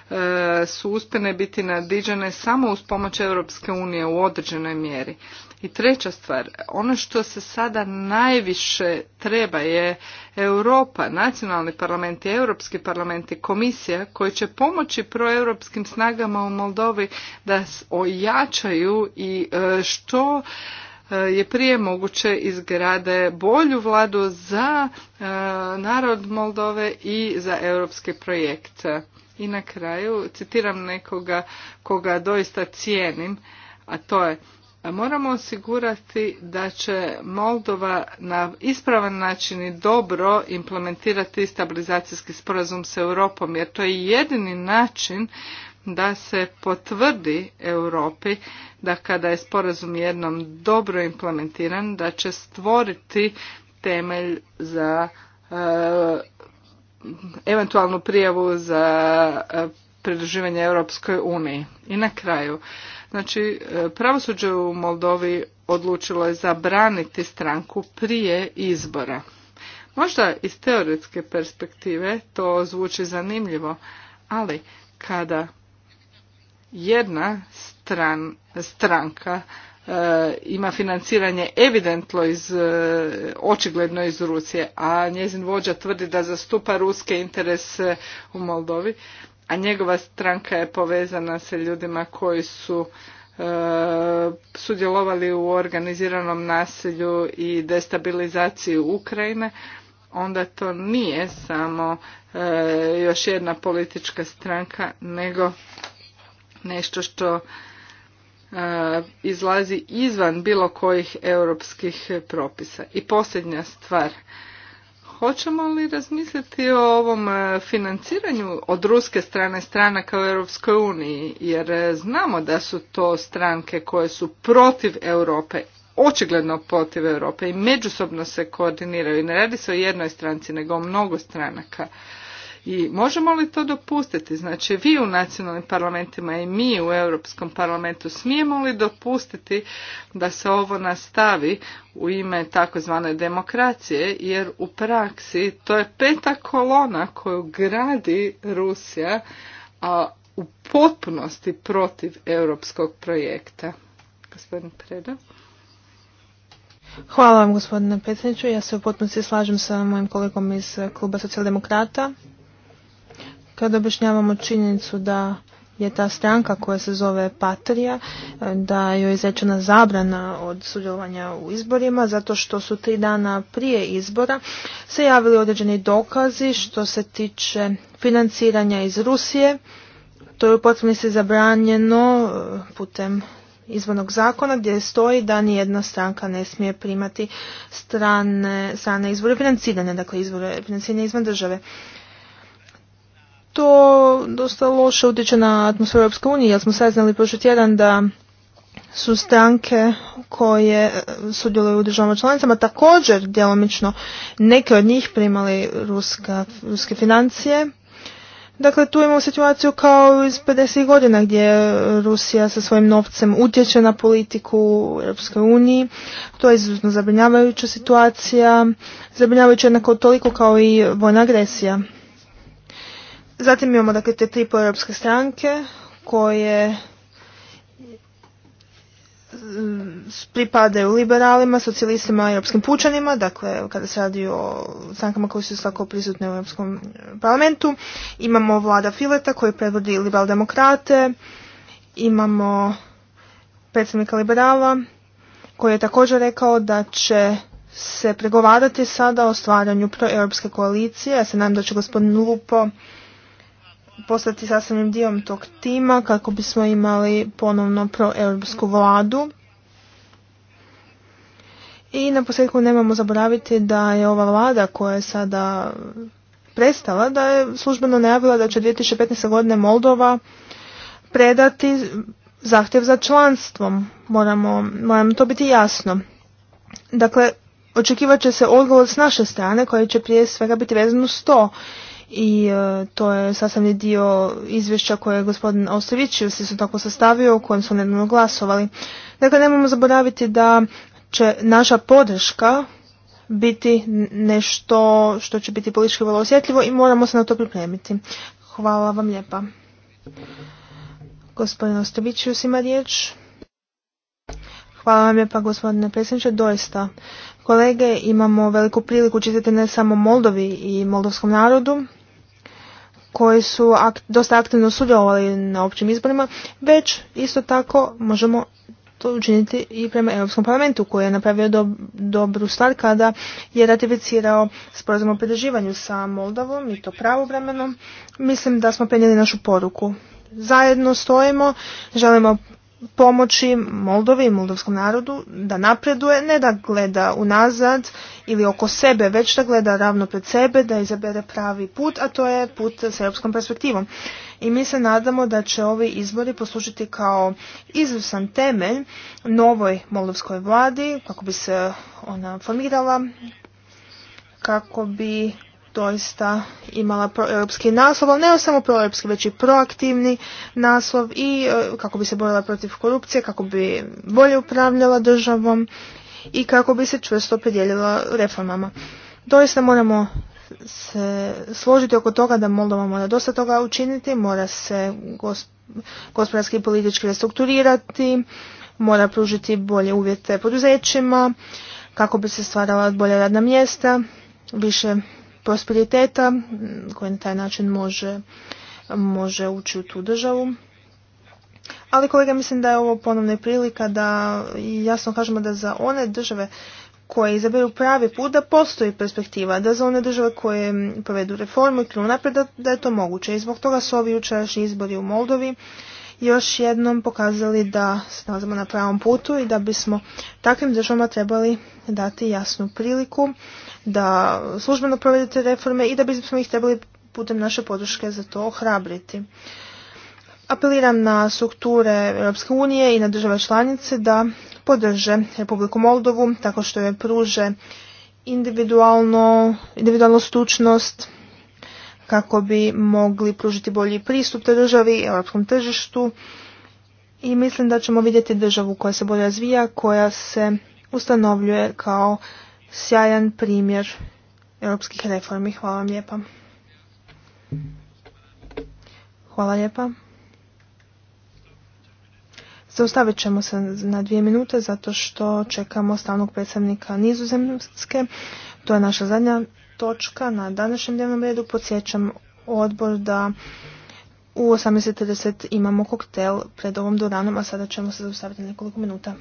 e, su uspjene biti nadiđene samo uz pomoć Europske unije u određenoj mjeri. I treća stvar, ono što se sada najviše treba je Europa, nacionalni parlament i Europski parlament i komisija koji će pomoći proeuropskim snagama u Moldovi da ojačaju i e, što E, je prije moguće izgrade bolju vladu za e, narod Moldove i za europske projekte. I na kraju citiram nekoga koga doista cijenim, a to je moramo osigurati da će Moldova na ispravan način i dobro implementirati stabilizacijski sporazum s Europom jer to je jedini način da se potvrdi Europi da kada je sporazum jednom dobro implementiran, da će stvoriti temelj za e, eventualnu prijavu za e, pridruživanje Europskoj uniji. I na kraju, znači e, pravosuđe u Moldovi odlučilo je zabraniti stranku prije izbora. Možda iz teoretske perspektive to zvuči zanimljivo, ali kada jedna stran, stranka e, ima financiranje evidentno iz, e, očigledno iz Rusije, a njezin vođa tvrdi da zastupa ruske interese u Moldovi, a njegova stranka je povezana sa ljudima koji su e, sudjelovali u organiziranom nasilju i destabilizaciji Ukrajine, onda to nije samo još jedna politička stranka, nego nešto što e, izlazi izvan bilo kojih europskih propisa. I posljednja stvar, hoćemo li razmisliti o ovom e, financiranju od ruske strane stranaka u Europskoj uniji, jer e, znamo da su to stranke koje su protiv Europe, očigledno protiv Europe i međusobno se koordiniraju. Ne radi se o jednoj stranci, nego o mnogo stranaka. I možemo li to dopustiti? Znači vi u nacionalnim parlamentima i mi u Europskom parlamentu smijemo li dopustiti da se ovo nastavi u ime takozvane demokracije jer u praksi to je peta kolona koju gradi Rusija a u potpunosti protiv europskog projekta. Gospodin Preda. Hvala vam gospodine predsjedniče. Ja se u potpunosti slažem sa mojim kolegom iz kluba socijaldemokrata kada objašnjavamo činjenicu da je ta stranka koja se zove Patrija, da joj je izrečena zabrana od sudjelovanja u izborima, zato što su tri dana prije izbora se javili određeni dokazi što se tiče financiranja iz Rusije. To je u potpunosti zabranjeno eh, putem izbornog zakona gdje stoji da nijedna stranka ne smije primati strane, strane izvore financiranja, dakle izvore financiranja izvan države to dosta loše utječe na atmosferu Europske unije, jer smo saznali prošli tjedan da su stranke koje e, sudjeluju u državama članicama također djelomično neke od njih primali ruska, ruske financije. Dakle, tu imamo situaciju kao iz 50. godina gdje Rusija sa svojim novcem utječe na politiku u Europskoj uniji. To je izuzetno zabrinjavajuća situacija, zabrinjavajuća jednako toliko kao i vojna agresija. Zatim imamo dakle te tri po-europske stranke koje mm, pripadaju liberalima, socijalistima i europskim pučanima, dakle kada se radi o strankama koje su svako prisutne u europskom eh, parlamentu. Imamo vlada Fileta koji predvodi liberal demokrate, imamo predstavnika liberala koji je također rekao da će se pregovarati sada o stvaranju proeuropske koalicije. Ja se nadam da će gospodin Lupo postati sasvim dijelom tog tima kako bismo imali ponovno proeuropsku vladu. I na posljedku nemamo zaboraviti da je ova vlada koja je sada prestala, da je službeno najavila da će 2015. godine Moldova predati zahtjev za članstvom. Moramo, moramo to biti jasno. Dakle, očekivat će se odgovor s naše strane koji će prije svega biti vezan u i e, to je sastavni dio izvješća koje je gospodin se su tako sastavio u kojem su nedavno glasovali. Dakle, nemojmo zaboraviti da će naša podrška biti nešto što će biti politički vrlo osjetljivo i moramo se na to pripremiti. Hvala vam lijepa. Gospodin Ostovićius ima riječ. Hvala vam lijepa gospodine predsjedniče, doista. Kolege, imamo veliku priliku čitati ne samo Moldovi i moldovskom narodu, koji su dosta aktivno sudjelovali na općim izborima, već isto tako možemo to učiniti i prema Europskom parlamentu koji je napravio dobru stvar kada je ratificirao sporazum o pridruživanju sa Moldavom i to pravovremeno. Mislim da smo prenijeli našu poruku. Zajedno stojimo, želimo pomoći Moldovi i moldovskom narodu da napreduje, ne da gleda unazad ili oko sebe, već da gleda ravno pred sebe, da izabere pravi put, a to je put s europskom perspektivom. I mi se nadamo da će ovi izbori poslužiti kao izvrsan temelj novoj moldovskoj vladi, kako bi se ona formirala, kako bi doista imala proeuropski naslov, ali ne samo proeuropski, već i proaktivni naslov i e, kako bi se borila protiv korupcije, kako bi bolje upravljala državom i kako bi se čvrsto opredjeljila reformama. Doista moramo se složiti oko toga da Moldova mora dosta toga učiniti, mora se gospodarski i politički restrukturirati, mora pružiti bolje uvjete poduzećima, kako bi se stvarala bolje radna mjesta, više prosperiteta koji na taj način može, može ući u tu državu. Ali kolega mislim da je ovo ponovna prilika da jasno kažemo da za one države koje izaberu pravi put da postoji perspektiva, da za one države koje provedu reformu i krenu naprijed da, da je to moguće. I zbog toga su ovi jučerašnji izbori u Moldovi još jednom pokazali da se nalazimo na pravom putu i da bismo takvim državama trebali dati jasnu priliku da službeno provedete reforme i da bismo ih trebali putem naše podrške za to ohrabriti. Apeliram na strukture Europske unije i na države članice da podrže Republiku Moldovu tako što joj pruže individualno, individualnu stručnost kako bi mogli pružiti bolji pristup te državi, europskom tržištu i mislim da ćemo vidjeti državu koja se bolje razvija, koja se ustanovljuje kao sjajan primjer europskih reformi. Hvala vam lijepa. Hvala lijepa. Zaustavit ćemo se na dvije minute zato što čekamo stavnog predstavnika nizozemske. To je naša zadnja točka na današnjem dnevnom redu. Podsjećam odbor da u 18.30 imamo koktel pred ovom doranom, a sada ćemo se zaustaviti nekoliko minuta.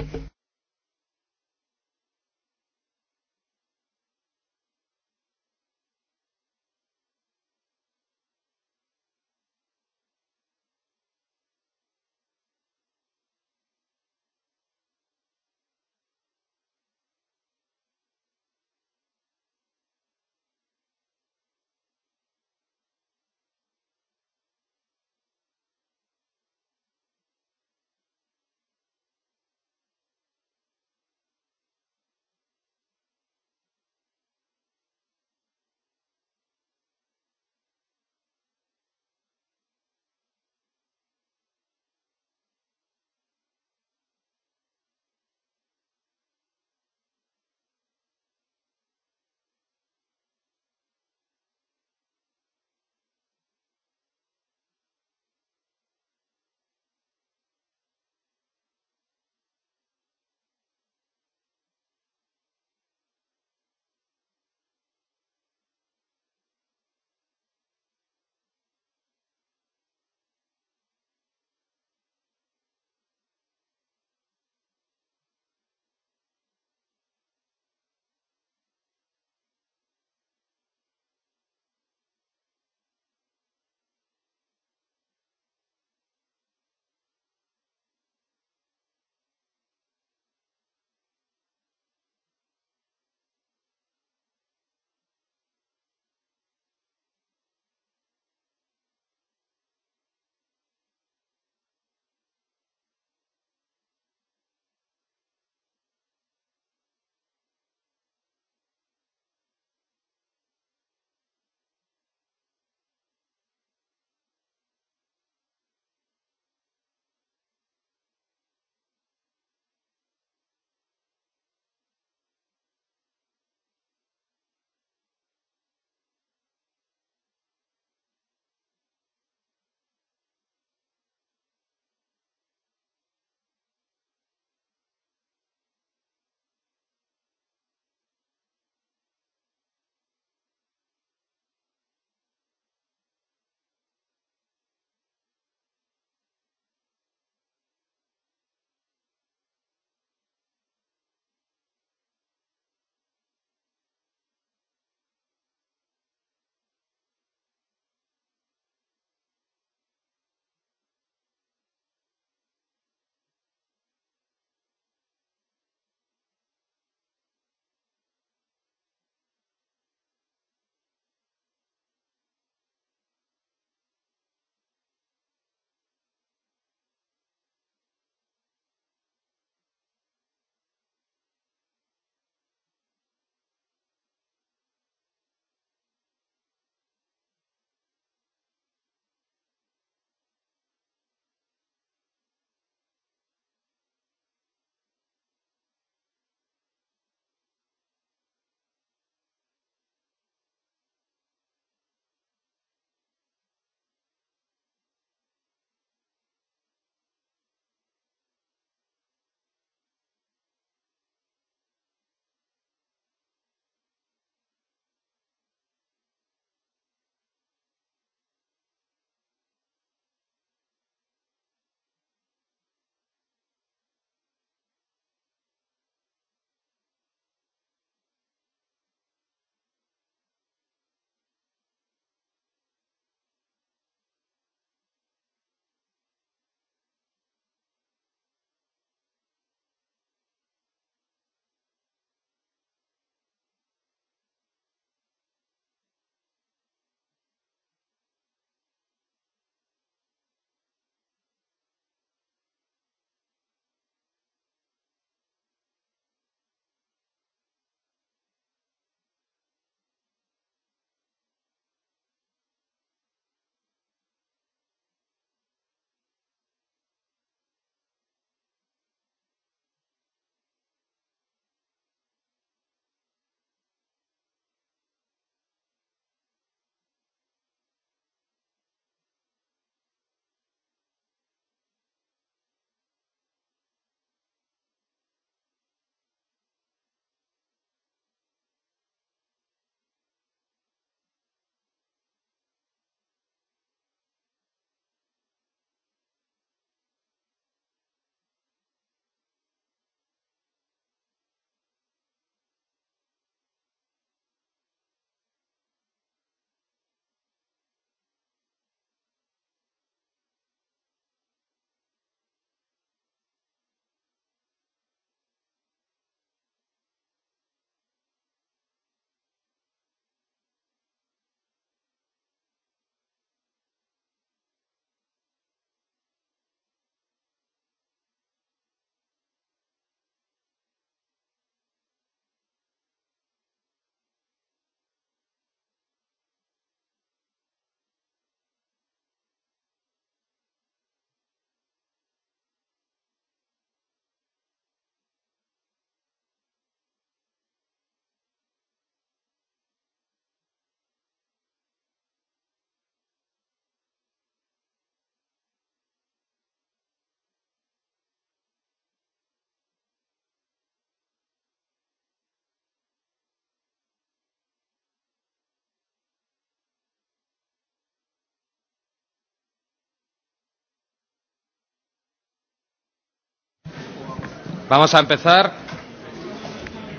Vamos a empezar.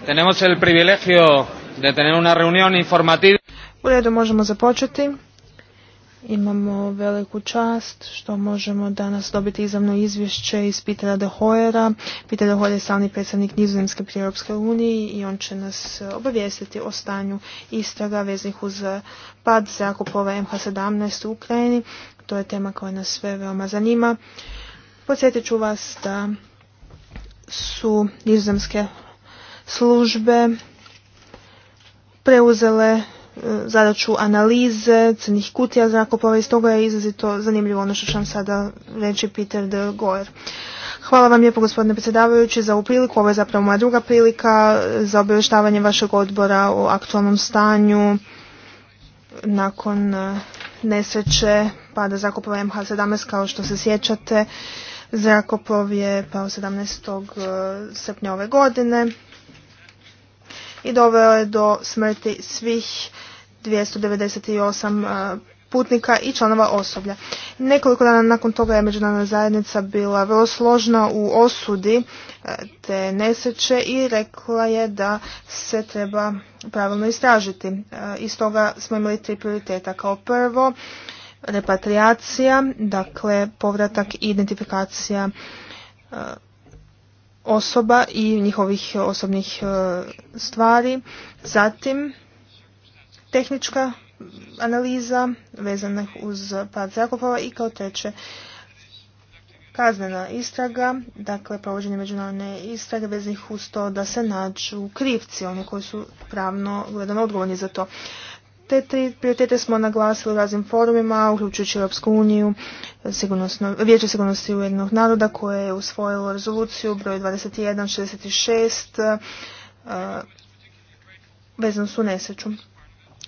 Tenemos el privilegio de tener una reunión informativa. U redu možemo započeti. Imamo veliku čast što možemo danas dobiti izravno izvješće iz Pitera de Hoera. Peter de Hoer je stalni predstavnik Nizozemske pri Europskoj uniji i on će nas e, obavijestiti o stanju istraga veznih uz e, pad zrakoplova MH17 u Ukrajini. To je tema koja nas sve veoma zanima. Podsjetit ću vas da su nizozemske službe preuzele e, zadaću analize crnih kutija zrakoplova i stoga je izrazito zanimljivo ono što će vam sada reći Peter de Goer. Hvala vam lijepo gospodine predsjedavajući za ovu priliku. Ovo je zapravo moja druga prilika e, za obavještavanje vašeg odbora o aktualnom stanju nakon e, nesreće pada zakupova MH17 kao što se sjećate. Zrakoplov je pao 17. Eh, srpnja ove godine i doveo je do smrti svih 298 eh, putnika i članova osoblja. Nekoliko dana nakon toga je međunarodna zajednica bila vrlo složna u osudi eh, te nesreće i rekla je da se treba pravilno istražiti. Iz toga smo imali tri prioriteta. Kao prvo, repatriacija, dakle povratak i identifikacija e, osoba i njihovih osobnih e, stvari. Zatim tehnička analiza vezana uz pad zakupova i kao treće kaznena istraga, dakle provođenje međunarodne istrage vezanih uz to da se nađu krivci, oni koji su pravno gledano odgovorni za to. Te tri prioritete smo naglasili u raznim forumima, uključujući Europsku uniju, Vijeće sigurnosti ujednog naroda koje je usvojilo rezoluciju broj 2166 vezano su nesreću.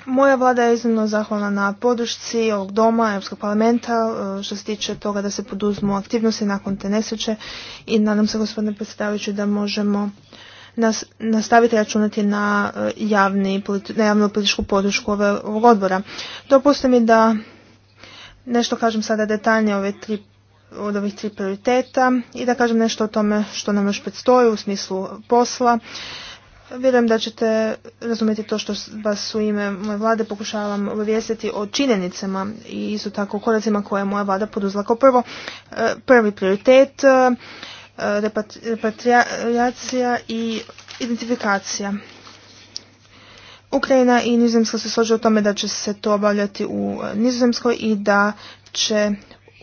Moja vlada je iznimno zahvalna na podršci ovog doma, Europskog parlamenta, e, što se tiče toga da se poduzmu aktivnosti nakon te nesreće i nadam se, gospodine predsjedavajući, da možemo nas, nastaviti računati na, e, javni, na javnu političku podršku ovog odbora. dopustite mi da nešto kažem sada detaljnije ove tri od ovih tri prioriteta i da kažem nešto o tome što nam još predstoji u smislu posla. Vjerujem da ćete razumjeti to što vas u ime moje vlade pokušavam obavijestiti o činjenicama i isto tako koracima koje je moja vlada poduzela kao prvo. E, prvi prioritet repatriacija i identifikacija. Ukrajina i Nizozemska se složile u tome da će se to obavljati u e, Nizozemskoj i da će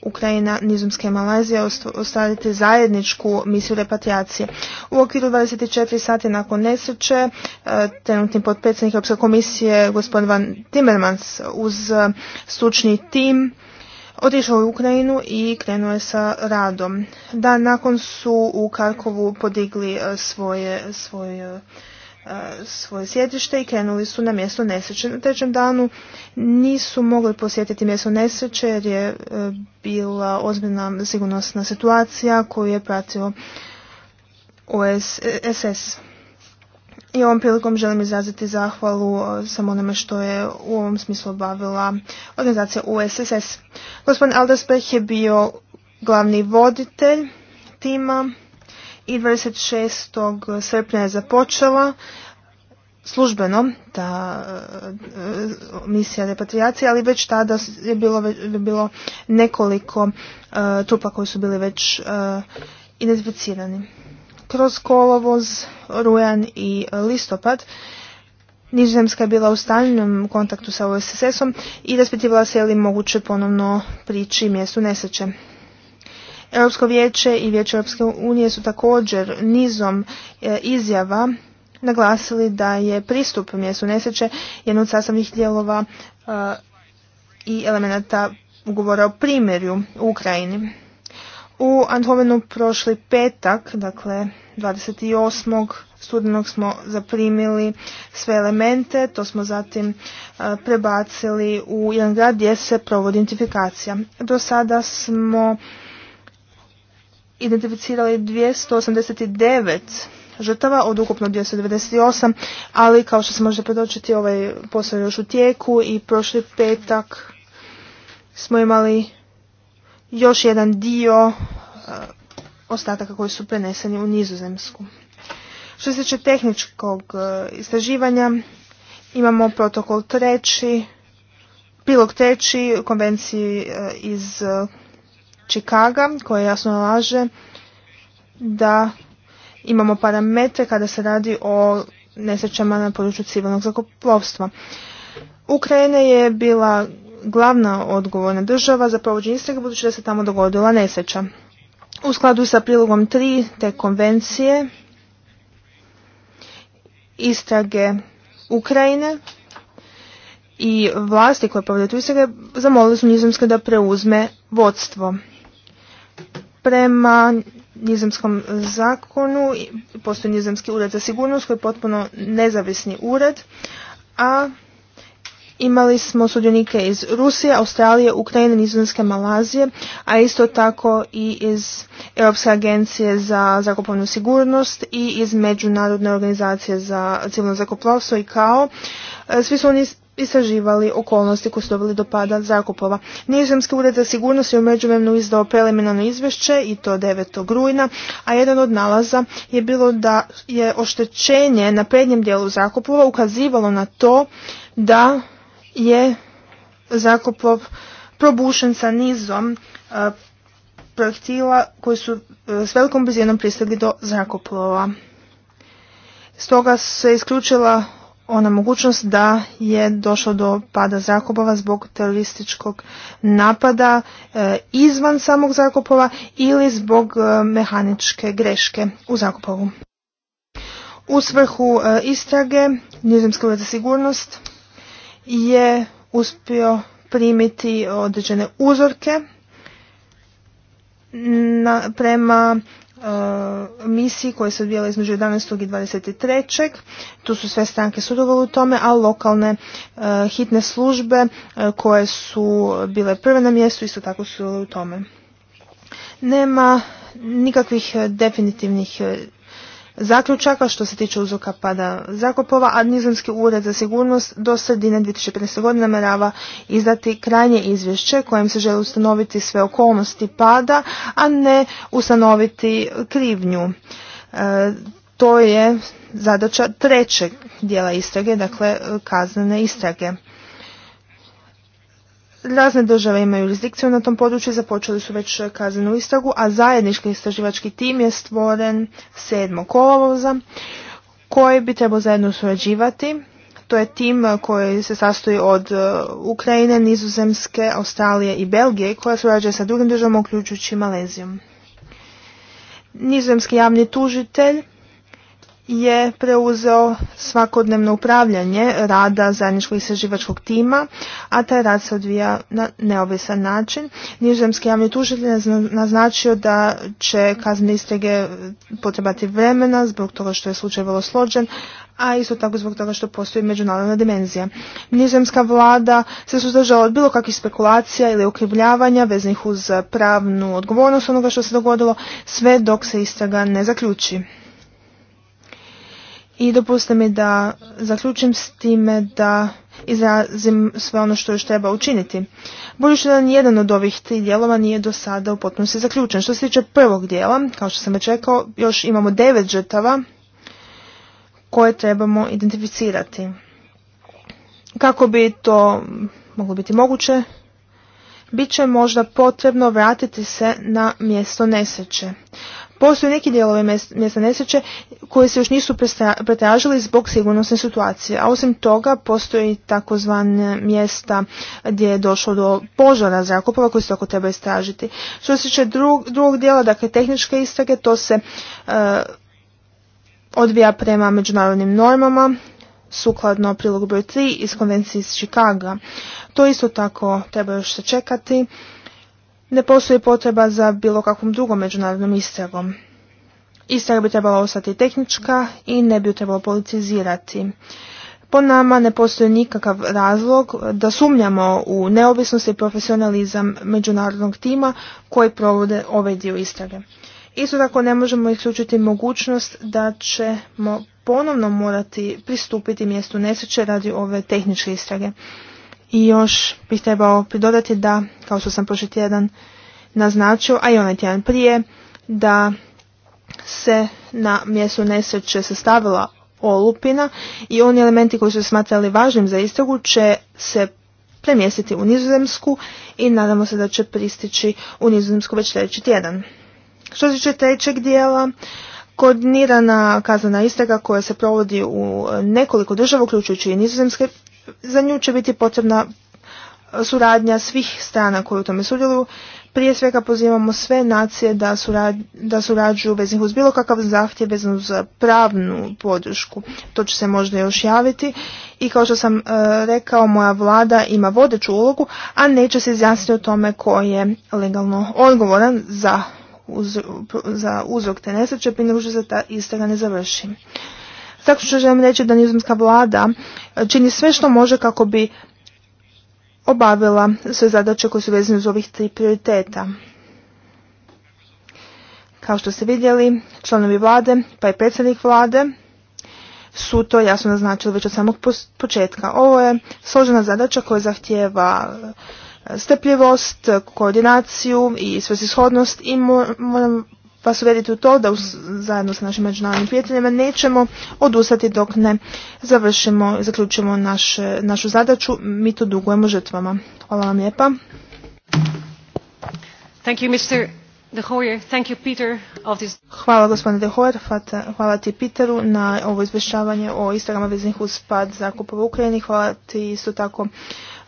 Ukrajina, Nizozemska i Malazija ostaviti zajedničku misiju repatriacije. U okviru 24 sati nakon nesreće e, trenutni potpredsjednik Europske komisije gospodin Van Timmermans uz e, stručni tim otišao u Ukrajinu i krenuo je sa radom. Dan nakon su u Karkovu podigli e, svoje, svoje, e, svoje sjedište i krenuli su na mjesto nesreće. Na trećem danu nisu mogli posjetiti mjesto nesreće jer je e, bila ozbiljna sigurnosna situacija koju je pratio OSS. I ovom prilikom želim izraziti zahvalu e, samo onome što je u ovom smislu obavila organizacija USSS. Gospodin Aldersberg je bio glavni voditelj tima i 26. srpnja je započela službeno ta e, misija repatriacije, ali već tada je bilo, nekoliko e, trupa koji su bili već identificirani. Kroz kolovoz, rujan i listopad Nizozemska je bila u stalnom kontaktu sa OSSS-om i raspitivala se je li moguće ponovno prići mjestu nesreće. Europsko vijeće i vijeće Europske unije su također nizom e, izjava naglasili da je pristup mjestu nesreće jedno od sastavnih dijelova e, i elemenata ugovora o primjerju u Ukrajini. U Anthovenu prošli petak, dakle 28. studenog smo zaprimili sve elemente, to smo zatim e, prebacili u jedan grad gdje se provodi identifikacija. Do sada smo identificirali 289 žrtava od ukupno 298, ali kao što se može predočiti ovaj posao još u tijeku i prošli petak smo imali još jedan dio e, ostataka koji su preneseni u nizozemsku. Što se tiče tehničkog e, istraživanja, imamo protokol treći, prilog treći konvenciji e, iz Čikaga koja jasno nalaže da imamo parametre kada se radi o nesrećama na području civilnog zakoplovstva. Ukrajina je bila glavna odgovorna država za provođenje istrage budući da se tamo dogodila nesreća. U skladu sa prilogom 3 te konvencije istrage Ukrajine i vlasti koje provode tu istrage zamolili su Nizemske da preuzme vodstvo. Prema nizemskom zakonu postoji nizemski ured za sigurnost koji je potpuno nezavisni ured, a Imali smo sudionike iz Rusije, Australije, Ukrajine, Nizozemske, Malazije, a isto tako i iz Europske agencije za zakupovnu sigurnost i iz Međunarodne organizacije za civilno zakoplovstvo i kao. E, svi su oni istraživali okolnosti koje su dobili do pada zakupova. Nizozemski ured za sigurnost je u međuvremenu izdao preliminarno izvješće i to 9. rujna, a jedan od nalaza je bilo da je oštećenje na prednjem dijelu zakupova ukazivalo na to da je zakoplov probušen sa nizom e, projektila koji su e, s velikom brzinom pristigli do zrakoplova. Stoga se isključila ona mogućnost da je došlo do pada zrakoplova zbog terorističkog napada e, izvan samog zrakoplova ili zbog mehaničke greške u zrakoplovu. U svrhu istrage nizemska sigurnost je uspio primiti određene uzorke na, prema e, misiji koja se odvijala između 11. i 23. Tu su sve stranke sudovali u tome, a lokalne e, hitne službe e, koje su bile prve na mjestu isto tako su u tome. Nema nikakvih definitivnih zaključaka što se tiče uzroka pada zakopova, a Nizamski ured za sigurnost do sredine 2015. godine namjerava izdati krajnje izvješće kojem se želi ustanoviti sve okolnosti pada, a ne ustanoviti krivnju. E, to je zadaća trećeg dijela istrage, dakle e, kaznene istrage. Razne države imaju jurisdikciju na tom području, započeli su već kaznenu istragu, a zajednički istraživački tim je stvoren 7. kolovoza koji bi trebao zajedno surađivati. To je tim koji se sastoji od uh, Ukrajine, Nizozemske, Australije i Belgije koja surađuje sa drugim državama uključujući Malezijom. Nizozemski javni tužitelj je preuzeo svakodnevno upravljanje rada zajedničkog istraživačkog tima, a taj rad se odvija na neovisan način. Nizozemski javni tužitelj je naznačio da će kazne istrage potrebati vremena zbog toga što je slučaj vrlo složen, a isto tako zbog toga što postoji međunarodna dimenzija. Nizozemska vlada se suzdržala od bilo kakvih spekulacija ili ukrivljavanja veznih uz pravnu odgovornost onoga što se dogodilo, sve dok se istraga ne zaključi. I dopustite mi da zaključim s time da izrazim sve ono što još treba učiniti. Budući da nijedan od ovih tri dijelova nije do sada u potpunosti zaključen. Što se tiče prvog dijela, kao što sam već rekao, još imamo devet žrtava koje trebamo identificirati. Kako bi to moglo biti moguće, bit će možda potrebno vratiti se na mjesto nesreće. Postoje neki dijelovi mjesta nesreće koji se još nisu pretražili zbog sigurnosne situacije, a osim toga postoji takozvane mjesta gdje je došlo do požara zrakoplova koji se tako treba istražiti. Što se tiče drugog dijela, dakle tehničke istrage, to se e, odvija prema međunarodnim normama, sukladno prilogu broj 3 iz konvencije iz Čikaga. To isto tako treba još sačekati. čekati ne postoji potreba za bilo kakvom drugom međunarodnom istragom. Istraga bi trebala ostati tehnička i ne bi ju trebalo politizirati. Po nama ne postoji nikakav razlog da sumnjamo u neovisnost i profesionalizam međunarodnog tima koji provode ovaj dio istrage. Isto tako ne možemo isključiti mogućnost da ćemo ponovno morati pristupiti mjestu nesreće radi ove tehničke istrage. I još bih trebao pridodati da, kao što sam prošli tjedan naznačio, a i onaj tjedan prije, da se na mjestu nesreće sastavila olupina i oni elementi koji su smatrali važnim za istragu će se premjestiti u nizozemsku i nadamo se da će pristići u nizozemsku već sljedeći tjedan. Što se tiče trećeg dijela, koordinirana kaznena istraga koja se provodi u nekoliko država, uključujući i nizozemske, za nju će biti potrebna suradnja svih strana koje u tome sudjeluju. Prije svega pozivamo sve nacije da, surad, da surađuju njih uz bilo kakav zahtjev vezan uz pravnu podršku. To će se možda još javiti. I kao što sam e, rekao, moja vlada ima vodeću ulogu, a neće se izjasniti o tome ko je legalno odgovoran za, uz, uzrok te nesreće, prije što se ta istraga ne završi. Tako što želim reći da nizozemska vlada e, čini sve što može kako bi obavila sve zadaće koje su vezane uz ovih tri prioriteta. Kao što ste vidjeli, članovi vlade pa i predsjednik vlade su to jasno naznačili već od samog početka. Ovo je složena zadaća koja zahtijeva e, strpljivost, koordinaciju i svesishodnost i moram vas pa uvedite u to da zajedno sa našim međunarodnim prijateljima nećemo odustati dok ne završimo i zaključimo našu zadaću. Mi to dugujemo žrtvama. Hvala vam lijepa. Thank you, Mr. Thank you, Peter, Hvala gospodine De Hoyer, hvala ti Peteru na ovo izvješćavanje o istragama veznih uz pad zakupova u Ukrajini. Hvala ti isto tako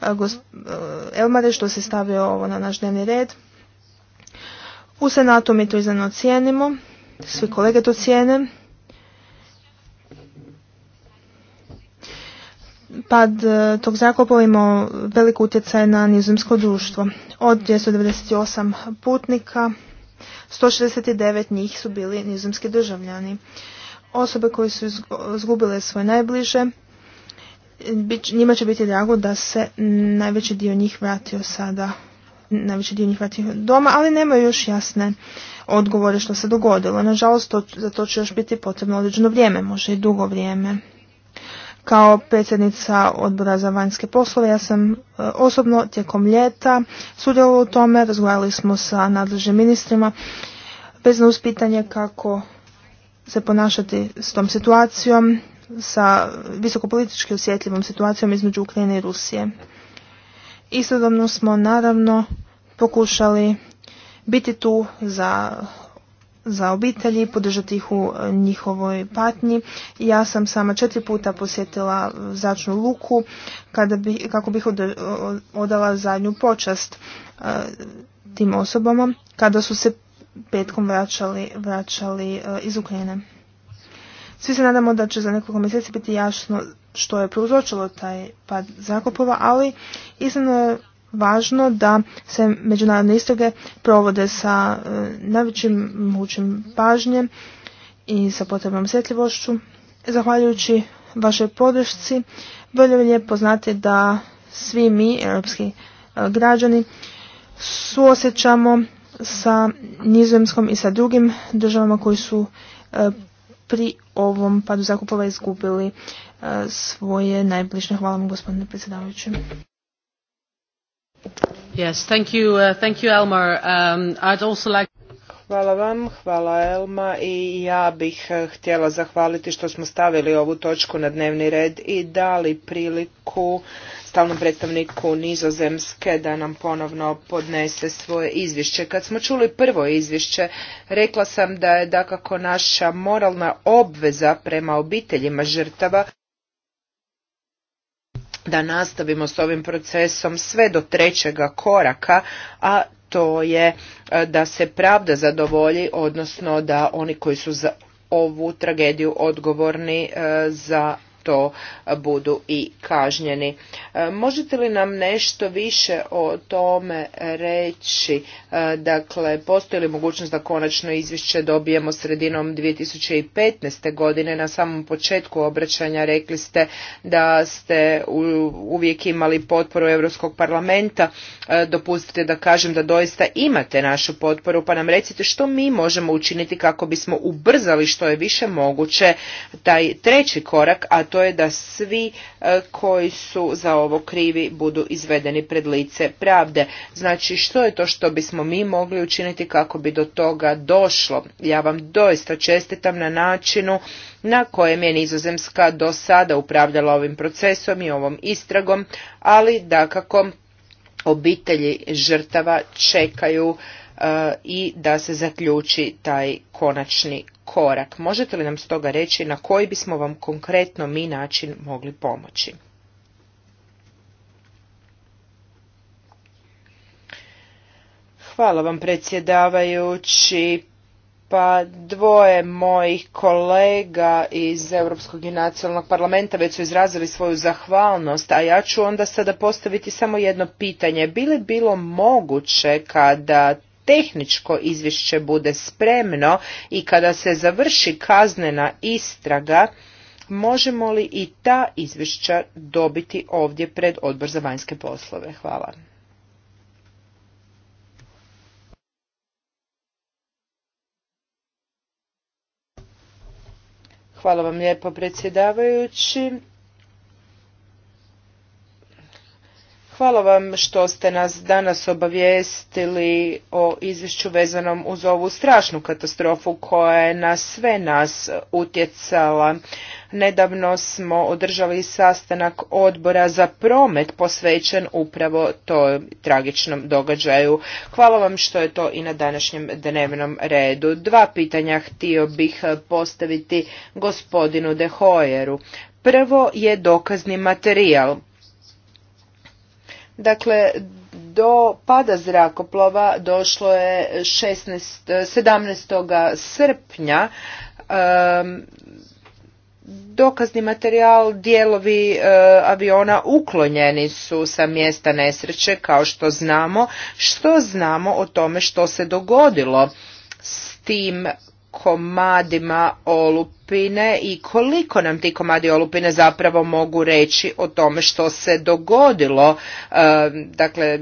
eh, eh, Elmare što se stavio ovo na naš dnevni red. U Senatu mi to iznenadno cijenimo, svi kolege to cijene. Pad e, tog zrakoplova imao velik utjecaj na nizozemsko društvo. Od 298 putnika, 169 njih su bili nizozemski državljani. Osobe koje su izgubile svoje najbliže, njima će biti drago da se najveći dio njih vratio sada najveći dio njih doma, ali nemaju još jasne odgovore što se dogodilo. Nažalost, za to će još biti potrebno određeno vrijeme, može i dugo vrijeme. Kao predsjednica odbora za vanjske poslove ja sam e, osobno tijekom ljeta sudjelovala u tome, razgovarali smo sa nadležnim ministrima bez uz pitanje kako se ponašati s tom situacijom, sa visokopolitički osjetljivom situacijom između Ukrajine i Rusije. Istodobno smo naravno pokušali biti tu za za obitelji, podržati ih u e, njihovoj patnji. Ja sam sama četiri puta posjetila začnu luku kada kako bih odala zadnju počast e, tim osobama kada su se petkom vraćali, vraćali e, iz Ukrajine. Svi se nadamo da će za nekoliko mjeseci biti jasno što je prouzročilo taj pad zakupova, ali iznimno je važno da se međunarodne istrage provode sa e, najvećim mogućim pažnjem i sa potrebnom osjetljivošću. Zahvaljujući vašoj podršci, vrlo je znati da svi mi, europski e, građani, suosjećamo sa Nizozemskom i sa drugim državama koji su e, pri ovom padu zakupova izgubili E, svoje najbližnje. Hvala vam gospodine predsjedavajući. Yes, thank you, uh, thank you Elmar. Um, I'd also like... Hvala vam, hvala Elma i ja bih e, htjela zahvaliti što smo stavili ovu točku na dnevni red i dali priliku stalnom predstavniku Nizozemske da nam ponovno podnese svoje izvješće. Kad smo čuli prvo izvješće, rekla sam da je dakako naša moralna obveza prema obiteljima žrtava da nastavimo s ovim procesom sve do trećega koraka, a to je e, da se pravda zadovolji, odnosno da oni koji su za ovu tragediju odgovorni e, za to budu i kažnjeni. E, možete li nam nešto više o tome reći? E, dakle, postoji li mogućnost da konačno izvješće dobijemo sredinom 2015. godine? Na samom početku obraćanja rekli ste da ste uvijek imali potporu Europskog parlamenta. E, dopustite da kažem da doista imate našu potporu, pa nam recite što mi možemo učiniti kako bismo ubrzali što je više moguće taj treći korak, a to je da svi e, koji su za ovo krivi budu izvedeni pred lice pravde. Znači što je to što bismo mi mogli učiniti kako bi do toga došlo? Ja vam doista čestitam na načinu na kojem je Nizozemska do sada upravljala ovim procesom i ovom istragom, ali da kako obitelji žrtava čekaju E, i da se zaključi taj konačni korak. Možete li nam stoga reći na koji bismo vam konkretno mi način mogli pomoći? Hvala vam predsjedavajući. Pa dvoje mojih kolega iz Europskog i nacionalnog parlamenta već su izrazili svoju zahvalnost, a ja ću onda sada postaviti samo jedno pitanje. Bi li bilo moguće kada tehničko izvješće bude spremno i kada se završi kaznena istraga, možemo li i ta izvješća dobiti ovdje pred odbor za vanjske poslove? Hvala. Hvala vam lijepo predsjedavajući. Hvala vam što ste nas danas obavijestili o izvješću vezanom uz ovu strašnu katastrofu koja je na sve nas utjecala. Nedavno smo održali sastanak odbora za promet posvećen upravo toj tragičnom događaju. Hvala vam što je to i na današnjem dnevnom redu. Dva pitanja htio bih postaviti gospodinu Dehojeru. Prvo je dokazni materijal Dakle, do pada zrakoplova došlo je 16, 17. srpnja. dokazni materijal, dijelovi e, aviona uklonjeni su sa mjesta nesreće kao što znamo, što znamo o tome što se dogodilo s tim komadima olup olupine i koliko nam ti komadi olupine zapravo mogu reći o tome što se dogodilo. Dakle,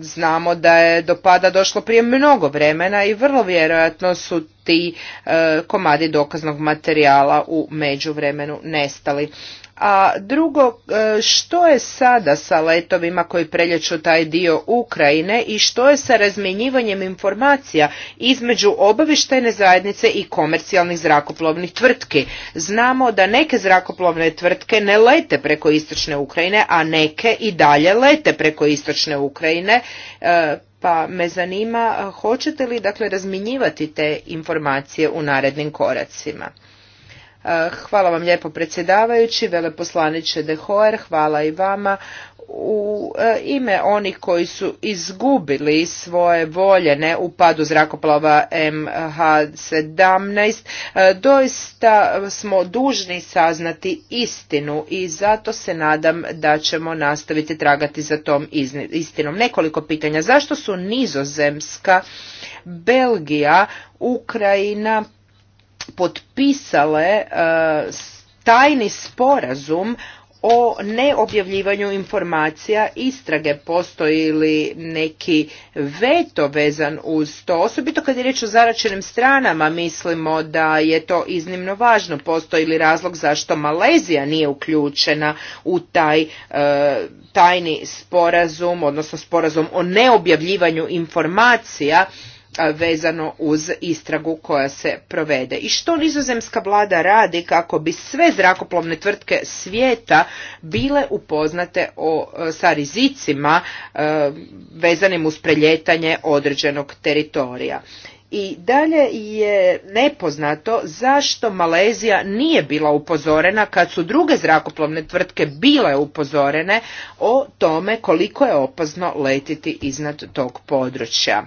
znamo da je do pada došlo prije mnogo vremena i vrlo vjerojatno su ti e, komadi dokaznog materijala u međuvremenu nestali. A drugo, e, što je sada sa letovima koji prelječu taj dio Ukrajine i što je sa razmjenjivanjem informacija između obavještajne zajednice i komercijalnih zrakoplovnih tvrtki? Znamo da neke zrakoplovne tvrtke ne lete preko istočne Ukrajine, a neke i dalje lete preko istočne Ukrajine, e, pa me zanima hoćete li dakle razmjenjivati te informacije u narednim koracima? Eh, hvala vam lijepo predsjedavajući, veleposlaniče Hoer, hvala i vama u eh, ime onih koji su izgubili svoje voljene u padu zrakoplova MH17, eh, doista smo dužni saznati istinu i zato se nadam da ćemo nastaviti tragati za tom istinom. Nekoliko pitanja. Zašto su Nizozemska, Belgija, Ukrajina, potpisale e, tajni sporazum o neobjavljivanju informacija istrage postoji li neki veto vezan uz to osobito kad je riječ o zaračenim stranama mislimo da je to iznimno važno postoji li razlog zašto Malezija nije uključena u taj e, tajni sporazum odnosno sporazum o neobjavljivanju informacija vezano uz istragu koja se provede. I što nizozemska vlada radi kako bi sve zrakoplovne tvrtke svijeta bile upoznate o, e, sa rizicima e, vezanim uz preljetanje određenog teritorija. I dalje je nepoznato zašto Malezija nije bila upozorena kad su druge zrakoplovne tvrtke bile upozorene o tome koliko je opazno letiti iznad tog područja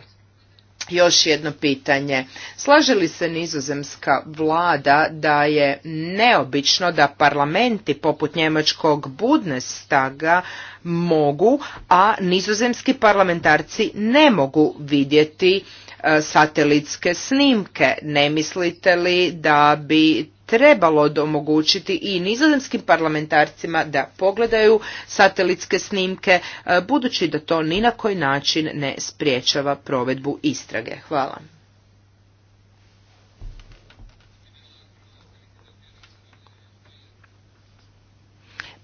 još jedno pitanje. Slaže li se nizozemska vlada da je neobično da parlamenti poput njemačkog Budnestaga mogu, a nizozemski parlamentarci ne mogu vidjeti e, satelitske snimke. Ne mislite li da bi trebalo omogućiti i nizozemskim parlamentarcima da pogledaju satelitske snimke, e, budući da to ni na koji način ne spriječava provedbu istrage. Hvala.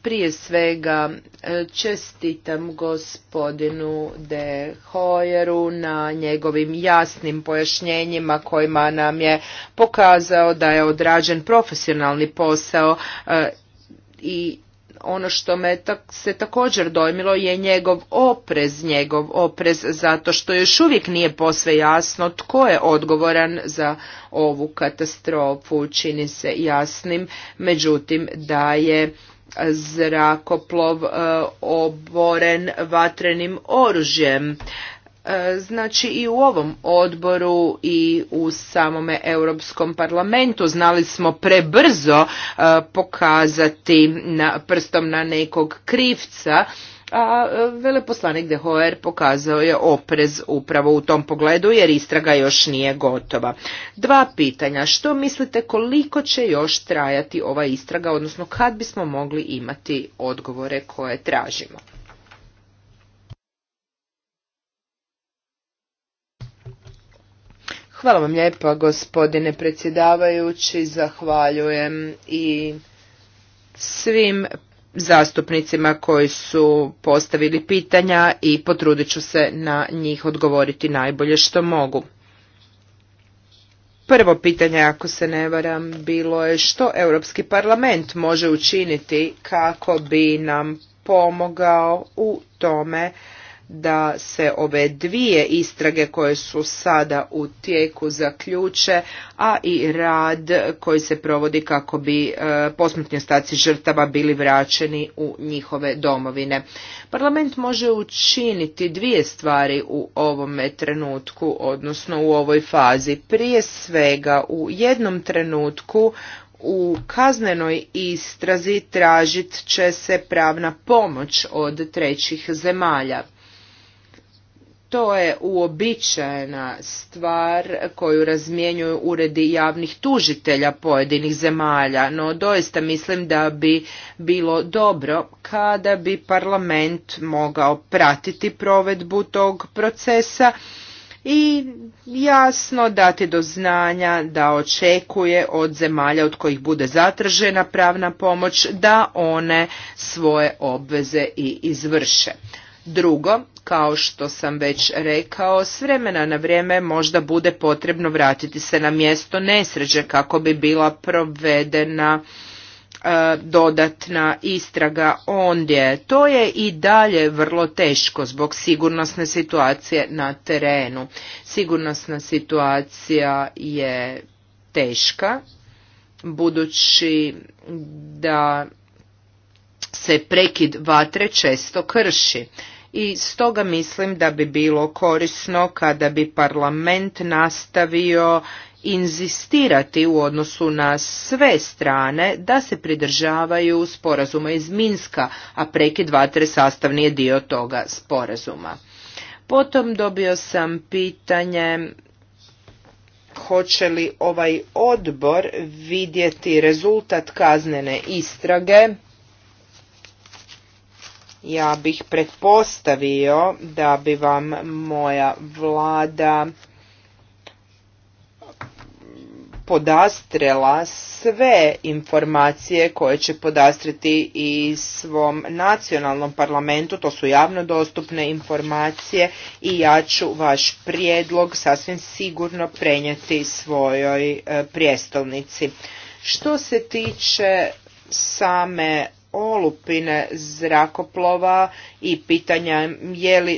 Prije svega e, čestitam gospodinu De Hoyeru na njegovim jasnim pojašnjenjima kojima nam je pokazao da je odrađen profesionalni posao e, i ono što me se također dojmilo je njegov oprez, njegov oprez zato što još uvijek nije posve jasno tko je odgovoran za ovu katastrofu, čini se jasnim, međutim da je zrakoplov e, oboren vatrenim oružjem. E, znači i u ovom odboru i u samome Europskom parlamentu znali smo prebrzo e, pokazati prstom na nekog krivca a veleposlanik de Hoer pokazao je oprez upravo u tom pogledu jer istraga još nije gotova. Dva pitanja, što mislite koliko će još trajati ova istraga, odnosno kad bismo mogli imati odgovore koje tražimo? Hvala vam lijepa gospodine predsjedavajući, zahvaljujem i svim zastupnicima koji su postavili pitanja i potrudit ću se na njih odgovoriti najbolje što mogu. Prvo pitanje, ako se ne varam, bilo je što Europski parlament može učiniti kako bi nam pomogao u tome da se ove dvije istrage koje su sada u tijeku zaključe, a i rad koji se provodi kako bi e, posmrtni ostaci žrtava bili vraćeni u njihove domovine. Parlament može učiniti dvije stvari u ovome trenutku, odnosno u ovoj fazi. Prije svega u jednom trenutku u kaznenoj istrazi tražit će se pravna pomoć od trećih zemalja to je uobičajena stvar koju razmjenjuju uredi javnih tužitelja pojedinih zemalja, no doista mislim da bi bilo dobro kada bi parlament mogao pratiti provedbu tog procesa i jasno dati do znanja da očekuje od zemalja od kojih bude zatražena pravna pomoć da one svoje obveze i izvrše. Drugo, kao što sam već rekao, s vremena na vrijeme možda bude potrebno vratiti se na mjesto nesreće kako bi bila provedena e, dodatna istraga ondje. To je i dalje vrlo teško zbog sigurnosne situacije na terenu. Sigurnosna situacija je teška budući da se prekid vatre često krši i stoga mislim da bi bilo korisno kada bi parlament nastavio inzistirati u odnosu na sve strane da se pridržavaju sporazuma iz Minska, a preki vatre sastavni je dio toga sporazuma. Potom dobio sam pitanje hoće li ovaj odbor vidjeti rezultat kaznene istrage ja bih pretpostavio da bi vam moja vlada podastrela sve informacije koje će podastriti i svom nacionalnom parlamentu, to su javno dostupne informacije i ja ću vaš prijedlog sasvim sigurno prenijeti svojoj e, prijestolnici. Što se tiče same olupine zrakoplova i pitanja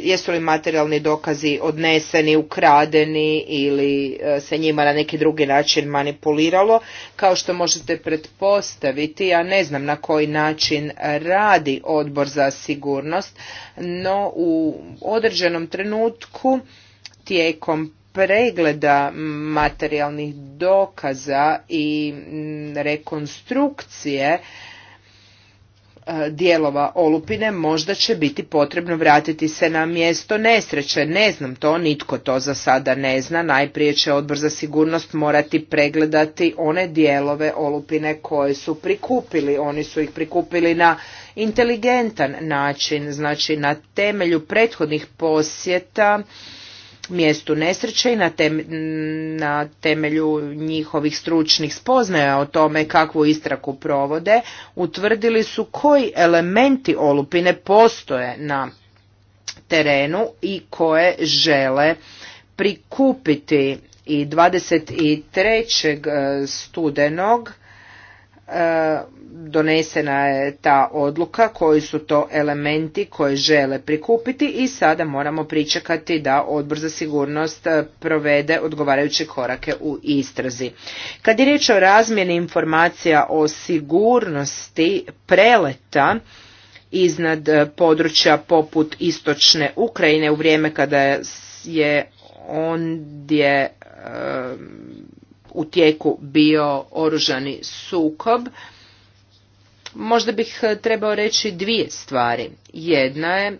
jesu li materijalni dokazi odneseni, ukradeni ili e, se njima na neki drugi način manipuliralo. Kao što možete pretpostaviti, ja ne znam na koji način radi odbor za sigurnost, no u određenom trenutku tijekom pregleda materijalnih dokaza i rekonstrukcije E, dijelova olupine možda će biti potrebno vratiti se na mjesto nesreće. Ne znam to, nitko to za sada ne zna. Najprije će odbor za sigurnost morati pregledati one dijelove olupine koje su prikupili. Oni su ih prikupili na inteligentan način, znači na temelju prethodnih posjeta mjestu nesreće i na, temelju njihovih stručnih spoznaja o tome kakvu istraku provode utvrdili su koji elementi olupine postoje na terenu i koje žele prikupiti i 23. studenog E, donesena je ta odluka, koji su to elementi koje žele prikupiti i sada moramo pričekati da odbor za sigurnost e, provede odgovarajuće korake u istrazi. Kad je riječ o razmjeni informacija o sigurnosti preleta, iznad e, područja poput istočne Ukrajine u vrijeme kada je ondje u tijeku bio oružani sukob. Možda bih eh, trebao reći dvije stvari. Jedna je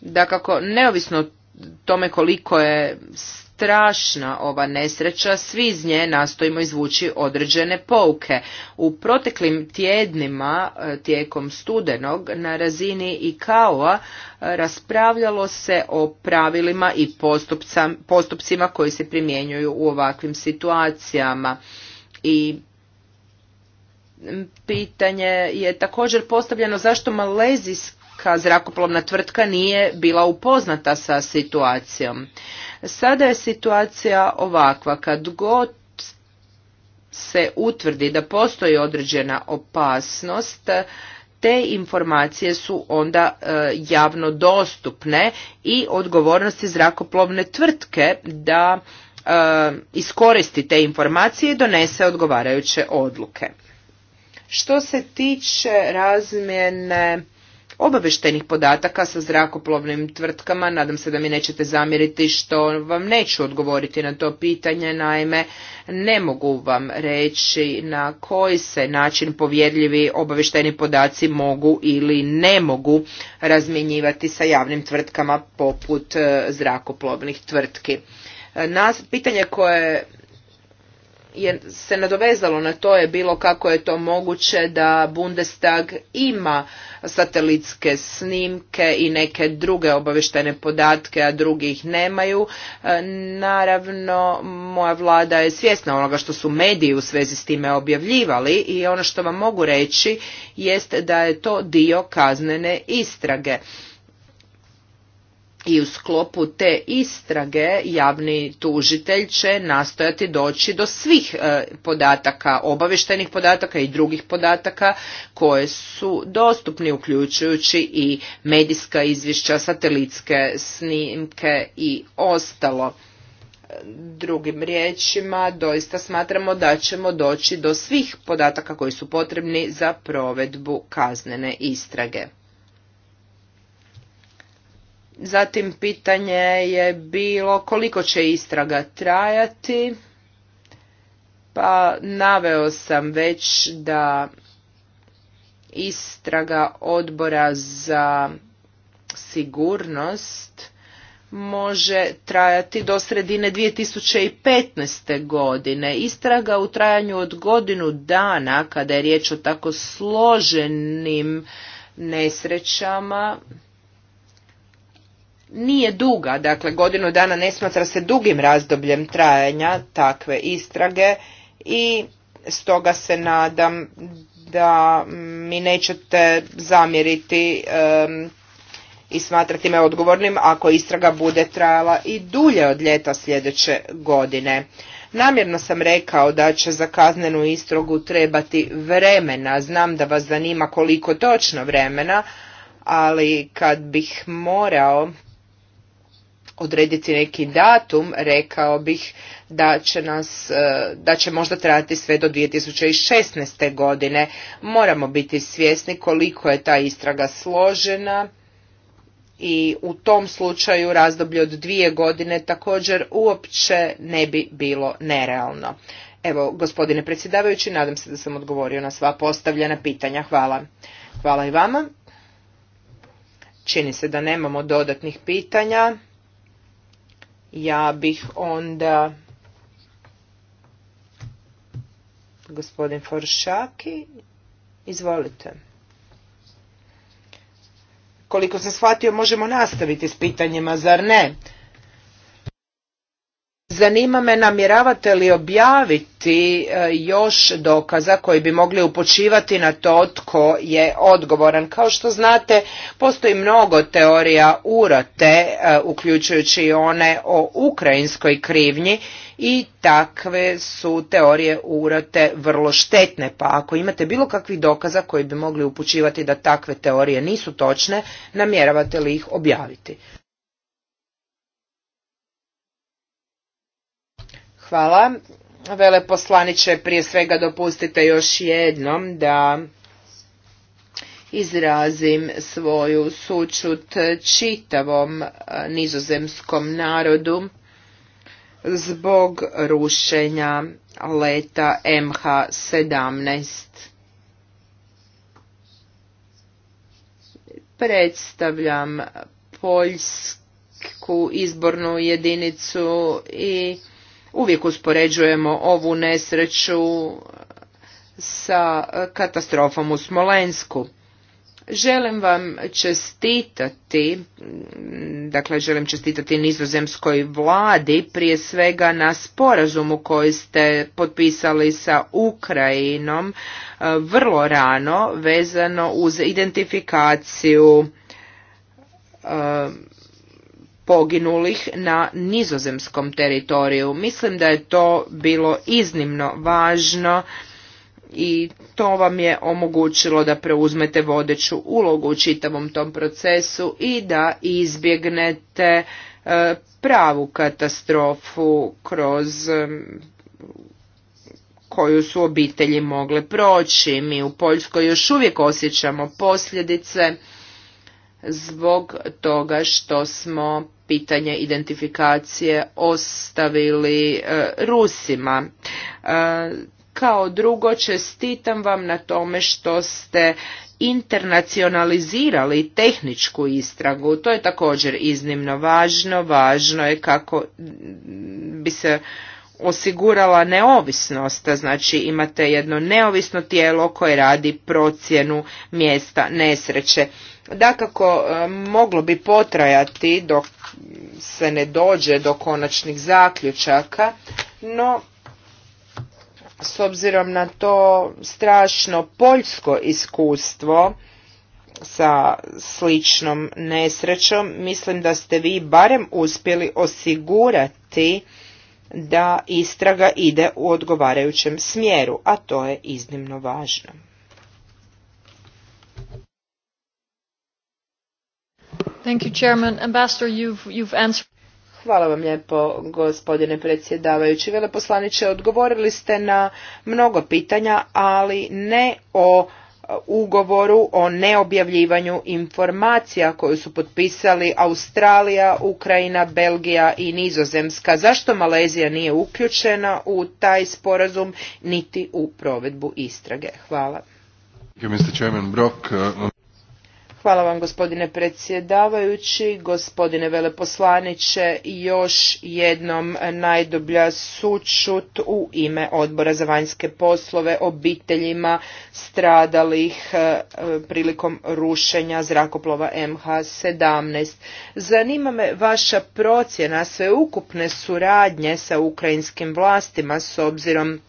da kako neovisno tome koliko je strašna ova nesreća, svi iz nje nastojimo izvući određene pouke. U proteklim tjednima e, tijekom studenog na razini ICAO-a e, raspravljalo se o pravilima i postupcima koji se primjenjuju u ovakvim situacijama. I pitanje je također postavljeno zašto malezijska zrakoplovna tvrtka nije bila upoznata sa situacijom. Sada je situacija ovakva, kad god se utvrdi da postoji određena opasnost, te informacije su onda e, javno dostupne i odgovornosti zrakoplovne tvrtke da e, iskoristi te informacije i donese odgovarajuće odluke. Što se tiče razmjene obaveštenih podataka sa zrakoplovnim tvrtkama. Nadam se da mi nećete zamjeriti što vam neću odgovoriti na to pitanje. Naime, ne mogu vam reći na koji se način povjerljivi obavešteni podaci mogu ili ne mogu razmjenjivati sa javnim tvrtkama poput e, zrakoplovnih tvrtki. E, pitanje koje se nadovezalo na to je bilo kako je to moguće da Bundestag ima satelitske snimke i neke druge obaveštene podatke, a drugi ih nemaju. E, naravno, moja vlada je svjesna onoga što su mediji u svezi s time objavljivali i ono što vam mogu reći jest da je to dio kaznene istrage i u sklopu te istrage javni tužitelj će nastojati doći do svih e, podataka, obaveštenih podataka i drugih podataka koje su dostupni uključujući i medijska izvješća, satelitske snimke i ostalo. Drugim riječima, doista smatramo da ćemo doći do svih podataka koji su potrebni za provedbu kaznene istrage. Zatim pitanje je bilo koliko će istraga trajati. Pa naveo sam već da istraga odbora za sigurnost može trajati do sredine 2015. godine. Istraga u trajanju od godinu dana, kada je riječ o tako složenim nesrećama, nije duga, dakle godinu dana ne smatra se dugim razdobljem trajanja takve istrage i stoga se nadam da mi nećete zamjeriti i smatrati me odgovornim ako istraga bude trajala i dulje od ljeta sljedeće godine. Namjerno sam rekao da će za kaznenu istragu trebati vremena, znam da vas zanima koliko točno vremena, ali kad bih morao odrediti neki datum, rekao bih da će, nas, e, da će možda trajati sve do 2016. godine. Moramo biti svjesni koliko je ta istraga složena i u tom slučaju razdoblje od dvije godine također uopće ne bi bilo nerealno. Evo, gospodine predsjedavajući, nadam se da sam odgovorio na sva postavljena pitanja. Hvala. Hvala i vama. Čini se da nemamo dodatnih pitanja ja bih onda gospodin Foršaki izvolite koliko sam shvatio možemo nastaviti s pitanjima zar ne Zanima me namjeravate li objaviti e, još dokaza koji bi mogli upočivati na to tko je odgovoran. Kao što znate, postoji mnogo teorija urote, e, uključujući i one o ukrajinskoj krivnji i takve su teorije urote vrlo štetne. Pa ako imate bilo kakvih dokaza koji bi mogli upućivati da takve teorije nisu točne, namjeravate li ih objaviti? Hvala. Veleposlaniće, prije svega dopustite još jednom da izrazim svoju sučut čitavom e, nizozemskom narodu zbog rušenja leta MH17. Predstavljam Poljsku izbornu jedinicu i Uvijek uspoređujemo ovu nesreću sa katastrofom u Smolensku. Želim vam čestitati, dakle želim čestitati nizozemskoj vladi prije svega na sporazumu koji ste potpisali sa Ukrajinom e, vrlo rano vezano uz identifikaciju e, poginulih na nizozemskom teritoriju. Mislim da je to bilo iznimno važno i to vam je omogućilo da preuzmete vodeću ulogu u čitavom tom procesu i da izbjegnete e, pravu katastrofu kroz e, koju su obitelji mogle proći. Mi u Poljskoj još uvijek osjećamo posljedice zbog toga što smo pitanje identifikacije ostavili e, Rusima. E, kao drugo, čestitam vam na tome što ste internacionalizirali tehničku istragu. To je također iznimno važno. Važno je kako bi se osigurala neovisnost, znači imate jedno neovisno tijelo koje radi procjenu mjesta nesreće. Dakako, e, moglo bi potrajati dok se ne dođe do konačnih zaključaka, no s obzirom na to strašno poljsko iskustvo sa sličnom nesrećom, mislim da ste vi barem uspjeli osigurati da istraga ide u odgovarajućem smjeru, a to je iznimno važno. Thank Hvala vam lijepo, gospodine predsjedavajući. Veleposlaniče, odgovorili ste na mnogo pitanja, ali ne o ugovoru o neobjavljivanju informacija koju su potpisali Australija, Ukrajina, Belgija i Nizozemska. Zašto Malezija nije uključena u taj sporazum niti u provedbu istrage? Hvala. Hvala vam gospodine predsjedavajući, gospodine veleposlaniče, još jednom najdublja sućut u ime odbora za vanjske poslove obiteljima stradalih e, prilikom rušenja zrakoplova MH17. Zanima me vaša procjena sveukupne suradnje sa ukrajinskim vlastima s obzirom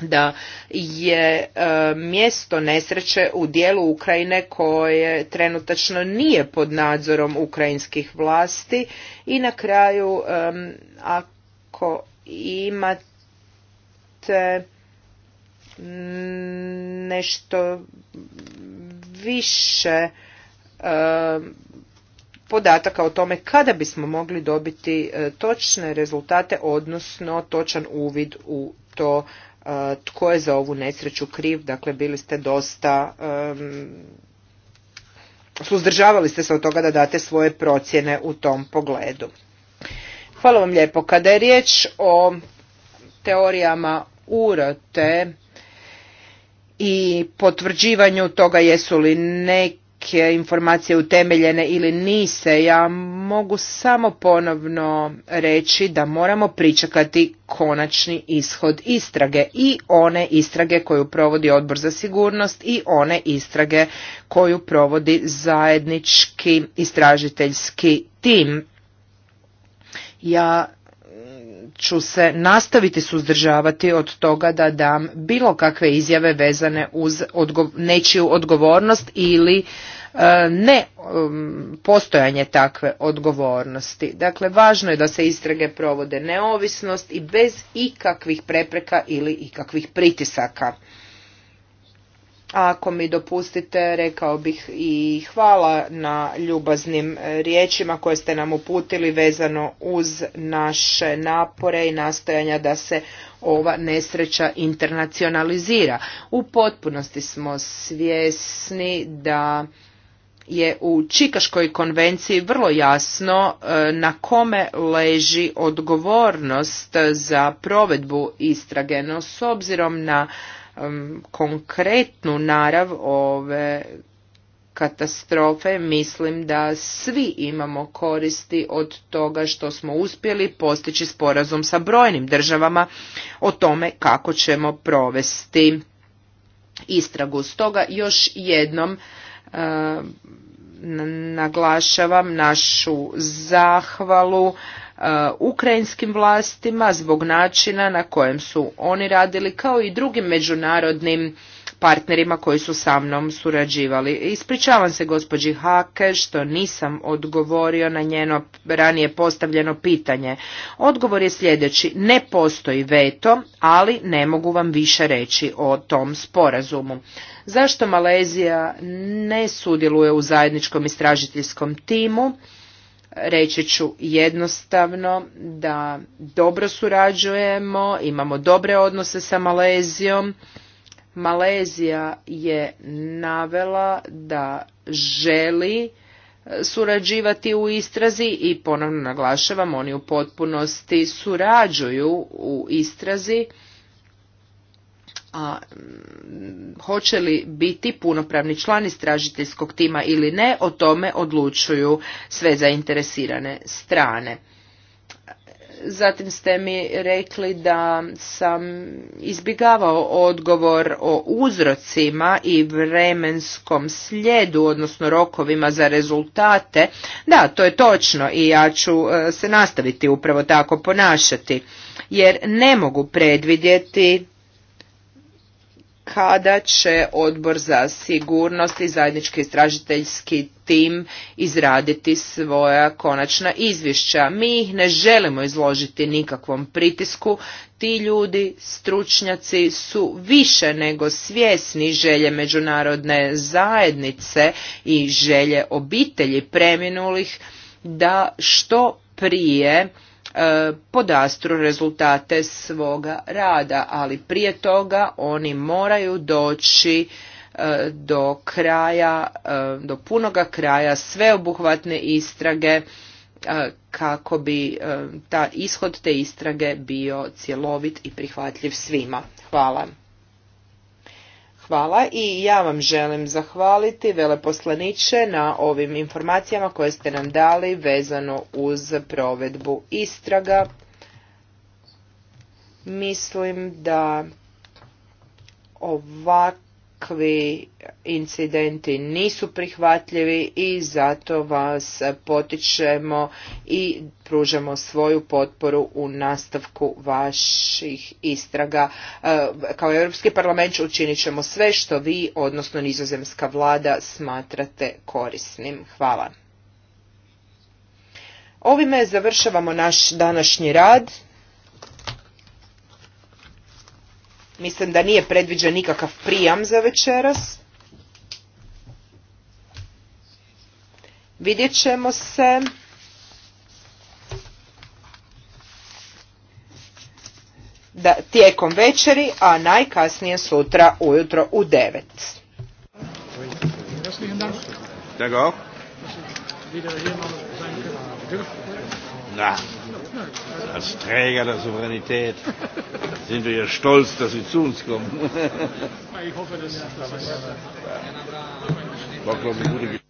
da je e, mjesto nesreće u dijelu Ukrajine koje trenutačno nije pod nadzorom ukrajinskih vlasti i na kraju e, ako imate nešto više e, podataka o tome kada bismo mogli dobiti e, točne rezultate odnosno točan uvid u to E, tko je za ovu nesreću kriv, dakle bili ste dosta suzdržavali ste se od toga da date svoje procjene u tom pogledu. Hvala vam lijepo. Kada je riječ o teorijama urote i potvrđivanju toga jesu li neki je informacije utemeljene ili nise, ja mogu samo ponovno reći da moramo pričekati konačni ishod istrage i one istrage koju provodi odbor za sigurnost i one istrage koju provodi zajednički istražiteljski tim. Ja ću se nastaviti suzdržavati od toga da dam bilo kakve izjave vezane uz odgo nečiju odgovornost ili e, ne um, postojanje takve odgovornosti. Dakle, važno je da se istrage provode neovisnost i bez ikakvih prepreka ili ikakvih pritisaka. Ako mi dopustite, rekao bih i hvala na ljubaznim e, riječima koje ste nam uputili vezano uz naše napore i nastojanja da se ova nesreća internacionalizira. U potpunosti smo svjesni da je u Čikaškoj konvenciji vrlo jasno e, na kome leži odgovornost za provedbu istrage, no s obzirom na konkretnu narav ove katastrofe mislim da svi imamo koristi od toga što smo uspjeli postići sporazum sa brojnim državama o tome kako ćemo provesti istragu. Stoga još jednom naglašavam našu zahvalu E, ukrajinskim vlastima zbog načina na kojem su oni radili kao i drugim međunarodnim partnerima koji su sa mnom surađivali. Ispričavam se gospođi Hake što nisam odgovorio na njeno ranije postavljeno pitanje. Odgovor je sljedeći, ne postoji veto, ali ne mogu vam više reći o tom sporazumu. Zašto Malezija ne sudjeluje u zajedničkom istražiteljskom timu? reći ću jednostavno da dobro surađujemo, imamo dobre odnose sa Malezijom. Malezija je navela da želi e, surađivati u istrazi i ponovno naglašavam, oni u potpunosti surađuju u istrazi a mm, hoće li biti punopravni član istražiteljskog tima ili ne, o tome odlučuju sve zainteresirane strane. Zatim ste mi rekli da sam izbjegavao odgovor o uzrocima i vremenskom slijedu, odnosno rokovima za rezultate. Da, to je točno i ja ću e, se nastaviti upravo tako ponašati, jer ne mogu predvidjeti kada će odbor za sigurnost i zajednički istražiteljski tim izraditi svoja konačna izvješća. Mi ih ne želimo izložiti nikakvom pritisku, ti ljudi, stručnjaci su više nego svjesni želje međunarodne zajednice i želje obitelji preminulih da što prije E, podastru rezultate svoga rada, ali prije toga oni moraju doći e, do kraja, e, do punoga kraja sveobuhvatne istrage kako bi ta ishod te istrage bio cjelovit i prihvatljiv svima. Hvala. Hvala i ja vam želim zahvaliti veleposlaniče na ovim informacijama koje ste nam dali vezano uz provedbu istraga. Mislim da ovako... Takvi incidenti nisu prihvatljivi i zato vas potičemo i pružamo svoju potporu u nastavku vaših istraga. E, kao Europski parlament učinit ćemo sve što vi, odnosno nizozemska vlada, smatrate korisnim. Hvala. Ovime završavamo naš današnji rad. Mislim da nije predviđen nikakav prijam za večeras. Vidjet ćemo se. Da, tijekom večeri, a najkasnije sutra ujutro u devet. da Als Träger der Souveränität sind wir ja stolz, dass Sie zu uns kommen. Ich hoffe, dass